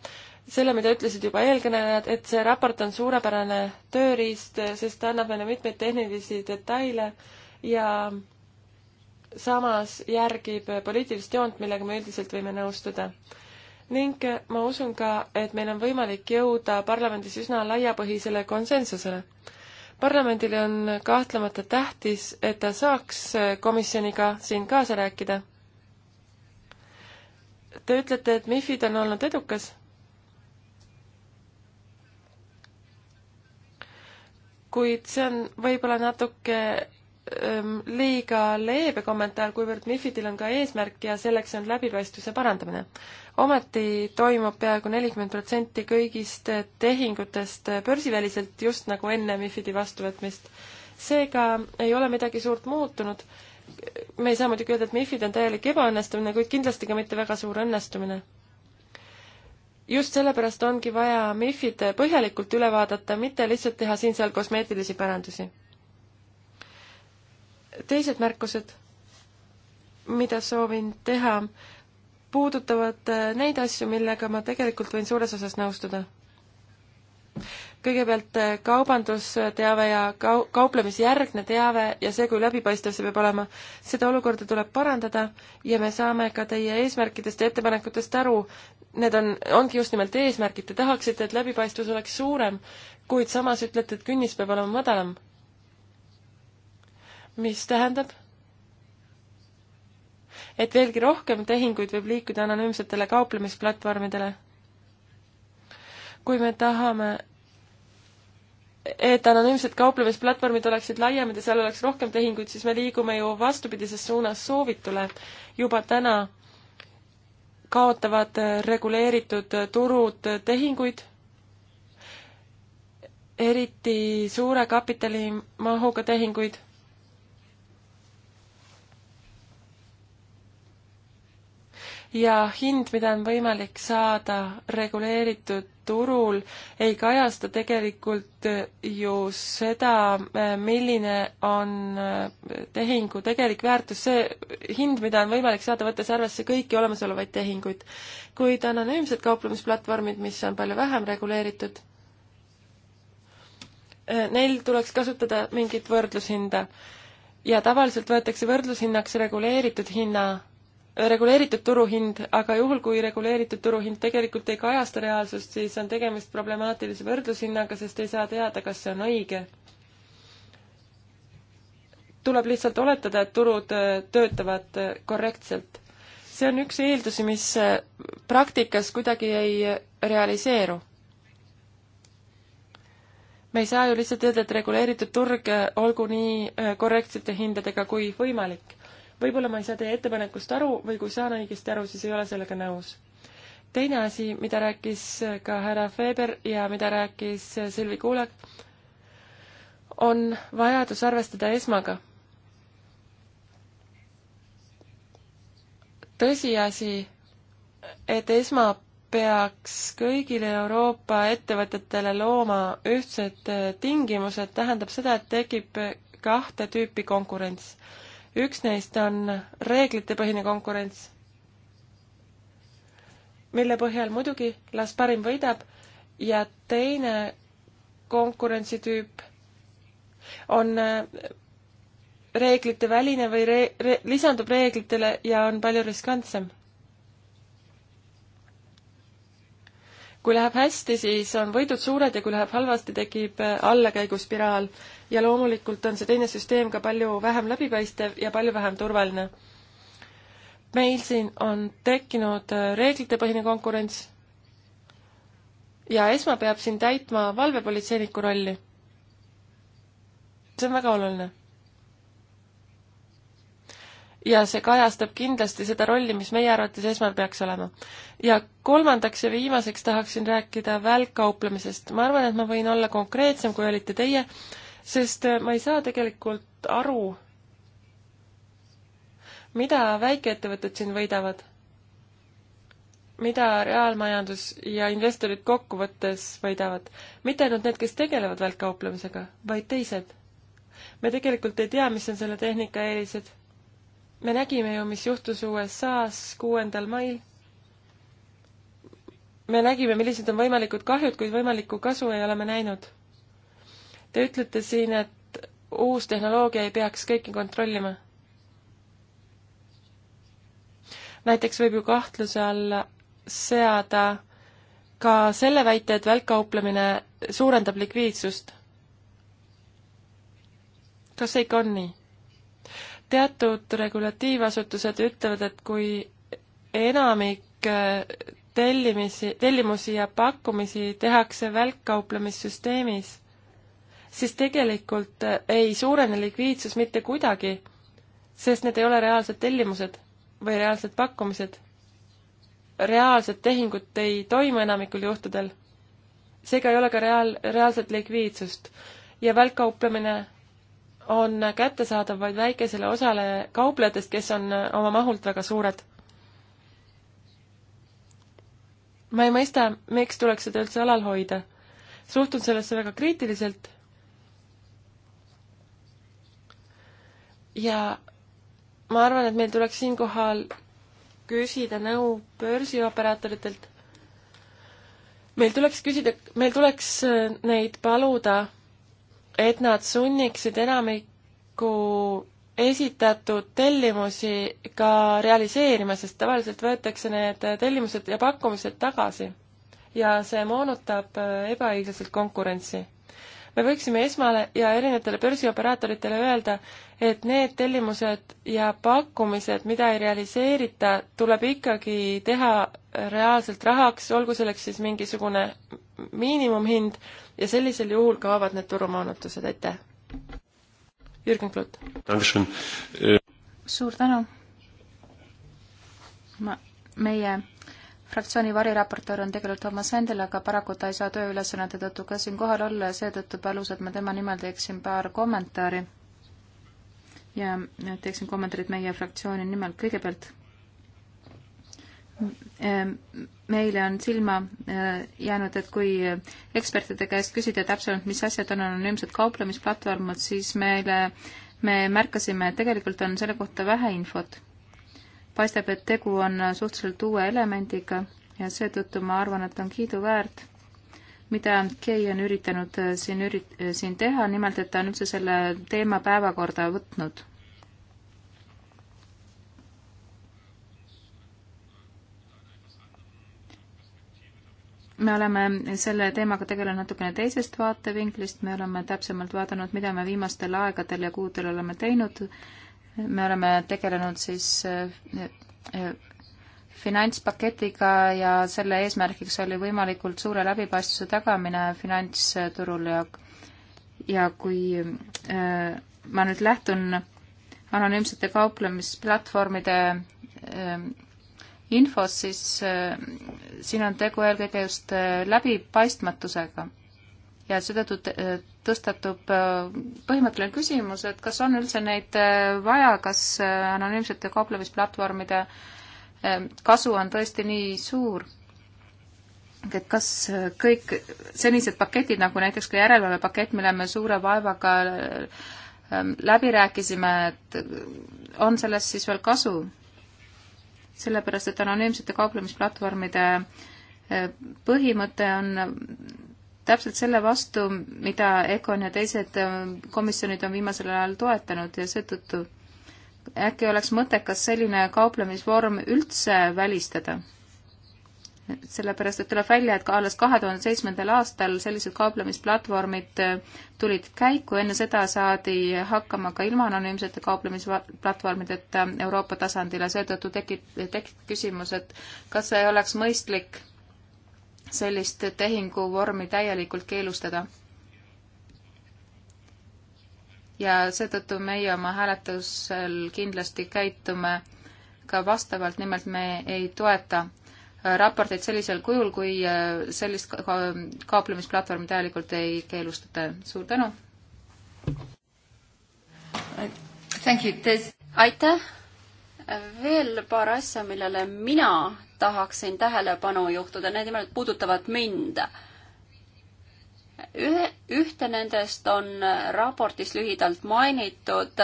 S3: selle, mida ütlesid juba eelkõnelejad, et see raport on suurepärane tööriist, sest ta annab meile mitmeid tehnilisi detaile ja samas järgib poliitilist joont, millega me üldiselt võime nõustuda. ning ma usun ka, et meil on võimalik jõuda parlamendis üsna laiapõhisele konsensusele. parlamendile on kahtlemata tähtis, et ta saaks komisjoniga siin kaasa rääkida. Te ütlete, et MIFID on olnud edukas kuid see on võib-olla natuke ähm, liiga leebe kommentaar, kuivõrd MIFIDil on ka eesmärk ja selleks on läbipaistvuse parandamine. ometi toimub peaaegu nelikümmend protsenti kõigist tehingutest börsiväliselt, just nagu enne MIFIDi vastuvõtmist. seega ei ole midagi suurt muutunud, me ei saa muidugi öelda, et MIFID on täielik ebaõnnestumine, kuid kindlasti ka mitte väga suur õnnestumine just sellepärast ongi vaja MIFid põhjalikult üle vaadata, mitte lihtsalt teha siin-seal kosmeetilisi parandusi. teised märkused, mida soovin teha, puudutavad äh, neid asju, millega ma tegelikult võin suures osas nõustuda kõigepealt eh, kaubandusteave ja kau-, kauplemisjärgne teave ja see, kui läbipaistev see peab olema, seda olukorda tuleb parandada ja me saame ka teie eesmärkidest ja ettepanekutest aru. Need on, ongi just nimelt eesmärgid, te tahaksite, et läbipaistvus oleks suurem, kuid samas ütlete, et künnis peab olema madalam. mis tähendab? et veelgi rohkem tehinguid võib liikuda anonüümsetele kauplemisplatvormidele kui me tahame, et anonüümsed kauplemisplatvormid oleksid laiemad ja seal oleks rohkem tehinguid, siis me liigume ju vastupidises suunas soovitule. juba täna kaotavad reguleeritud turud tehinguid, eriti suure kapitalimahuga tehinguid ja hind, mida on võimalik saada reguleeritud turul, ei kajasta tegelikult ju seda, milline on tehingu tegelik väärtus, see hind, mida on võimalik saada, võttes arvesse kõiki olemasolevaid tehinguid. kuid anonüümsed kauplemisplatvormid, mis on palju vähem reguleeritud, neil tuleks kasutada mingit võrdlushinda ja tavaliselt võetakse võrdlushinnaks reguleeritud hinna reguleeritud turuhind, aga juhul, kui reguleeritud turuhind tegelikult ei kajasta reaalsust, siis on tegemist problemaatilise võrdlushinnaga, sest ei saa teada, kas see on õige. tuleb lihtsalt oletada, et turud äh, töötavad äh, korrektselt. see on üks eeldusi, mis äh, praktikas kuidagi ei realiseeru. me ei saa ju lihtsalt öelda, et reguleeritud turg olgu nii korrektsete hindadega kui võimalik võib-olla ma ei saa teie ettepanekust aru või kui saan õigesti aru, siis ei ole sellega nõus. teine asi, mida rääkis ka härra Feber ja mida rääkis Silvi Kuulak, on vajadus arvestada esmaga. tõsiasi, et esma peaks kõigile Euroopa ettevõtetele looma ühtsed tingimused, tähendab seda, et tekib kahte tüüpi konkurents üks neist on reeglitepõhine konkurents, mille põhjal muidugi las parim võidab ja teine konkurentsitüüp on äh, reeglite väline või re, re, lisandub reeglitele ja on palju riskantsem. kui läheb hästi, siis on võidud suured ja kui läheb halvasti, tekib äh, allakäiguspiraal ja loomulikult on see teine süsteem ka palju vähem läbipaistev ja palju vähem turvaline. meil siin on tekkinud äh, reeglitepõhine konkurents ja ESMA peab siin täitma valvepolitseiniku rolli. see on väga oluline. ja see kajastab kindlasti seda rolli, mis meie arvates ESMA-l peaks olema. ja kolmandaks ja viimaseks tahaksin rääkida välkkauplemisest. ma arvan, et ma võin olla konkreetsem, kui olite teie, sest äh, ma ei saa tegelikult aru, mida väikeettevõtted siin võidavad, mida reaalmajandus ja investorid kokkuvõttes võidavad. mitte ainult need, kes tegelevad välkkauplemisega, vaid teised. me tegelikult ei tea, mis on selle tehnika eelised. me nägime ju, mis juhtus USA-s kuuendal mail. me nägime, millised on võimalikud kahjud, kuid võimalikku kasu ei ole me näinud Te ütlete siin, et uus tehnoloogia ei peaks kõiki kontrollima. näiteks võib ju kahtluse alla seada ka selle väite, et välkkauplemine suurendab likviidsust. kas see ikka on nii? teatud regulatiivasutused ütlevad, et kui enamik äh, tellimisi, tellimusi ja pakkumisi tehakse välkkauplemissüsteemis, siis tegelikult äh, ei suurene likviidsus mitte kuidagi, sest need ei ole reaalsed tellimused või reaalsed pakkumised. reaalset tehingut ei toimu enamikul juhtudel. seega ei ole ka reaal, reaalset likviidsust ja välkkauplemine on kättesaadav vaid väikesele osale kauplejatest, kes on äh, oma mahult väga suured. ma ei mõista, miks tuleks seda üldse alal hoida. suhtun sellesse väga kriitiliselt ja ma arvan, et meil tuleks siinkohal küsida nõu börsioperaatoritelt. meil tuleks küsida, meil tuleks äh, neid paluda, et nad sunniksid enamikku esitatud tellimusi ka realiseerima, sest tavaliselt võetakse need äh, tellimused ja pakkumised tagasi. ja see moonutab äh, ebaõiglaselt konkurentsi me võiksime esmale ja erinevatele börsioperaatoritele öelda, et need tellimused ja pakkumised, mida ei realiseerita, tuleb ikkagi teha reaalselt rahaks, olgu selleks siis mingisugune miinimumhind ja sellisel juhul kaovad need turumoonutused, aitäh! Jürgen Klutt. suur tänu!
S1: ma, meie fraktsiooni variraportöör on tegelikult Toomas Händel, aga paraku ta ei saa tööülesannete tõttu ka siin kohal olla ja seetõttu palus, et ma tema nimel teeksin paar kommentaari. ja teeksin kommentaarid meie fraktsiooni nimel kõigepealt. meile on silma e, jäänud, et kui ekspertide käest küsida täpsemalt, mis asjad on anonüümsed kauplemisplatvormid, siis meile, me märkasime, et tegelikult on selle kohta vähe infot paistab, et tegu on suhteliselt uue elemendiga ja seetõttu ma arvan, et on kiiduväärt, mida Kei on üritanud äh, siin ürit-, äh, siin teha, nimelt et ta on üldse selle teema päevakorda võtnud. me oleme selle teemaga tegelenud natukene teisest vaatevinklist, me oleme täpsemalt vaadanud, mida me viimastel aegadel ja kuudel oleme teinud me oleme tegelenud siis eh, eh, finantspaketiga ja selle eesmärgiks oli võimalikult suure läbipaistvuse tagamine finantsturul ja, ja kui eh, ma nüüd lähtun anonüümsete kauplemisplatvormide infos, siis siin on tegu eelkõige just läbipaistmatusega ja seetõttu tõstatub äh, põhimõtteline küsimus, et kas on üldse neid äh, vaja, kas äh, anonüümsete kauplemisplatvormide kasu on tõesti nii suur? et kas kõik senised paketid, nagu näiteks ka järelevalvepakett, mille me suure vaevaga läbi rääkisime, et on sellest siis veel kasu? sellepärast, et anonüümsete kauplemisplatvormide põhimõte on täpselt selle vastu, mida Econ ja teised äh, komisjonid on viimasel ajal toetanud ja seetõttu äkki oleks mõttekas selline kauplemisvorm üldse välistada? sellepärast, et tuleb välja, et ka alles kahe tuhande seitsmendal aastal sellised kauplemisplatvormid äh, tulid käiku, enne seda saadi hakkama ka ilma anonüümsete kauplemisplatvormideta Euroopa tasandil ja seetõttu tekib, tekib küsimus, et kas ei oleks mõistlik sellist tehinguvormi täielikult keelustada. ja seetõttu meie oma hääletusel kindlasti käitume ka vastavalt, nimelt me ei toeta raporteid sellisel kujul, kui äh, sellist kauplemisplatvormi täielikult ei keelustata. suur tänu! aitäh! veel paar
S2: asja, millele mina tahaksin tähelepanu juhtuda, need nimelt puudutavad mind. ühe, ühte nendest on raportis lühidalt mainitud.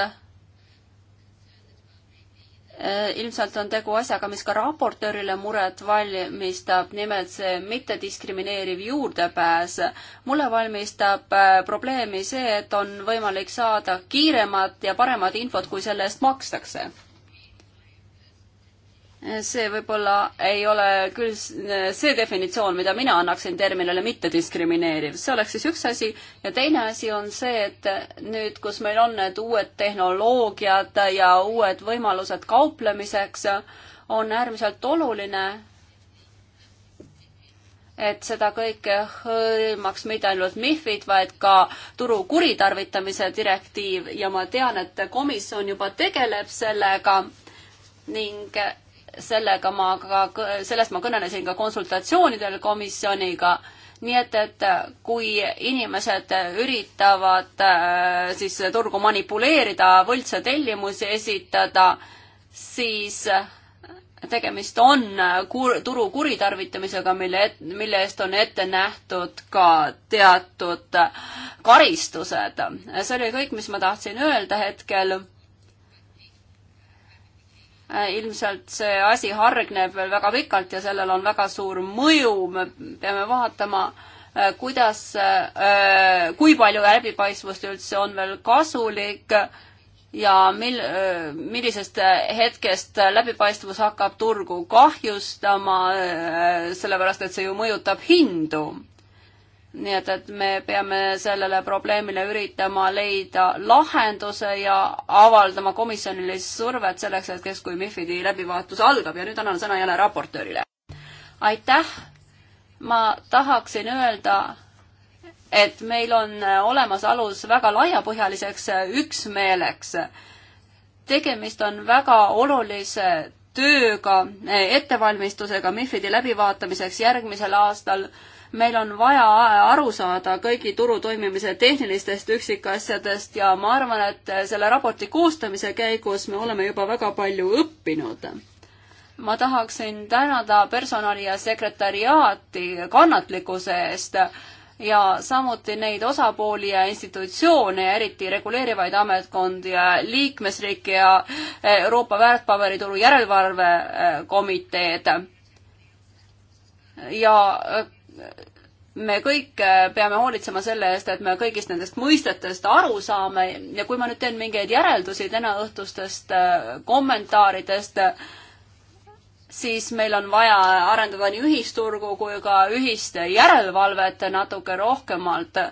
S2: Äh, ilmselt on tegu asjaga, mis ka raportöörile muret valmistab, nimelt see mittediskrimineeriv juurdepääs. mulle valmistab äh, probleemi see, et on võimalik saada kiiremat ja paremat infot, kui selle eest makstakse see võib-olla ei ole küll see definitsioon, mida mina annaksin terminile mittediskrimineeriv, see oleks siis üks asi ja teine asi on see, et nüüd, kus meil on need uued tehnoloogiad ja uued võimalused kauplemiseks, on äärmiselt oluline, et seda kõike hõlmaks mitte ainult MIFID, vaid ka turu kuritarvitamise direktiiv ja ma tean, et komisjon juba tegeleb sellega ning sellega ma ka, sellest ma kõnelesin ka konsultatsioonidel komisjoniga, nii et, et kui inimesed üritavad äh, siis turgu manipuleerida, võltsa tellimusi esitada, siis tegemist on kur, turu kuritarvitamisega, mille, mille eest on ette nähtud ka teatud karistused. see oli kõik, mis ma tahtsin öelda hetkel Äh, ilmselt see asi hargneb veel väga pikalt ja sellel on väga suur mõju, me peame vaatama, äh, kuidas, äh, kui palju läbipaistvust üldse on veel kasulik ja mil-, millisest hetkest läbipaistvus hakkab turgu kahjustama, sellepärast et see ju mõjutab hindu nii et, et me peame sellele probleemile üritama leida lahenduse ja avaldama komisjonile siis survet selleks hetkeks, kui MIFID-i läbivaatus algab ja nüüd annan sõna jälle raportöörile. aitäh, ma tahaksin öelda, et meil on olemas alus väga laiapõhjaliseks üksmeeleks. tegemist on väga olulise tööga, ettevalmistusega MIFID-i läbivaatamiseks järgmisel aastal meil on vaja aru saada kõigi turu toimimise tehnilistest üksikasjadest ja ma arvan, et selle raporti koostamise käigus me oleme juba väga palju õppinud. ma tahaksin tänada personali ja sekretäriaati kannatlikkuse eest ja samuti neid osapooli ja institutsioone ja eriti reguleerivaid ametkondi ja liikmesriike ja Euroopa väärtpaberituru järelevalvekomiteed ja me kõik peame hoolitsema selle eest, et me kõigist nendest mõistetest aru saame ja kui ma nüüd teen mingeid järeldusi tänaõhtustest kommentaaridest, siis meil on vaja arendada nii ühisturgu kui ka ühist järelevalvet natuke rohkemalt.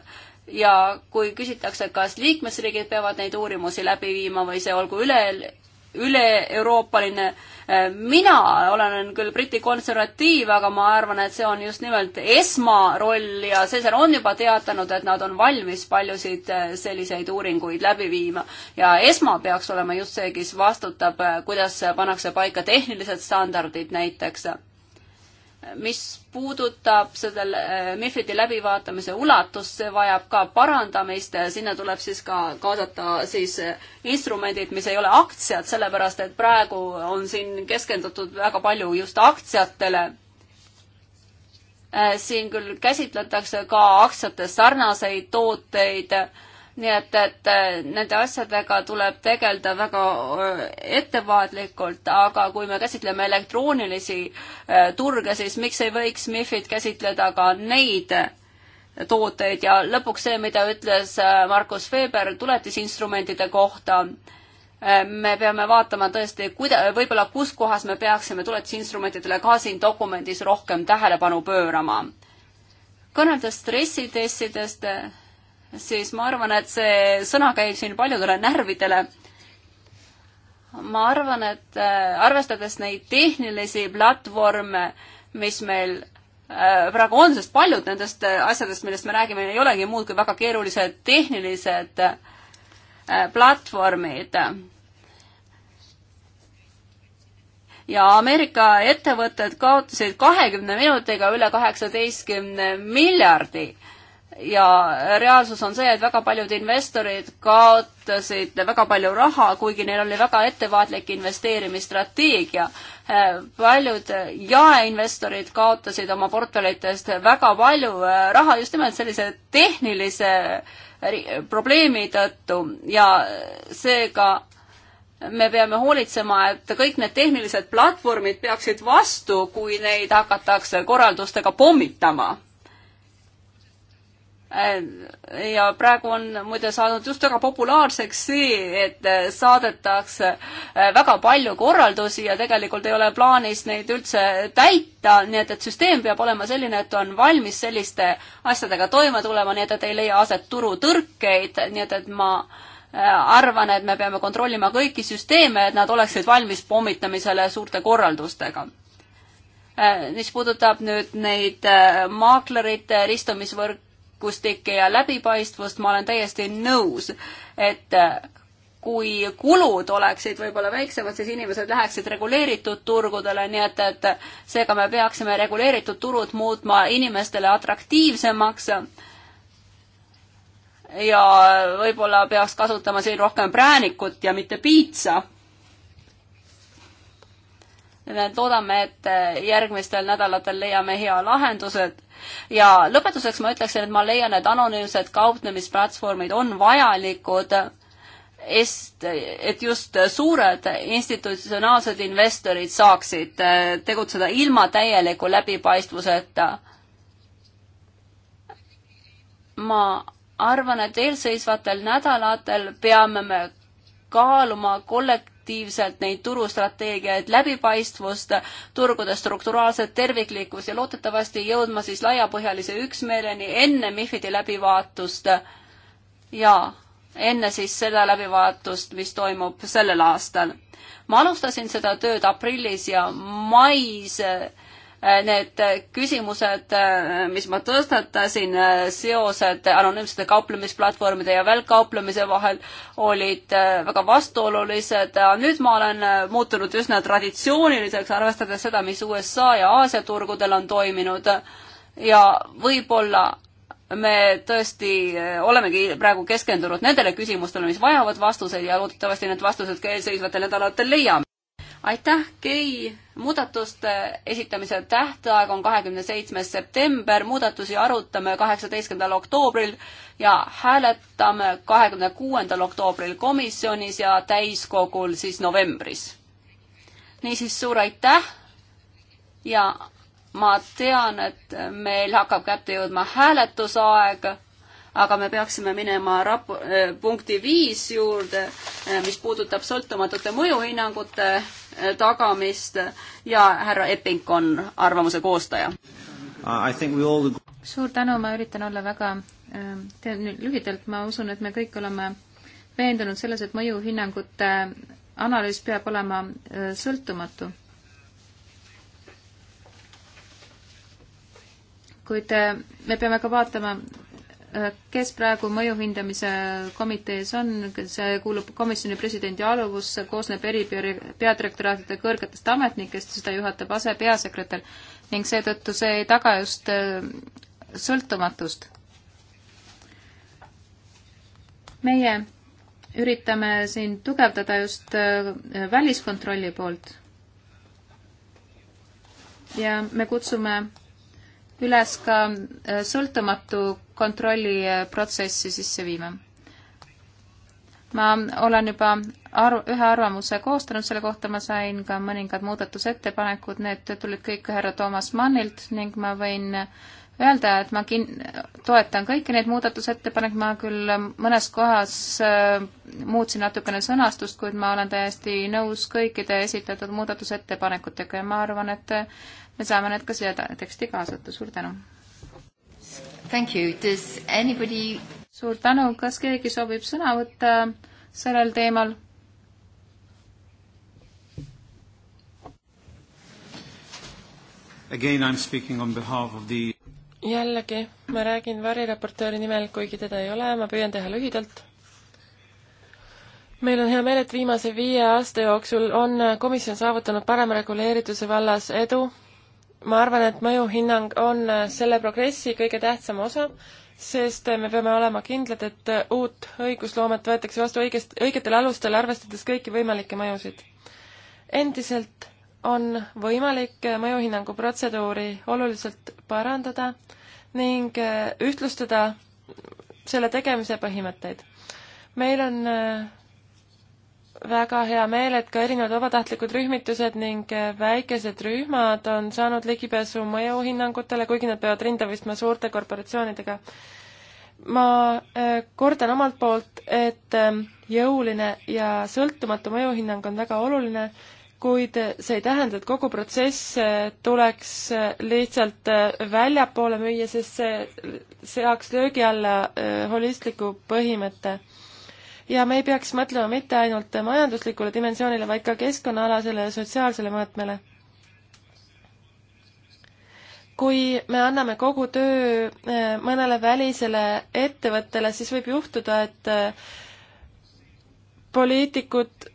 S2: ja kui küsitakse, kas liikmesriigid peavad neid uurimusi läbi viima või see olgu üle, üle-euroopaline üle mina olen küll Briti konservatiiv, aga ma arvan, et see on just nimelt esmaroll ja Cesar on juba teatanud, et nad on valmis paljusid äh, selliseid uuringuid läbi viima. ja esma peaks olema just see, kes vastutab, äh, kuidas pannakse paika tehnilised standardid näiteks mis puudutab seda äh, MIFID-i läbivaatamise ulatust, see vajab ka parandamist, sinna tuleb siis ka kaasata siis äh, instrumendid, mis ei ole aktsiad, sellepärast et praegu on siin keskendutud väga palju just aktsiatele. Äh, siin küll käsitletakse ka aktsiate sarnaseid tooteid nii et, et äh, nende asjadega tuleb tegeleda väga äh, ettevaatlikult, aga kui me käsitleme elektroonilisi äh, turge, siis miks ei võiks MIFID käsitleda ka neid tooteid ja lõpuks see, mida ütles Markus Veber tuletisinstrumentide kohta, me peame vaatama tõesti, kuida-, võib-olla kus kohas me peaksime tuletisinstrumentidele ka siin dokumendis rohkem tähelepanu pöörama. kõneldes stressitestidest, siis ma arvan, et see sõna käib siin paljudele närvidele. ma arvan, et äh, arvestades neid tehnilisi platvorme, mis meil äh, praegu on, sest paljud nendest äh, asjadest, millest me räägime, ei olegi muud kui väga keerulised tehnilised platvormid. ja Ameerika ettevõtted kaotasid kahekümne minutiga üle kaheksateistkümne miljardi ja reaalsus on see, et väga paljud investorid kaotasid väga palju raha, kuigi neil oli väga ettevaatlik investeerimisstrateegia. paljud jaeinvestorid kaotasid oma portfellitest väga palju äh, raha just nimelt sellise tehnilise äh, probleemi tõttu ja seega me peame hoolitsema, et kõik need tehnilised platvormid peaksid vastu, kui neid hakatakse korraldustega pommitama ja praegu on muide saanud just väga populaarseks see, et äh, saadetakse äh, väga palju korraldusi ja tegelikult ei ole plaanis neid üldse täita, nii et, et süsteem peab olema selline, et on valmis selliste asjadega toime tulema, nii et, et ei leia aset turutõrkeid, nii et, et ma äh, arvan, et me peame kontrollima kõiki süsteeme, et nad oleksid valmis pommitamisele suurte korraldustega mis puudutab nüüd neid maaklerite ristumisvõrk, võrgustikke ja läbipaistvust, ma olen täiesti nõus, et äh, kui kulud oleksid võib-olla väiksemad, siis inimesed läheksid reguleeritud turgudele, nii et, et seega me peaksime reguleeritud turud muutma inimestele atraktiivsemaks. ja võib-olla peaks kasutama siin rohkem präänikut ja mitte piitsa loodame, et eh, järgmistel nädalatel leiame hea lahendused. ja lõpetuseks ma ütleksin, et ma leian, et anonüümsed kauplemisplatvormid on vajalikud, est-, et just suured institutsionaalsed investorid saaksid eh, tegutseda ilma täieliku läbipaistvuseta. ma arvan, et eelseisvatel nädalatel peame me kaaluma kollek-, aktiivselt neid turustrateegiaid, läbipaistvust, turgude strukturaalset terviklikkust ja loodetavasti jõudma siis laiapõhjalise üksmeeleni enne MIFID-i läbivaatust ja enne siis seda läbivaatust, mis toimub sellel aastal. ma alustasin seda tööd aprillis ja mais Äh, need äh, küsimused, äh, mis ma tõstatasin, seosed anonüümsete kauplemisplatvormide ja välkkauplemise vahel olid väga vastuolulised. nüüd ma olen muutunud üsna traditsiooniliseks, arvestades seda, mis USA ja Aasia turgudel on toimunud ja võib-olla me tõesti olemegi praegu keskendunud nendele küsimustele, mis vajavad vastuseid ja loodetavasti need vastused ka eelseisvatel nädalatel leiame aitäh, Kei. muudatuste esitamise tähtaeg on kahekümne seitsmes september, muudatusi arutame kaheksateistkümnendal oktoobril ja hääletame kahekümne kuuendal oktoobril komisjonis ja täiskogul siis novembris. niisiis, suur aitäh ja ma tean, et meil hakkab kätte jõudma hääletusaeg aga me peaksime minema rap-, äh, punkti viis juurde, äh, mis puudutab sõltumatute mõjuhinnangute tagamist ja härra Epping on arvamuse koostaja
S1: all... suur tänu, ma üritan olla väga, ähm, teen nüüd lühidalt, ma usun, et me kõik oleme veendunud selles, et mõjuhinnangute äh, analüüs peab olema äh, sõltumatu. kuid äh, me peame ka vaatama kes praegu mõjuhindamise komitees on, see kuulub komisjoni presidendi alluvusse, koosneb eri peadirektoraatide kõrgetest ametnikest, seda juhatab asepeasekretär ning seetõttu see ei taga just äh, sõltumatust. meie üritame siin tugevdada just äh, väliskontrolli poolt. ja me kutsume üles ka äh, sõltumatu kontrolliprotsessi eh, sisse viima. ma olen juba arv, ühe arvamuse koostanud, selle kohta ma sain ka mõningad muudatusettepanekud, need tulid kõik härra Toomas Mannilt ning ma võin öelda, et ma kin-, toetan kõiki neid muudatusettepanekuid, ma küll mõnes kohas äh, muutsin natukene sõnastust, kuid ma olen täiesti nõus kõikide esitatud muudatusettepanekutega ja ma arvan, et me saame need ka siia teksti kaasata, suur tänu! Thank you. Does anybody... suur tänu, kas keegi soovib sõna võtta
S3: sellel teemal?
S2: Again I am speaking on behalf of the
S3: jällegi, ma räägin variraportööri nimel, kuigi teda ei ole, ma püüan teha lühidalt. meil on hea meel, et viimase viie aasta jooksul on komisjon saavutanud parema reguleerituse vallas edu ma arvan, et mõjuhinnang on äh, selle progressi kõige tähtsam osa, sest äh, me peame olema kindlad, et äh, uut õigusloomet võetakse vastu õigest, õigetel alustel, arvestades kõiki võimalikke mõjusid. endiselt on võimalik mõjuhinnangu protseduuri oluliselt parandada ning ühtlustada selle tegemise põhimõtteid. meil on väga hea meel, et ka erinevad vabatahtlikud rühmitused ning äh, väikesed rühmad on saanud ligipääsu mõjuhinnangutele, kuigi nad peavad rinda pistma suurte korporatsioonidega. ma äh, kordan omalt poolt, et ähm, jõuline ja sõltumatu mõjuhinnang on väga oluline, kuid see ei tähenda, et kogu protsess äh, tuleks lihtsalt väljapoole müüa, sest see seaks löögi alla holistliku põhimõtte ja me ei peaks mõtlema mitte ainult majanduslikule dimensioonile, vaid ka keskkonnaalasele ja sotsiaalsele mõõtmele. kui me anname kogu töö eh, mõnele välisele ettevõttele, siis võib juhtuda, et eh, poliitikud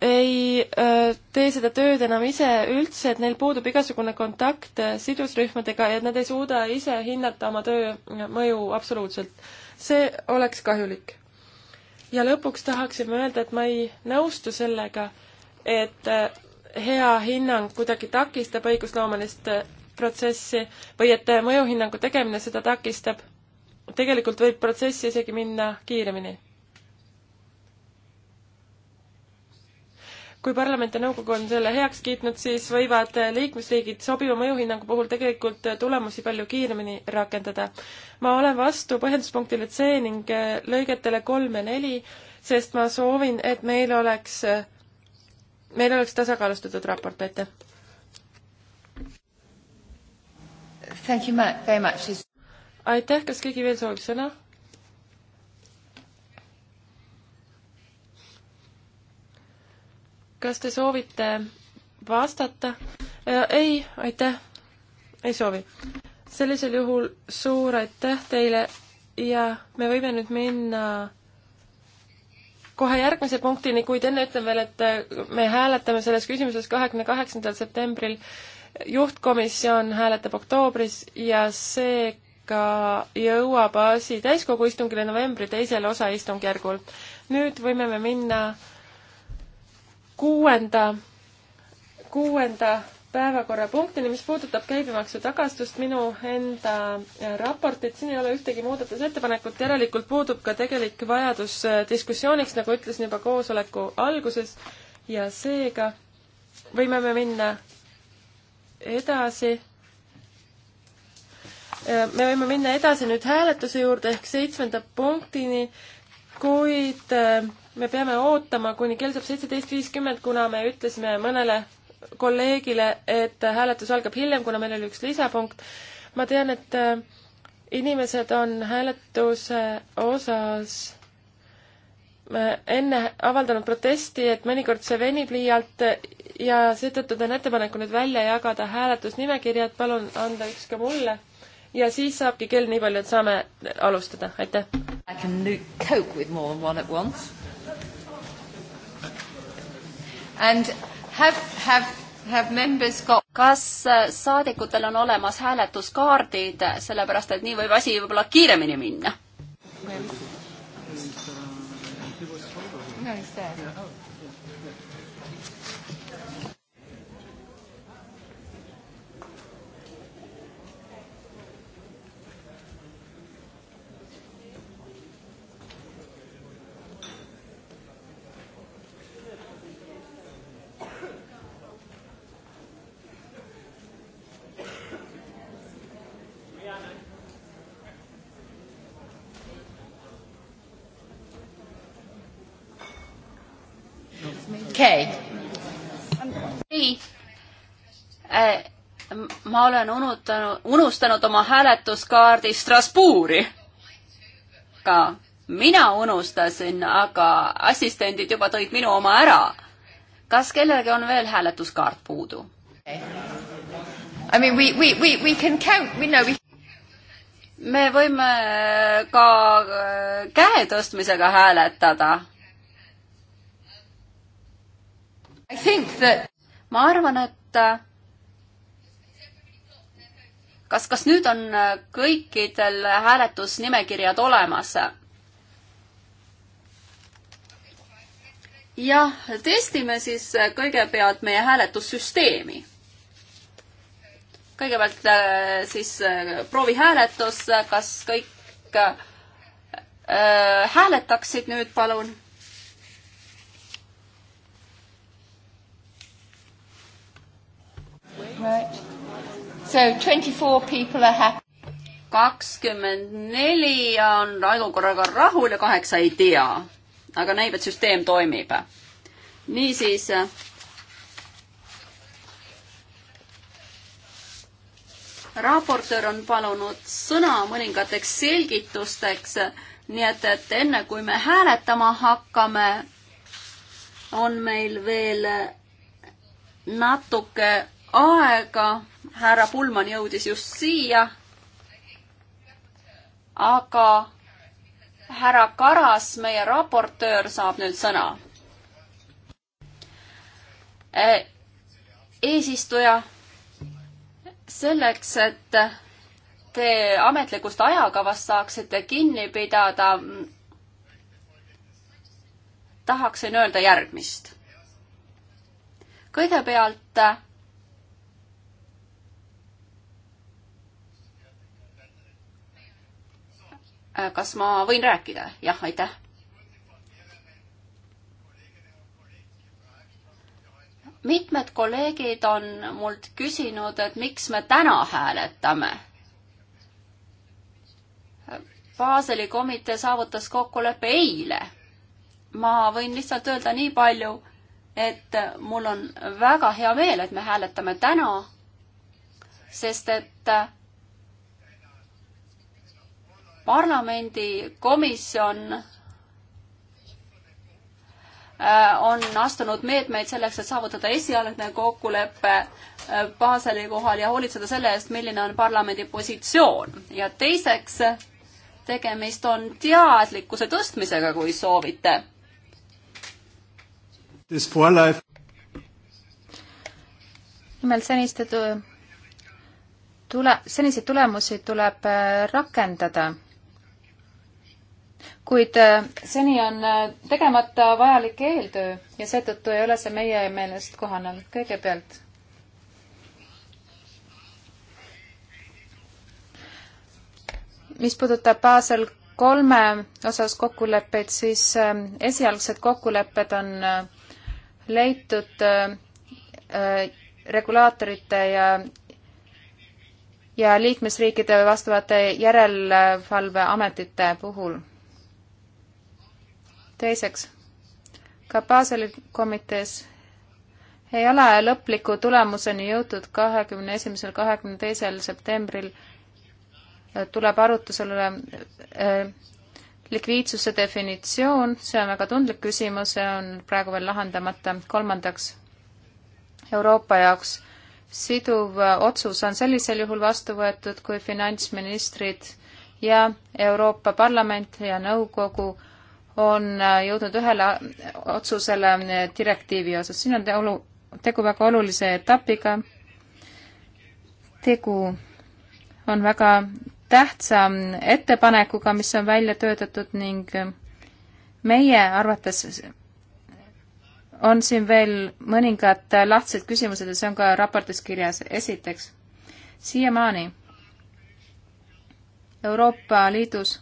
S3: ei eh, tee seda tööd enam ise üldse, et neil puudub igasugune kontakt sidusrühmadega ja et nad ei suuda ise hinnata oma töö mõju absoluutselt. see oleks kahjulik ja lõpuks tahaksin ma öelda, et ma ei nõustu sellega, et äh, hea hinnang kuidagi takistab õigusloomelist äh, protsessi või et äh, mõjuhinnangu tegemine seda takistab. tegelikult võib protsess isegi minna kiiremini kui parlament ja nõukogu on selle heaks kiitnud, siis võivad liikmesriigid sobiva mõjuhinnangu puhul tegelikult tulemusi palju kiiremini rakendada. ma olen vastu põhjenduspunktile C ning lõigetele kolm ja neli, sest ma soovin, et meil oleks, meil oleks tasakaalustatud raport, aitäh. aitäh, kas keegi veel soovib sõna? kas te soovite vastata? Äh, ei, aitäh, ei soovi. sellisel juhul suur aitäh teile ja me võime nüüd minna kohe järgmise punktini, kuid enne ütlen veel, et äh, me hääletame selles küsimuses kahekümne kaheksandal septembril. juhtkomisjon hääletab oktoobris ja seega jõuab asi täiskogu istungile novembri teisel osaistungjärgul. nüüd võime me minna kuuenda, kuuenda päevakorrapunktini, mis puudutab käibemaksu tagastust minu enda äh, raportit, siin ei ole ühtegi muudatusettepanekut, järelikult puudub ka tegelik vajadus äh, diskussiooniks, nagu ütlesin juba koosoleku alguses, ja seega võime me minna edasi. Äh, me võime minna edasi nüüd hääletuse juurde ehk seitsmenda punktini, kuid me peame ootama, kuni kell saab seitseteist viiskümmend, kuna me ütlesime mõnele kolleegile, et hääletus algab hiljem, kuna meil oli üks lisapunkt. ma tean, et äh, inimesed on hääletuse osas äh, enne avaldanud protesti, et mõnikord see venib liialt äh, ja seetõttu teen ettepaneku nüüd välja jagada hääletusnimekirjad, palun anda üks ka mulle. ja siis saabki kell nii palju, et saame alustada, aitäh! I can cope with more than one at once
S1: And have, have, have
S2: members got kas äh, saadikutel on olemas hääletuskaardid, sellepärast et nii võib asi võib-olla kiiremini minna?
S3: no it's there. okei okay..
S2: Äh, ma olen unutanud, unustanud oma hääletuskaardi Strasbourgi. ka mina unustasin, aga assistendid juba tõid minu oma ära. kas kellelgi on veel hääletuskaart puudu
S1: okay.?
S2: I mean we, we, we, we can count, we know we me võime ka äh, käe tõstmisega hääletada That... ma arvan, et äh, kas, kas nüüd on äh, kõikidel hääletusnimekirjad olemas? jah, testime siis äh, kõigepealt meie hääletussüsteemi. kõigepealt siis proovihääletus, kas kõik äh, hääletaksid nüüd palun
S1: Right. So twenty four people are happy.
S2: kakskümmend neli on olukorraga rahul ja kaheksa ei tea. aga näib, et süsteem toimib. niisiis. raportöör on palunud sõna mõningateks selgitusteks, nii et, et enne kui me hääletama hakkame, on meil veel natuke aega, härra Pullman jõudis just siia. aga härra Karas, meie raportöör, saab nüüd sõna. E, eesistuja, selleks, et te ametlikust ajakavast saaksite kinni pidada, tahaksin öelda järgmist. kõigepealt Äh, kas ma võin rääkida? jah, aitäh. mitmed kolleegid on mult küsinud, et miks me täna hääletame. Baseli komitee saavutas kokkuleppe eile. ma võin lihtsalt öelda nii palju, et mul on väga hea meel, et me hääletame täna, sest et parlamendikomisjon äh, on astunud meetmeid selleks, et saavutada esialgne kokkulepe äh, Baseli kohal ja hoolitseda selle eest, milline on parlamendi positsioon. ja teiseks, tegemist on teadlikkuse tõstmisega, kui soovite.
S1: nimelt seniste tule, seniseid tulemusi tuleb äh, rakendada kuid eh, seni on eh, tegemata vajalik eeltöö ja seetõttu ei ole see meie meelest kohane. kõigepealt mis puudutab Basel kolme osas kokkuleppeid, siis eh, esialgsed kokkulepped on leitud regulaatorite ja, ja liikmesriikide vastavate järelevalveametite puhul teiseks, ka Baseli komitees ei ole lõpliku tulemuseni jõutud kahekümne esimesel, kahekümne teisel septembril tuleb arutusele eh, likviidsuse definitsioon, see on väga tundlik küsimus, see on praegu veel lahendamata. kolmandaks, Euroopa jaoks siduv otsus on sellisel juhul vastu võetud, kui finantsministrid ja Euroopa Parlament ja Nõukogu on äh, jõudnud ühele otsusele äh, direktiivi osas. siin on te olu, tegu väga olulise etapiga. tegu on väga tähtsa mm, ettepanekuga, mis on välja töötatud ning äh, meie arvates on siin veel mõningad lahtised küsimused ja see on ka raportis kirjas. esiteks, siiamaani Euroopa Liidus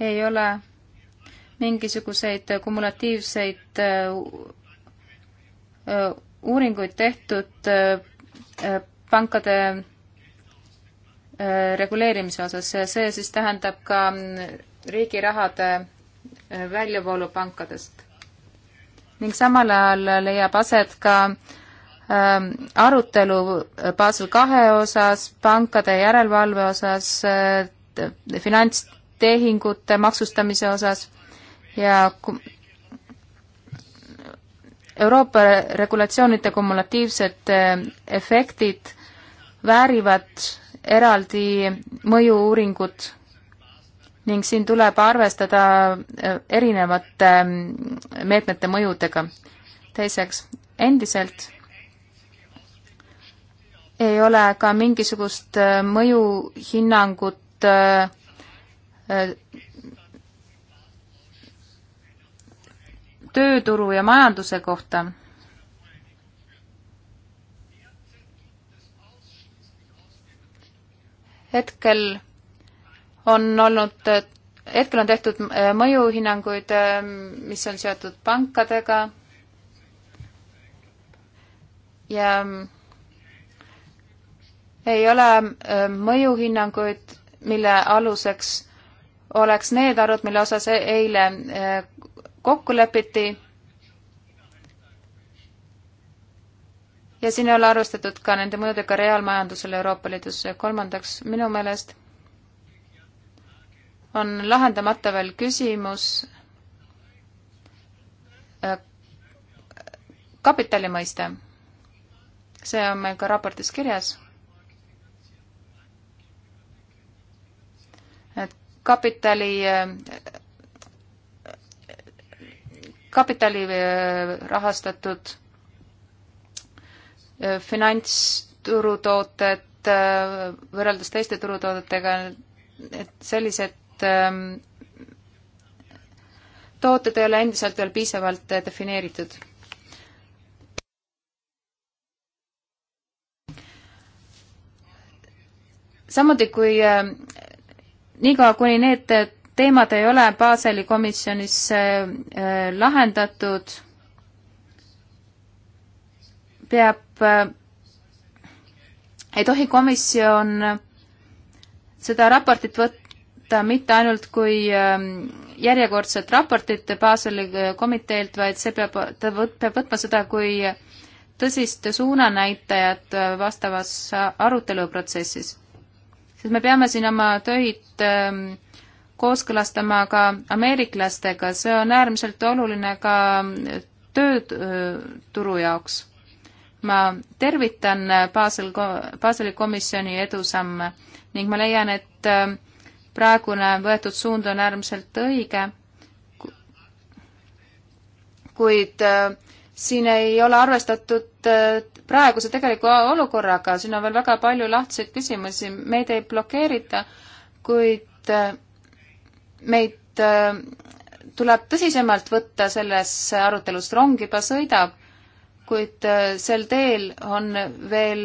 S1: ei ole mingisuguseid kumulatiivseid äh, uuringuid tehtud äh, äh, pankade reguleerimise osas, see siis tähendab ka mm, riigi rahade väljavoolu pankadest. ning samal ajal leiab aset ka ähm, arutelu Basel kahe osas, pankade järelevalve osas, finantstehingute maksustamise osas ja Euroopa regulatsioonide kumulatiivsed eh, efektid väärivad eraldi mõju-uuringut ning siin tuleb arvestada eh, erinevate mm, meetmete mõjudega. teiseks, endiselt ei ole ka mingisugust eh, mõjuhinnangut tööturu ja majanduse kohta. hetkel on olnud, hetkel on tehtud äh, mõjuhinnanguid, äh, mis on seotud pankadega ja äh, ei ole mõjuhinnanguid, mille aluseks oleks need arvud, mille osas e-, eile kokku lepiti. ja siin ei ole arvestatud ka nende mõjudega reaalmajandusele Euroopa Liidus. kolmandaks, minu meelest on lahendamata veel küsimus äh, kapitali mõiste. see on meil ka raportis kirjas. et kapitali äh, kapitali äh, rahastatud äh, finantsturutooted äh, võrreldes teiste turutoodetega, et sellised ähm, tooted ei ole endiselt veel piisavalt defineeritud. samuti kui niikaua, kuni need teemad ei ole Baseli komisjonis äh, äh, lahendatud, peab, äh, ei tohi komisjon seda raportit võtta mitte ainult kui ähm, järjekordset raportit Baseli komiteelt, vaid see peab, ta võt-, peab võtma seda kui tõsist suunanäitajat vastavas aruteluprotsessis. sest me peame siin oma töid äh, kooskõlastama ka ameeriklastega, see on äärmiselt oluline ka tööturu jaoks. ma tervitan Basel, Baseli komisjoni edusamme ning ma leian, et äh, praegune võetud suund on äärmiselt õige, kuid äh, siin ei ole arvestatud äh, praeguse tegeliku olukorraga, siin on veel väga palju lahtiseid küsimusi, meid ei blokeerita, kuid meid äh, tuleb tõsisemalt võtta selles arutelus, rong juba sõidab, kuid äh, sel teel on veel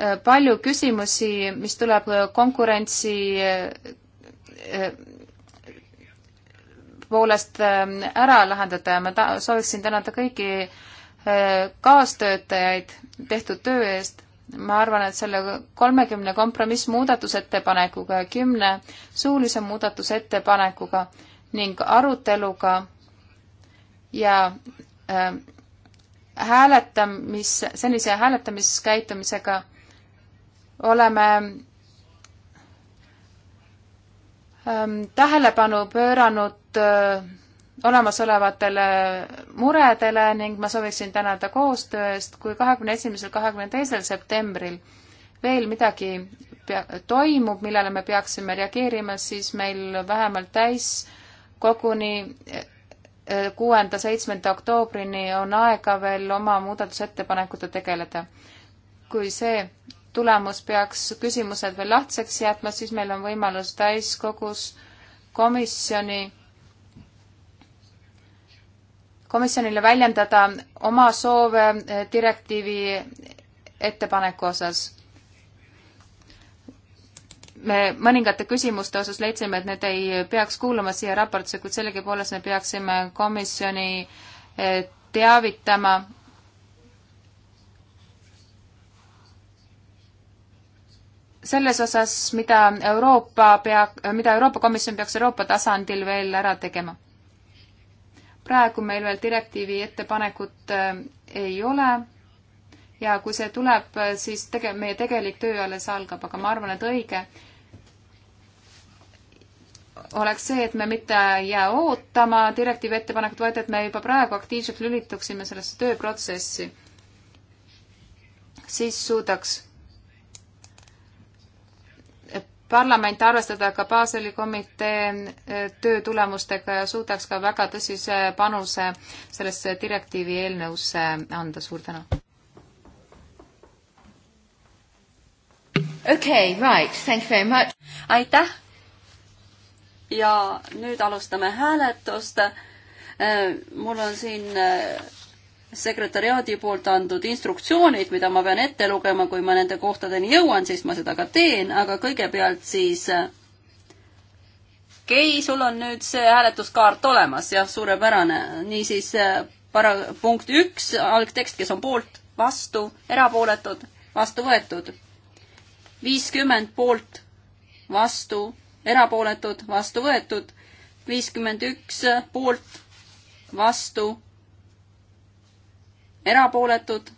S1: äh, palju küsimusi, mis tuleb konkurentsi poolest ära lahendada ja ma ta-, sooviksin tänada kõiki kaastöötajaid tehtud töö eest ma arvan, et selle kolmekümne kompromissmuudatusettepanekuga ja kümne suulise muudatusettepanekuga ning aruteluga ja äh, hääletamis, senise hääletamiskäitumisega oleme ähm, tähelepanu pööranud äh, olemasolevatele muredele ning ma sooviksin tänada koostöö eest, kui kahekümne esimesel, kahekümne teisel septembril veel midagi pea-, toimub, millele me peaksime reageerima, siis meil vähemalt täis koguni e, e, kuuenda, seitsmenda oktoobrini on aega veel oma muudatusettepanekute tegeleda. kui see tulemus peaks küsimused veel lahtiseks jätma, siis meil on võimalus täiskogus komisjoni komisjonile väljendada oma soove eh, direktiivi ettepaneku osas. me mõningate küsimuste osas leidsime, et need ei peaks kuuluma siia raportisse, kuid sellegipoolest me peaksime komisjoni eh, teavitama selles osas, mida Euroopa pea, mida Euroopa Komisjon peaks Euroopa tasandil veel ära tegema praegu meil veel direktiivi ettepanekut äh, ei ole ja kui see tuleb, äh, siis tege-, meie tegelik töö alles algab, aga ma arvan, et õige oleks see, et me mitte ei jää ootama direktiivi ettepanekut, vaid et me juba praegu aktiivselt lülituksime sellesse tööprotsessi, siis suudaks parlament arvestada ka Baseli komitee e, töö tulemustega ja suudaks ka väga tõsise panuse sellesse direktiivi eelnõusse anda. suur tänu! okei okay,, right, thank you very much!
S2: aitäh! ja nüüd alustame hääletust. E, mul on siin e, sekretäriaadi poolt antud instruktsioonid, mida ma pean ette lugema, kui ma nende kohtadeni jõuan, siis ma seda ka teen, aga kõigepealt siis Kei, sul on nüüd see hääletuskaart olemas, jah, suurepärane. niisiis para-, punkt üks, algtekst, kes on poolt, vastu, erapooletud, vastu võetud. viiskümmend poolt, vastu, erapooletud, vastu võetud. viiskümmend üks poolt, vastu erapooletud.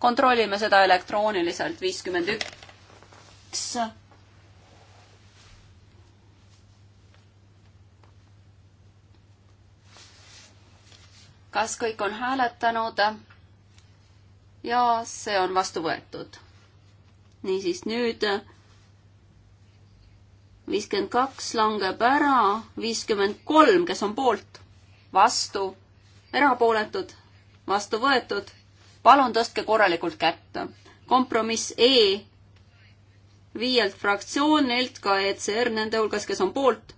S2: kontrollime seda elektrooniliselt, viiskümmend üks. kas kõik on hääletanud? ja see on vastu võetud. niisiis nüüd viiskümmend kaks langeb ära, viiskümmend kolm, kes on poolt, vastu, erapooletud, vastu võetud. palun tõstke korralikult kätt. kompromiss E viielt fraktsioonilt, ka ECR nende hulgas, kes on poolt,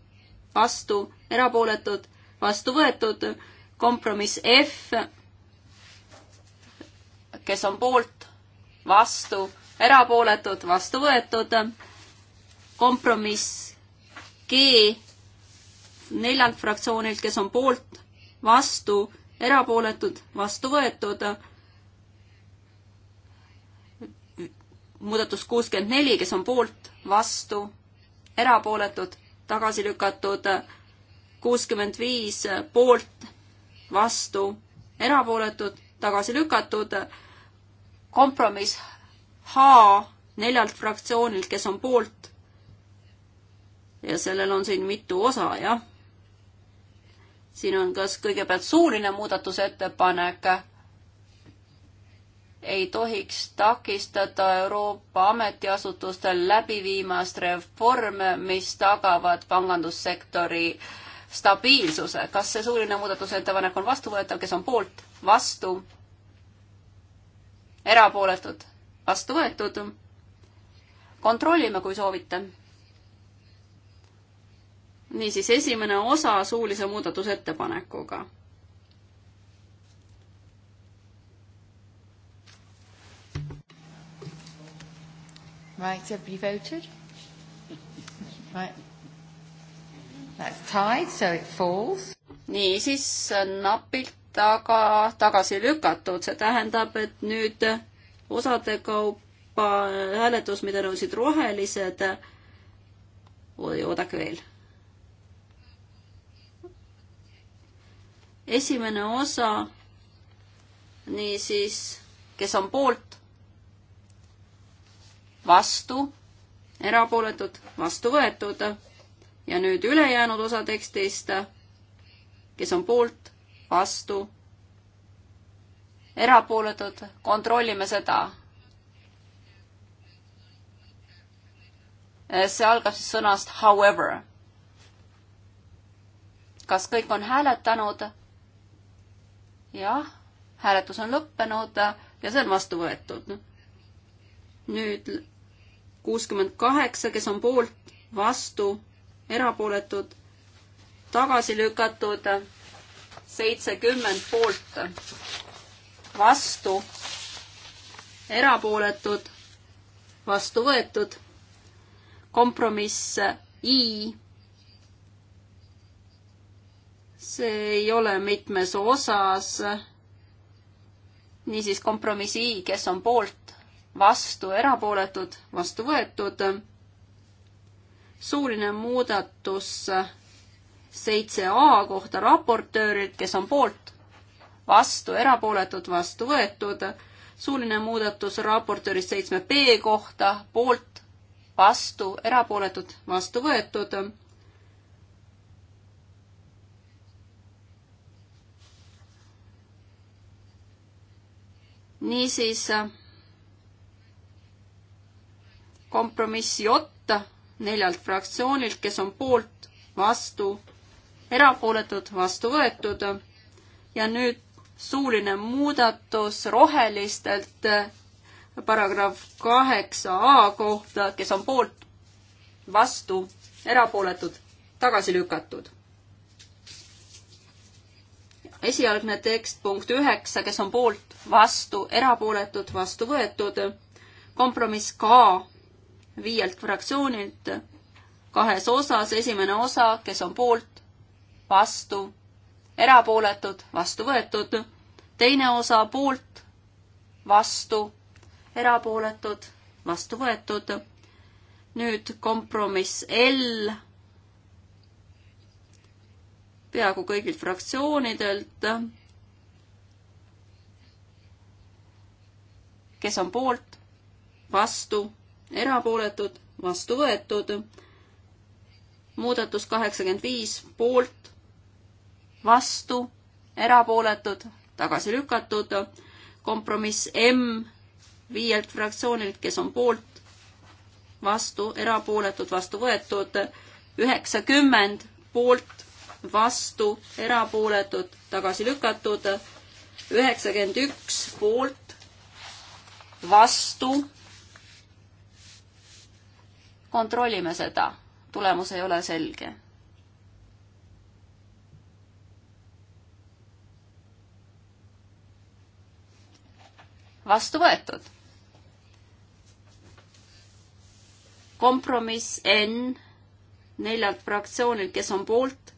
S2: vastu, erapooletud, vastu võetud. kompromiss F, kes on poolt, vastu, erapooletud, vastu võetud. kompromiss G neljalt fraktsioonilt, kes on poolt, vastu, erapooletud, vastu võetud. muudatus kuuskümmend neli, kes on poolt, vastu, erapooletud, tagasi lükatud, kuuskümmend viis poolt, vastu, erapooletud, tagasi lükatud, kompromiss H neljalt fraktsioonilt, kes on poolt. ja sellel on siin mitu osa, jah siin on kas kõigepealt suuline muudatusettepanek, ei tohiks takistada Euroopa ametiasutustel läbi viimast reforme, mis tagavad pangandussektori stabiilsuse. kas see suuline muudatusettepanek on vastuvõetav, kes on poolt, vastu, erapooletud, vastu võetud? kontrollime, kui soovite niisiis, esimene osa suulise muudatusettepanekuga.
S1: Right, everybody voted? Right. That's tied, so it falls.
S2: niisiis napilt taga, tagasi lükatud, see tähendab, et nüüd osade kaupa hääletus, mida nõudsid rohelised, oodake veel esimene osa, niisiis, kes on poolt, vastu, erapooletud, vastu võetud ja nüüd ülejäänud osa tekstist, kes on poolt, vastu, erapooletud, kontrollime seda. see algab siis sõnast however. kas kõik on hääletanud? jah, hääletus on lõppenud ja see on vastu võetud. nüüd kuuskümmend kaheksa, kes on poolt, vastu, erapooletud, tagasi lükatud, seitsekümmend poolt, vastu, erapooletud, vastu võetud, kompromiss I see ei ole mitmes osas. niisiis kompromiss I, kes on poolt, vastu, erapooletud, vastu võetud. suuline muudatus seitse A kohta raportöörilt, kes on poolt, vastu, erapooletud, vastu võetud. suuline muudatus raportöörist seitsme B kohta, poolt, vastu, erapooletud, vastu võetud niisiis kompromiss J neljalt fraktsioonilt, kes on poolt, vastu, erapooletud, vastu võetud. ja nüüd suuline muudatus rohelistelt paragrahv kaheksa A kohta, kes on poolt, vastu, erapooletud, tagasi lükatud esialgne tekst, punkt üheksa, kes on poolt, vastu, erapooletud, vastu võetud. kompromiss ka viielt fraktsioonilt kahes osas, esimene osa, kes on poolt, vastu, erapooletud, vastu võetud. teine osa poolt, vastu, erapooletud, vastu võetud. nüüd kompromiss L peaaegu kõigilt fraktsioonidelt. kes on poolt, vastu, erapooletud, vastu võetud. muudatus kaheksakümmend viis, poolt, vastu, erapooletud, tagasi lükatud. kompromiss M viielt fraktsioonilt, kes on poolt, vastu, erapooletud, vastu võetud. üheksakümmend poolt, vastu, erapooletud, tagasi lükatud, üheksakümmend üks poolt, vastu. kontrollime seda, tulemus ei ole selge. vastu võetud. kompromiss N neljalt fraktsioonilt, kes on poolt,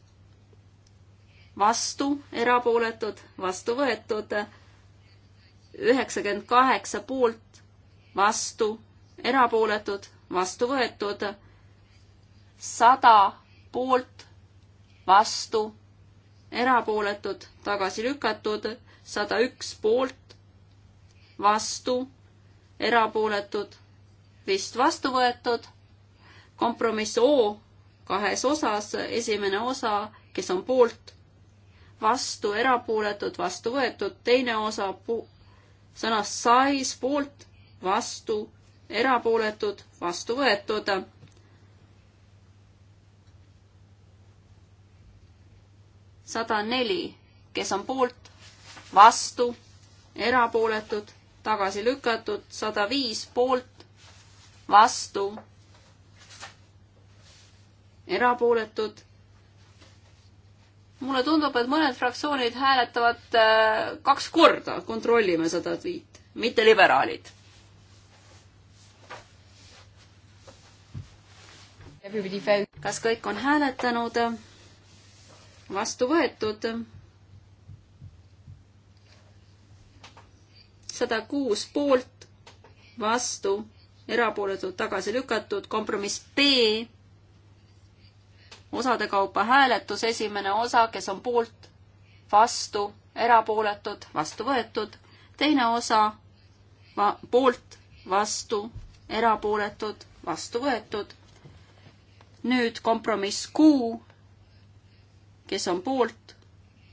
S2: vastu, erapooletud, vastu võetud, üheksakümmend kaheksa poolt, vastu, erapooletud, vastu võetud, sada poolt, vastu, erapooletud, tagasi lükatud, sada üks poolt, vastu, erapooletud, vist vastu võetud, kompromiss O kahes osas, esimene osa, kes on poolt vastu, erapooletud, vastu võetud, teine osa pu-, sõnast sais poolt, vastu, erapooletud, vastu võetud. sada neli, kes on poolt, vastu, erapooletud, tagasi lükatud, sada viis poolt, vastu, erapooletud, mulle tundub, et mõned fraktsioonid hääletavad äh, kaks korda, kontrollime seda tweet'i, mitte liberaalid. kas kõik on hääletanud? vastu võetud. sada kuus poolt, vastu, erapooletult tagasi lükatud, kompromiss B osade kaupa hääletus, esimene osa, kes on poolt, vastu, erapooletud, vastu võetud, teine osa va-, poolt, vastu, erapooletud, vastu võetud, nüüd kompromiss Q, kes on poolt,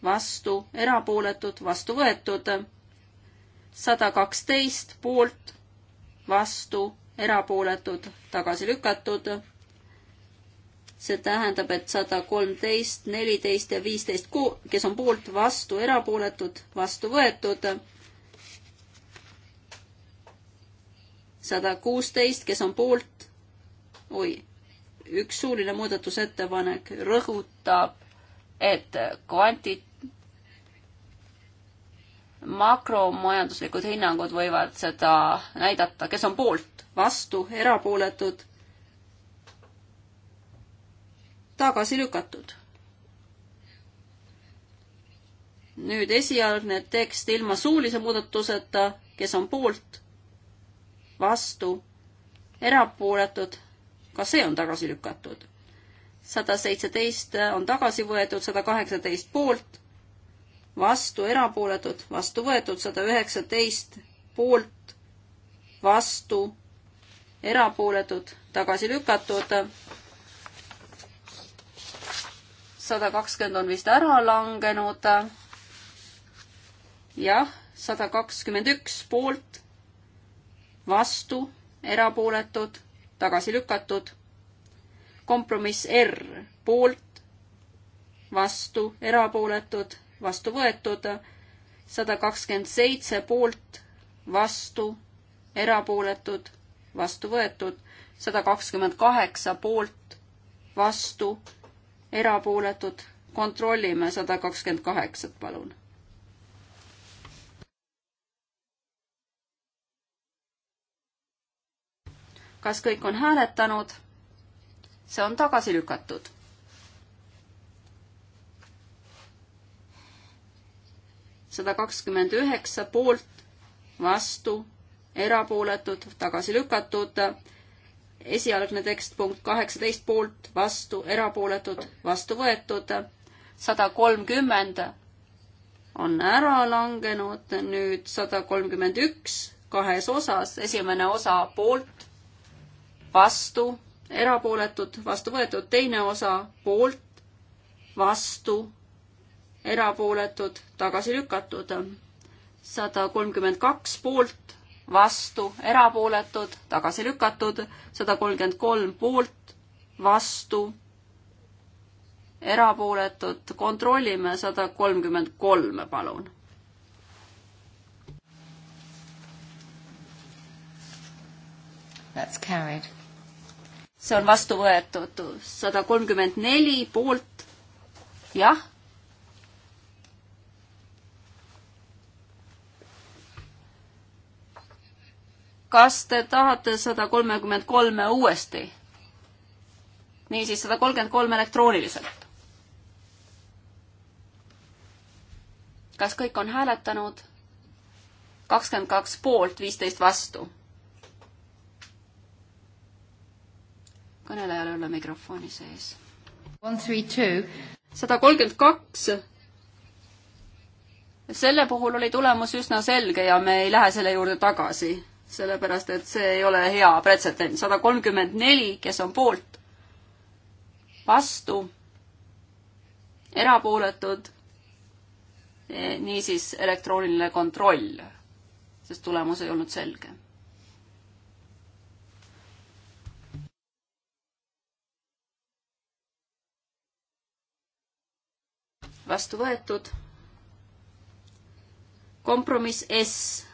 S2: vastu, erapooletud, vastu võetud, sada kaksteist poolt, vastu, erapooletud, tagasi lükatud see tähendab, et sada kolmteist, neliteist ja viisteist, kes on poolt, vastu, erapooletud, vastu võetud. sada kuusteist, kes on poolt, oi, üks suuline muudatusettepanek rõhutab, et kvanti-, makromajanduslikud hinnangud võivad seda näidata, kes on poolt, vastu, erapooletud tagasi lükatud. nüüd esialgne tekst ilma suulise muudatuseta, kes on poolt, vastu, erapooletud, ka see on tagasi lükatud. sada seitseteist on tagasi võetud, sada kaheksateist poolt, vastu, erapooletud, vastu võetud, sada üheksateist poolt, vastu, erapooletud, tagasi lükatud sada kakskümmend on vist ära langenud. jah, sada kakskümmend üks poolt, vastu, erapooletud, tagasi lükatud. kompromiss R poolt, vastu, erapooletud, vastu võetud. sada kakskümmend seitse poolt, vastu, erapooletud, vastu võetud. sada kakskümmend kaheksa poolt, vastu erapooletud, kontrollime sada kakskümmend kaheksat, palun. kas kõik on hääletanud? see on tagasi lükatud. sada kakskümmend üheksa poolt, vastu, erapooletud, tagasi lükatud esialgne tekst punkt kaheksateist poolt, vastu, erapooletud, vastu võetud. sada kolmkümmend on ära langenud, nüüd sada kolmkümmend üks kahes osas, esimene osa poolt, vastu, erapooletud, vastu võetud, teine osa poolt, vastu, erapooletud, tagasi lükatud. sada kolmkümmend kaks poolt vastu, erapooletud, tagasi lükatud, sada kolmkümmend kolm poolt, vastu, erapooletud, kontrollime sada kolmkümmend kolme, palun That's carried. see on vastu võetud sada kolmkümmend neli poolt, jah, kas te tahate sada kolmekümmend kolme uuesti? niisiis, sada kolmkümmend kolm elektrooniliselt. kas kõik on hääletanud? kakskümmend kaks poolt, viisteist vastu. kõnelejal ei ole mikrofoni sees. sada kolmkümmend kaks selle puhul oli tulemus üsna selge ja me ei lähe selle juurde tagasi sellepärast et see ei ole hea pretsedent. sada kolmkümmend neli, kes on poolt, vastu, erapooletud, eh, niisiis elektrooniline kontroll, sest tulemus ei olnud selge. vastu võetud. kompromiss S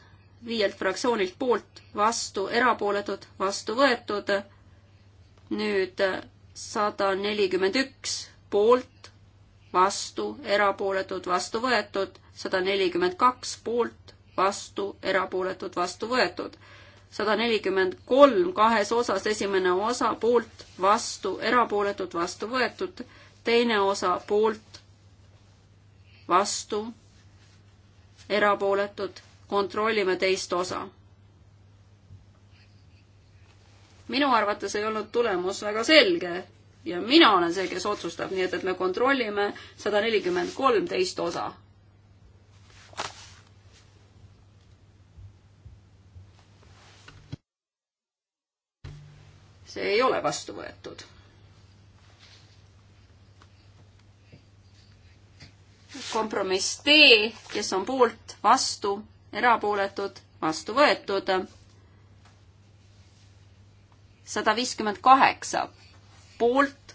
S2: viielt fraktsioonilt poolt, vastu, erapooletud, vastu võetud. nüüd sada nelikümmend üks poolt, vastu, erapooletud, vastu võetud, sada nelikümmend kaks poolt, vastu, erapooletud, vastu võetud. sada nelikümmend kolm kahes osas, esimene osa poolt, vastu, erapooletud, vastu võetud, teine osa poolt, vastu, erapooletud kontrollime teist osa. minu arvates ei olnud tulemus väga selge ja mina olen see, kes otsustab, nii et, et me kontrollime sada nelikümmend kolm teist osa. see ei ole vastu võetud kompromiss D, kes on poolt, vastu, erapooletud, vastu võetud. sada viiskümmend kaheksa poolt,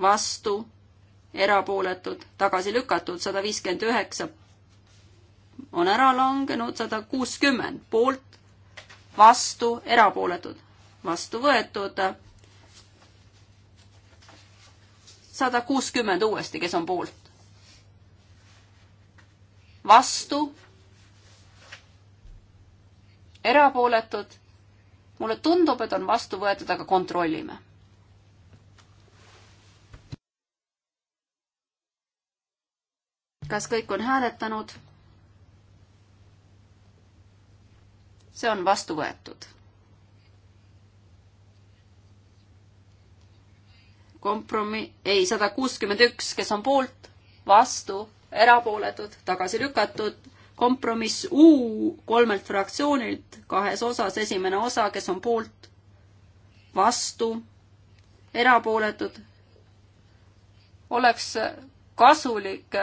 S2: vastu, erapooletud, tagasi lükatud, sada viiskümmend üheksa on ära langenud, sada kuuskümmend poolt, vastu, erapooletud, vastu võetud. sada kuuskümmend uuesti, kes on poolt? vastu erapooletud. mulle tundub, et on vastu võetud, aga kontrollime. kas kõik on hääletanud? see on vastu võetud. kompromi-, ei, sada kuuskümmend üks, kes on poolt, vastu, erapooletud, tagasi lükatud kompromiss U kolmelt fraktsioonilt kahes osas, esimene osa, kes on poolt, vastu, erapooletud, oleks kasulik,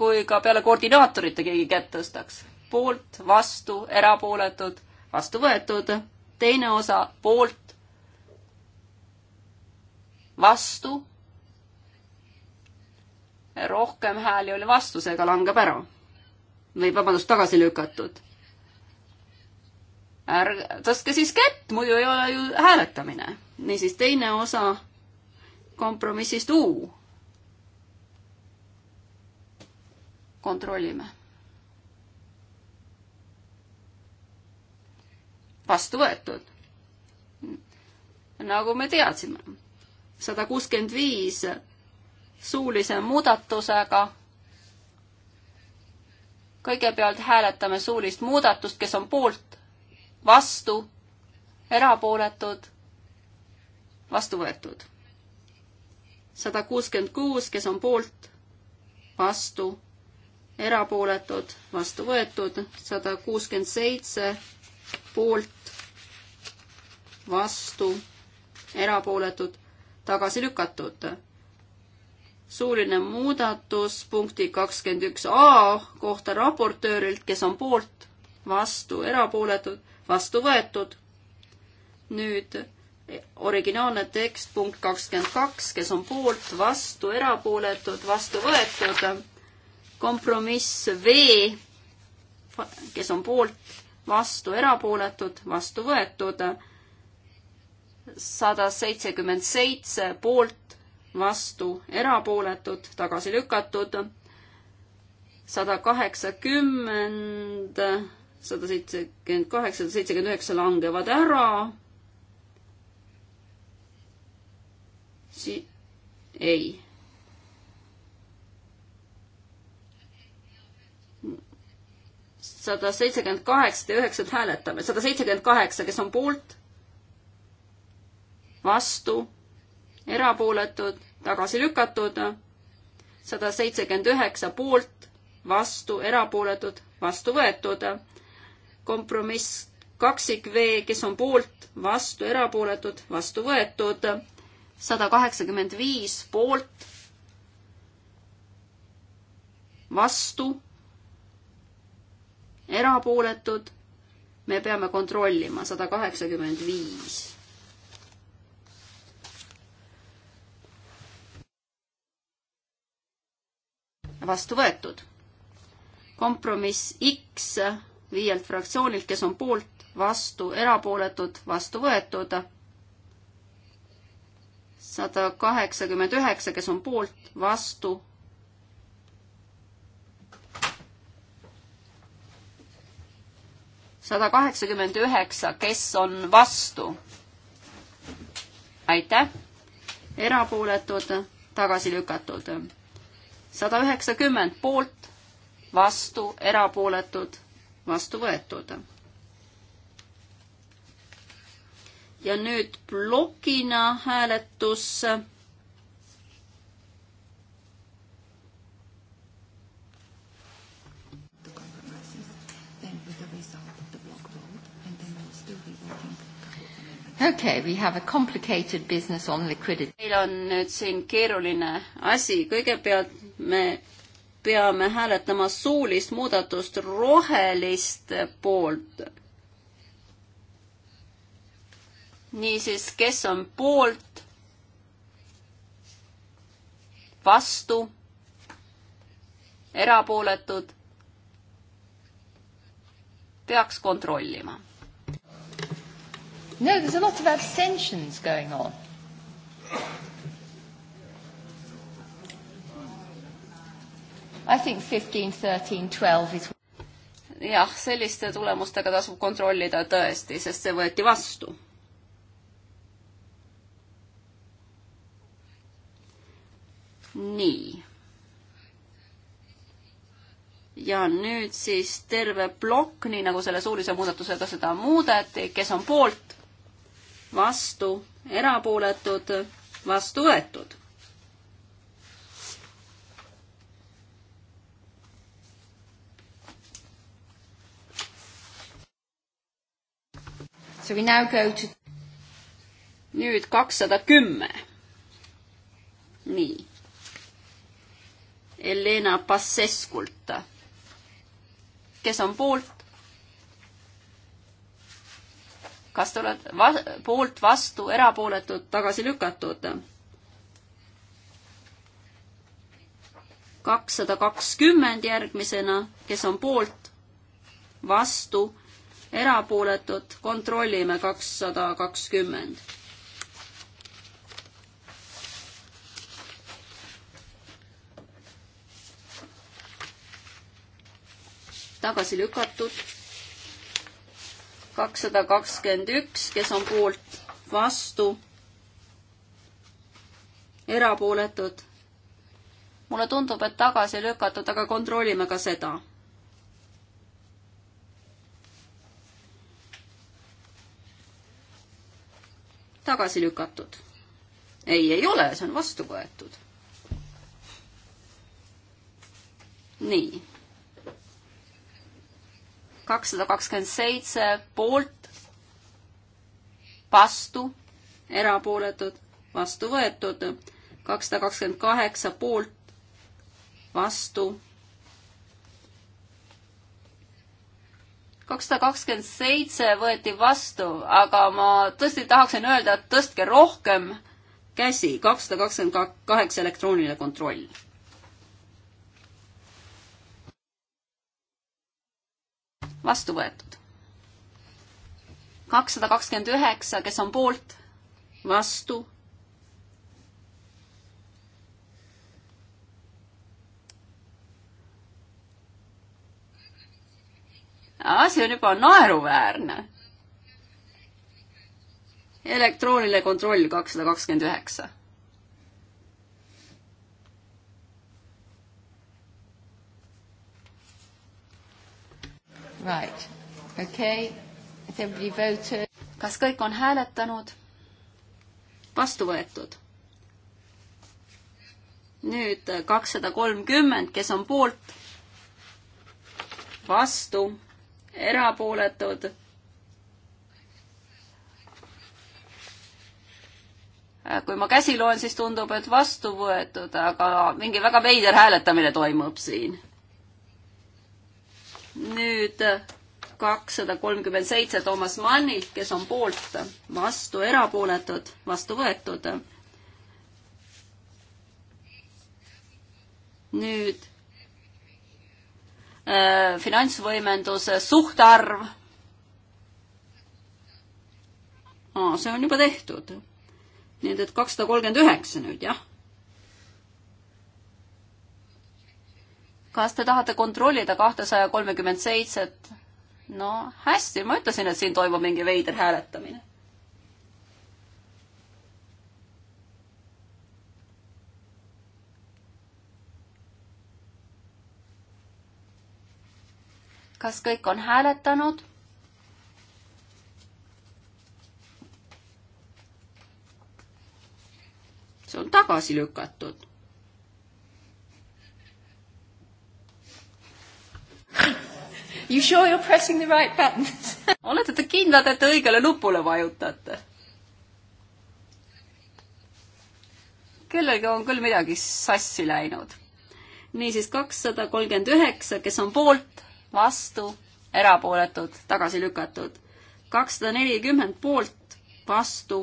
S2: kui ka peale koordinaatorite keegi kätt tõstaks. poolt, vastu, erapooletud, vastu võetud, teine osa poolt, vastu, rohkem hääli oli vastu, seega langeb ära või vabandust, tagasi lükatud. ärge, tõstke siis kätt, muidu ei ole ju hääletamine. niisiis, teine osa kompromissist U. kontrollime. vastu võetud. nagu me teadsime, sada kuuskümmend viis suulise muudatusega kõigepealt hääletame suulist muudatust, kes on poolt, vastu, erapooletud, vastu võetud. sada kuuskümmend kuus, kes on poolt, vastu, erapooletud, vastu võetud, sada kuuskümmend seitse, poolt, vastu, erapooletud, tagasi lükatud suuline muudatus punkti kakskümmend üks A kohta raportöörilt, kes on poolt, vastu, erapooletud, vastu võetud. nüüd originaalne tekst punkt kakskümmend kaks, kes on poolt, vastu, erapooletud, vastu võetud. kompromiss V, kes on poolt, vastu, erapooletud, vastu võetud. sada seitsekümmend seitse poolt, vastu erapooletud, tagasi lükatud. sada kaheksakümmend, sada seitsekümmend kaheksa, sada seitsekümmend üheksa langevad ära si-, ei. sada seitsekümmend kaheksa ja üheksat hääletame, sada seitsekümmend kaheksa, kes on poolt, vastu erapooletud, tagasi lükatud, sada seitsekümmend üheksa poolt, vastu, erapooletud, vastu võetud. kompromiss kaksik V, kes on poolt, vastu, erapooletud, vastu võetud, sada kaheksakümmend viis poolt, vastu, erapooletud, me peame kontrollima, sada kaheksakümmend viis vastu võetud. kompromiss X viielt fraktsioonilt, kes on poolt, vastu, erapooletud, vastu võetud. sada kaheksakümmend üheksa, kes on poolt, vastu. sada kaheksakümmend üheksa, kes on vastu? aitäh, erapooletud, tagasi lükatud sada üheksakümmend poolt, vastu, erapooletud, vastu võetud. ja nüüd plokina hääletus Okay, we have a complicated business on liquidity. meil on nüüd siin keeruline asi, kõigepealt me peame hääletama suulist muudatust rohelist poolt. niisiis, kes on poolt? vastu? erapooletud? peaks kontrollima No, there's a lot of abstentions going on. I think 15, 13, 12 is... jah, selliste tulemustega tasub kontrollida tõesti, sest see võeti vastu. nii. ja nüüd siis terve plokk, nii nagu selle suulise muudatusega seda muudeti, kes on poolt vastu, erapooletud, vastu võetud. So we now go to nüüd kakssada kümme. nii. Helena Passeskult. kes on poolt? kas te olete va-, poolt, vastu, erapooletud, tagasi lükatud? kakssada kakskümmend järgmisena, kes on poolt, vastu, erapooletud, kontrollime kakssada kakskümmend. tagasi lükatud kakssada kakskümmend üks, kes on poolt, vastu, erapooletud. mulle tundub, et tagasi lükatud, aga kontrollime ka seda. tagasi lükatud. ei, ei ole, see on vastu võetud. nii kakssada kakskümmend seitse poolt, vastu, erapooletud, vastu võetud, kakssada kakskümmend kaheksa poolt, vastu, kakssada kakskümmend seitse võeti vastu, aga ma tõesti tahaksin öelda, et tõstke rohkem käsi, kakssada kakskümmend kaheksa elektrooniline kontroll vastu võetud. kakssada kakskümmend üheksa, kes on poolt, vastu. asi on juba naeruväärne. elektrooniline kontroll kakssada kakskümmend üheksa
S1: Right. Okay. Has
S2: everybody voted? kas kõik on hääletanud? vastu võetud. nüüd äh, kakssada kolmkümmend, kes on poolt, vastu, erapooletud. Äh, kui ma käsi loen, siis tundub, et vastu võetud, aga mingi väga veider hääletamine toimub siin nüüd kakssada kolmkümmend seitse Toomas Mannilt, kes on poolt, vastu erapooletud, vastu võetud. nüüd äh, finantsvõimenduse suhtarv. see on juba tehtud. nii et, et kakssada kolmkümmend üheksa nüüd, jah kas te tahate kontrollida kahtesaja kolmekümmend seitset? no hästi, ma ütlesin, et siin toimub mingi veider hääletamine. kas kõik on hääletanud? see on tagasi lükatud You sure you are pressing the right button olete te kindlad, et te õigele nupule vajutate? kellelgi on küll midagi sassi läinud. niisiis kakssada kolmkümmend üheksa, kes on poolt, vastu, erapooletud, tagasi lükatud. kakssada nelikümmend poolt, vastu,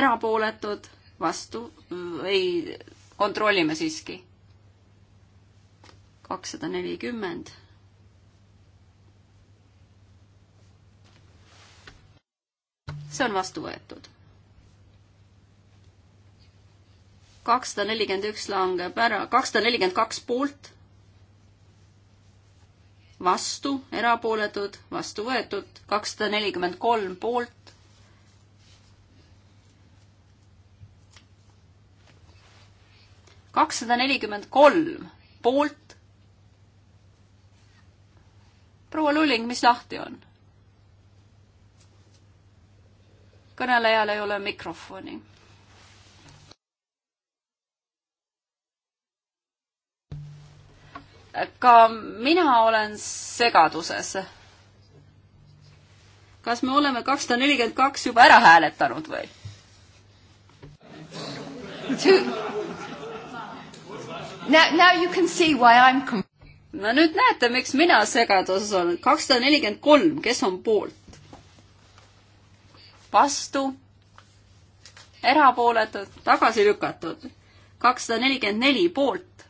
S2: erapooletud, vastu, äh, ei, kontrollime siiski. kakssada nelikümmend see on vastu võetud. kakssada nelikümmend üks langeb ära, kakssada nelikümmend kaks poolt, vastu, erapooletud, vastu võetud, kakssada nelikümmend kolm poolt, kakssada nelikümmend kolm poolt. proua Lulling, mis lahti on? kõnelejal ei ole mikrofoni. ka mina olen segaduses. kas me oleme kakssada nelikümmend kaks juba ära hääletanud või? Now, now you can see why I'm no nüüd näete, miks mina segaduses olen. kakssada nelikümmend kolm, kes on poolt? vastu, erapooletud, tagasi lükatud. kakssada nelikümmend neli poolt,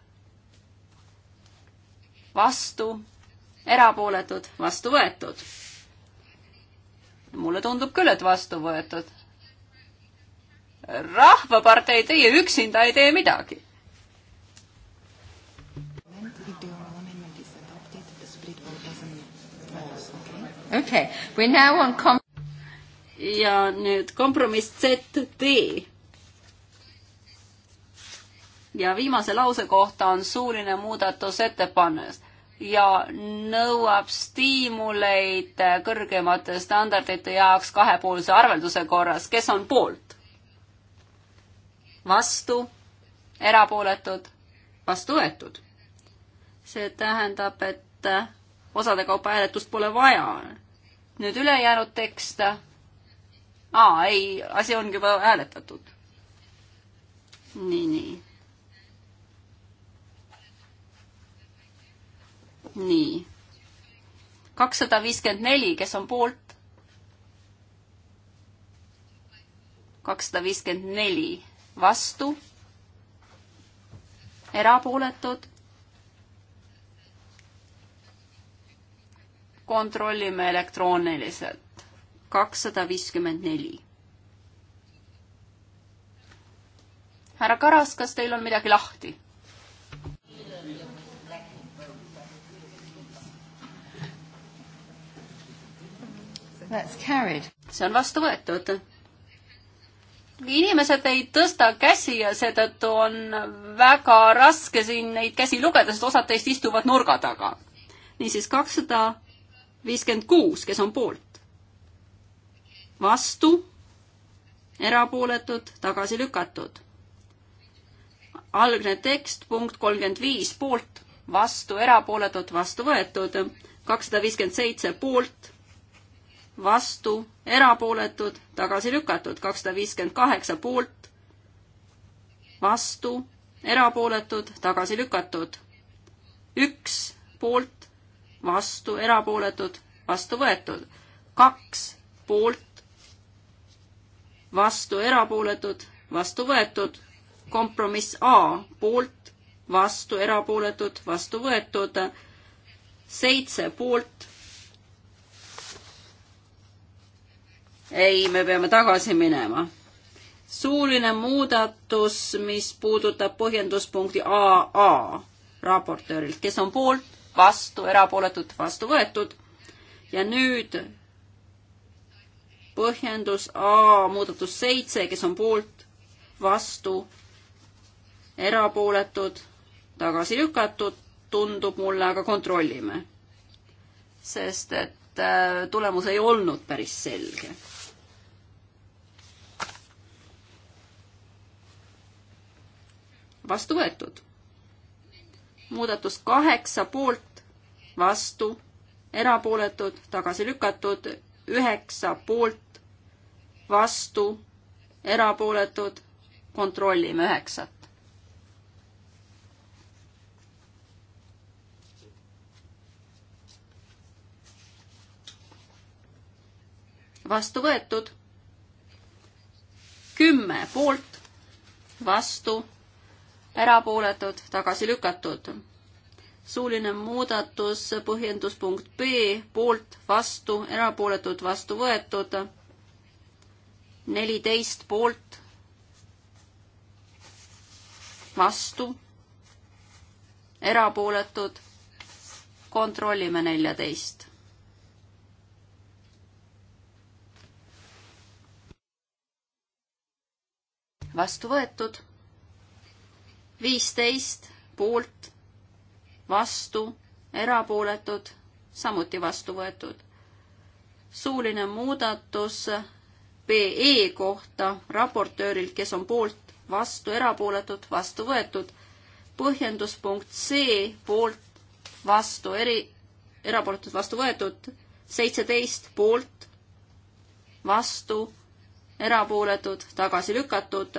S2: vastu, erapooletud, vastu võetud. mulle tundub küll, et vastu võetud. rahvapartei, teie üksinda ei tee midagi. Okay, we're now on com- ja nüüd kompromiss ZD. ja viimase lause kohta on suuline muudatusettepanek ja nõuab stiimuleid kõrgemate standardite jaoks kahepoolse arvelduse korras. kes on poolt? vastu? erapooletud? vastu võetud? see tähendab, et osade kaupa hääletust pole vaja. nüüd ülejäänud tekst aa, ei, asi ongi juba hääletatud. nii, nii. nii. kakssada viiskümmend neli, kes on poolt? kakssada viiskümmend neli, vastu? erapooletud? kontrollime elektrooniliselt kakssada viiskümmend neli. härra Karas, kas teil on midagi lahti? see on vastu võetud. inimesed ei tõsta käsi ja seetõttu on väga raske siin neid käsi lugeda, sest osad teist istuvad nurga taga. niisiis kakssada viiskümmend kuus, kes on poolt vastu, erapooletud, tagasi lükatud. algne tekst, punkt kolmkümmend viis, poolt, vastu, erapooletud, vastu võetud, kakssada viiskümmend seitse poolt, vastu, erapooletud, tagasi lükatud, kakssada viiskümmend kaheksa poolt, vastu, erapooletud, tagasi lükatud, üks poolt, vastu, erapooletud, vastu võetud, kaks poolt, vastu erapooletud, vastu võetud. kompromiss A poolt, vastu erapooletud, vastu võetud. seitse poolt. ei, me peame tagasi minema. suuline muudatus, mis puudutab põhjenduspunkti AA raportöörilt, kes on poolt, vastu, erapooletud, vastu võetud. ja nüüd põhjendus A muudatus seitse, kes on poolt, vastu, erapooletud, tagasi lükatud, tundub mulle, aga kontrollime. sest et äh, tulemus ei olnud päris selge. vastu võetud. muudatus kaheksa poolt, vastu, erapooletud, tagasi lükatud, üheksa poolt, vastu, erapooletud, kontrollime üheksat. vastu võetud. kümme poolt, vastu, erapooletud, tagasi lükatud. suuline muudatus, põhjenduspunkt B, poolt, vastu, erapooletud, vastu võetud neliteist poolt, vastu, erapooletud, kontrollime neljateist. vastu võetud, viisteist poolt, vastu, erapooletud, samuti vastu võetud. suuline muudatus BE kohta raportöörilt, kes on poolt, vastu, erapooletud, vastu võetud. põhjenduspunkt C poolt, vastu, eri, erapooletud, vastu võetud, seitseteist poolt, vastu, erapooletud, tagasi lükatud.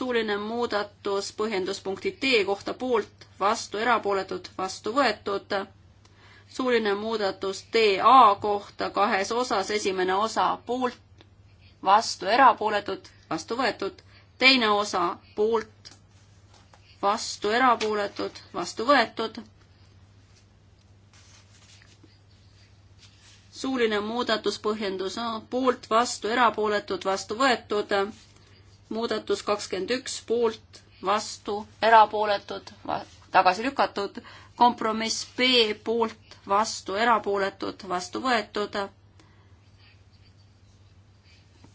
S2: suuline muudatus põhjenduspunkti D kohta poolt, vastu, erapooletud, vastu võetud suuline muudatus DA kohta kahes osas, esimene osa poolt, vastu erapooletud, vastu võetud, teine osa poolt, vastu erapooletud, vastu võetud. suuline muudatus põhjendus poolt, vastu erapooletud, vastu võetud. muudatus kakskümmend üks poolt, vastu erapooletud, tagasi lükatud. kompromiss B poolt, vastu erapooletud, vastu võetud.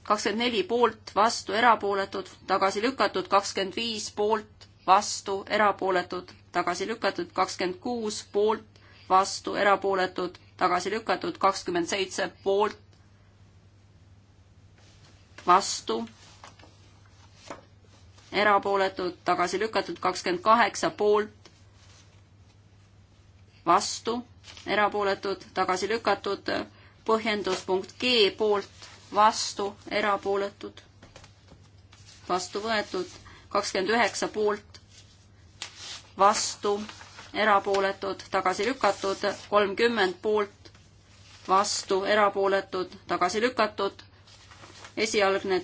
S2: kakskümmend neli poolt, vastu erapooletud, tagasi lükatud, kakskümmend viis poolt, vastu erapooletud, tagasi lükatud, kakskümmend kuus poolt, vastu erapooletud, tagasi lükatud, kakskümmend seitse poolt, vastu erapooletud, tagasi lükatud kakskümmend kaheksa poolt, vastu, erapooletud, tagasi lükatud, põhjenduspunkt G poolt, vastu, erapooletud, vastu võetud, kakskümmend üheksa poolt, vastu, erapooletud, tagasi lükatud, kolmkümmend poolt, vastu, erapooletud, tagasi lükatud, esialgne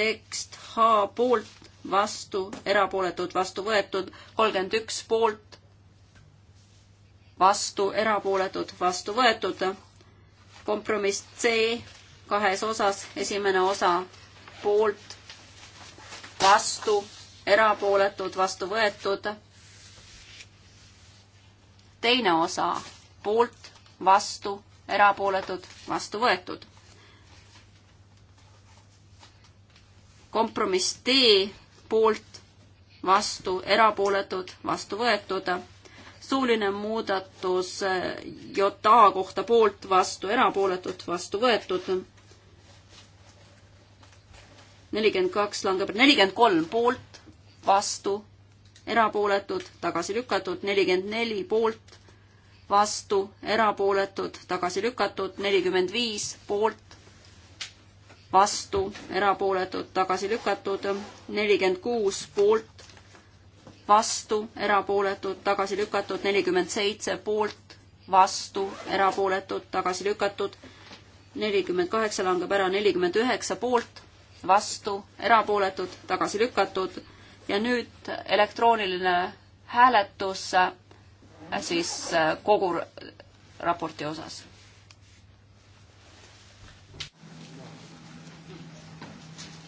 S2: tekst H poolt, vastu, erapooletud, vastu võetud, kolmkümmend üks poolt, vastu, erapooletud, vastu võetud. kompromiss C kahes osas, esimene osa poolt, vastu, erapooletud, vastu võetud. teine osa poolt, vastu, erapooletud, vastu võetud. kompromiss D poolt, vastu, erapooletud, vastu võetud suuline muudatus eh, JA kohta poolt vastu, erapooletult vastu võetud. nelikümmend kaks langeb, nelikümmend kolm poolt, vastu, erapooletud, tagasi lükatud, nelikümmend neli poolt, vastu, erapooletud, tagasi lükatud, nelikümmend viis poolt, vastu, erapooletud, tagasi lükatud, nelikümmend kuus poolt, vastu, erapooletud, tagasi lükatud, nelikümmend seitse poolt, vastu, erapooletud, tagasi lükatud, nelikümmend kaheksa langeb ära, nelikümmend üheksa poolt, vastu, erapooletud, tagasi lükatud ja nüüd elektrooniline hääletus äh, siis äh, kogu raporti osas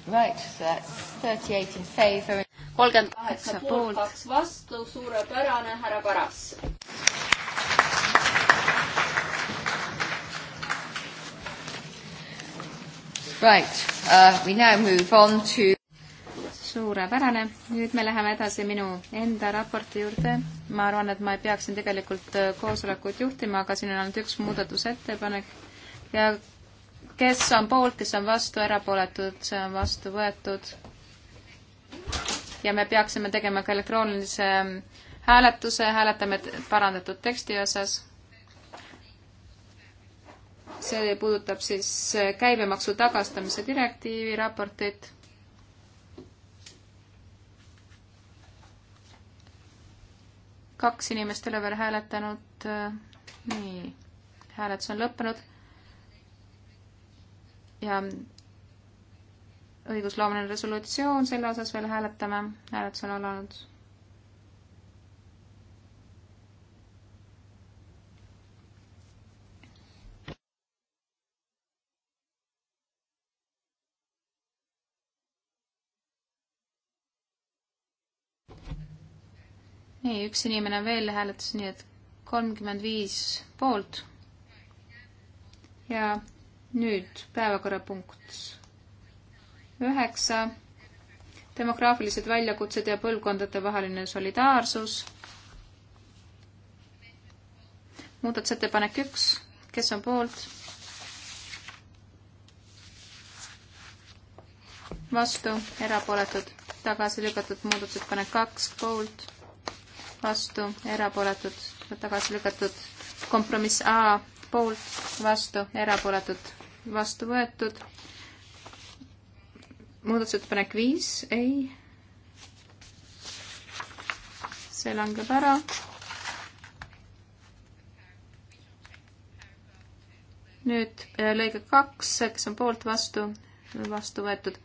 S2: Right, so that's 38 in favour kolmkümmend kaheksa poolt, kaks vastu, suurepärane, härra Paras.
S1: Right uh,, we now move on to suurepärane, nüüd me läheme edasi minu enda raporti juurde. ma arvan, et ma peaksin tegelikult äh, koosolekut juhtima, aga siin on ainult üks muudatusettepanek ja kes on poolt, kes on vastu, erapooletud, see on vastu võetud ja me peaksime tegema ka elektroonilise ähm, hääletuse, hääletame parandatud teksti osas. see puudutab siis äh, käibemaksu tagastamise direktiivi raportit. kaks inimest ei ole veel hääletanud. Äh, nii, hääletus on lõppenud. ja õigusloomne resolutsioon, selle osas veel hääletame, hääletus on alanud. nii, üks inimene on veel hääletas, nii et kolmkümmend viis poolt. ja nüüd päevakorrapunkt üheksa, demograafilised väljakutsed ja põlvkondadevaheline solidaarsus. muudatusettepanek üks, kes on poolt? vastu, erapooletud, tagasi lükatud muudatusettepanek kaks, poolt, vastu, erapooletud, tagasi lükatud, kompromiss A, poolt, vastu, erapooletud, vastu võetud muudatusettepanek viis, ei. see langeb ära. nüüd äh, lõige kaks, kes on poolt, vastu, vastu võetud.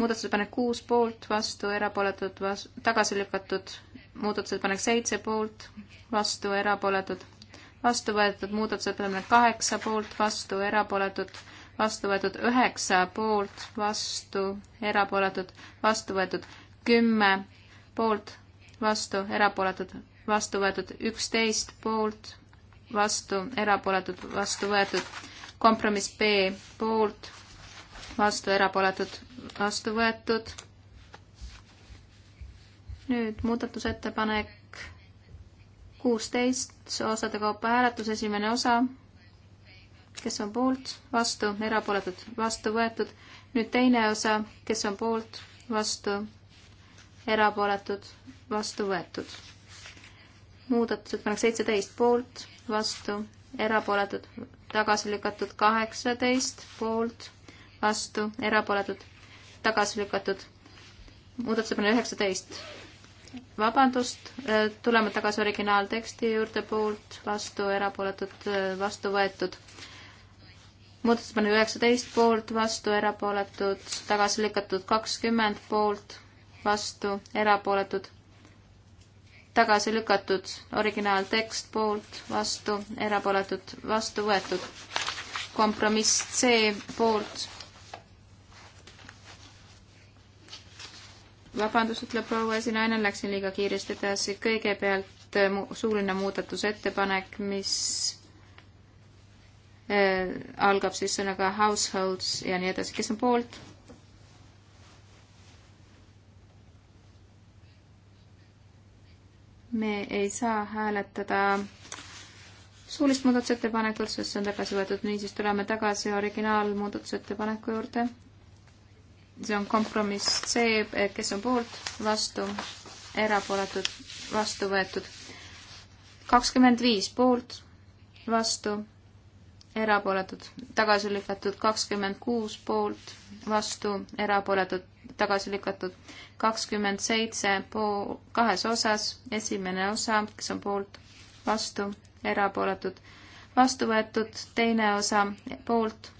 S1: muudatusettepanek kuus poolt, vastu, erapooletud, tagasi lükatud. muudatusettepanek seitse poolt, vastu, erapooletud, vastu võetud. muudatusettepanek kaheksa poolt, vastu, erapooletud vastu võetud üheksa poolt, vastu, erapooletud, vastu võetud kümme poolt, vastu, erapooletud, vastu võetud üksteist poolt, vastu, erapooletud, vastu võetud, kompromiss B poolt, vastu, erapooletud, vastu võetud. nüüd muudatusettepanek kuusteist, osade kaupa hääletus, esimene osa kes on poolt, vastu, erapooletud, vastu võetud. nüüd teine osa, kes on poolt, vastu, erapooletud, vastu võetud. muudatusettepanek seitseteist poolt, vastu, erapooletud, tagasi lükatud kaheksateist poolt, vastu, erapooletud, tagasi lükatud. muudatusettepanek üheksateist vabandust, äh, tuleme tagasi originaalteksti juurde, poolt, vastu, erapooletud, äh, vastu võetud muudatusettepanek üheksateist poolt, vastu, erapooletud, tagasi lükatud kakskümmend poolt, vastu, erapooletud, tagasi lükatud, originaaltekst poolt, vastu, erapooletud, vastu võetud. kompromiss C poolt. vabandust, ütleb proua esinaine, läksin liiga kiiresti edasi, kõigepealt suuline muudatusettepanek, mis Äh, algab siis sõnaga households ja nii edasi, kes on poolt? me ei saa hääletada suulist muudatusettepanekut, sest see on tagasi võetud, niisiis tuleme tagasi originaalmuudatusettepaneku juurde. see on kompromiss C, äh, kes on poolt, vastu, erapooletud, vastu võetud. kakskümmend viis poolt, vastu, erapooletud, tagasi lükatud kakskümmend kuus poolt, vastu erapooletud, tagasi lükatud kakskümmend seitse pool, kahes osas, esimene osa, kes on poolt, vastu, erapooletud, vastu võetud, teine osa poolt,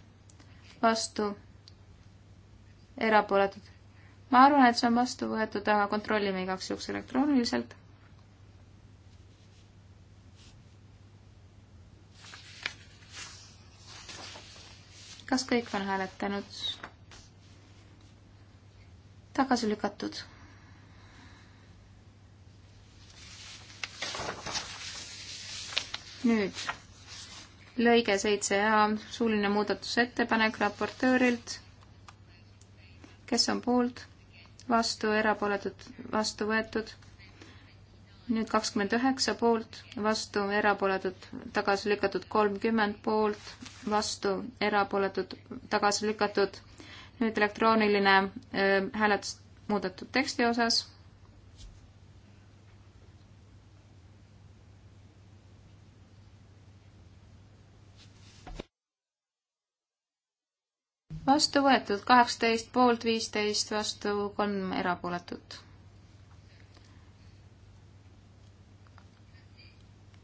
S1: vastu, erapooletud. ma arvan, et see on vastu võetud, aga kontrollime igaks juhuks elektrooniliselt. kas kõik on hääletanud? tagasi lükatud. nüüd lõige seitse A, suuline muudatusettepanek raportöörilt. kes on poolt, vastu, erapooletud, vastu võetud nüüd kakskümmend üheksa poolt, vastu, erapooletud, tagasi lükatud kolmkümmend poolt, vastu, erapooletud, tagasi lükatud. nüüd elektrooniline äh, hääletus muudetud teksti osas vastu võetud kaheksateist poolt, viisteist vastu, kolm erapooletut.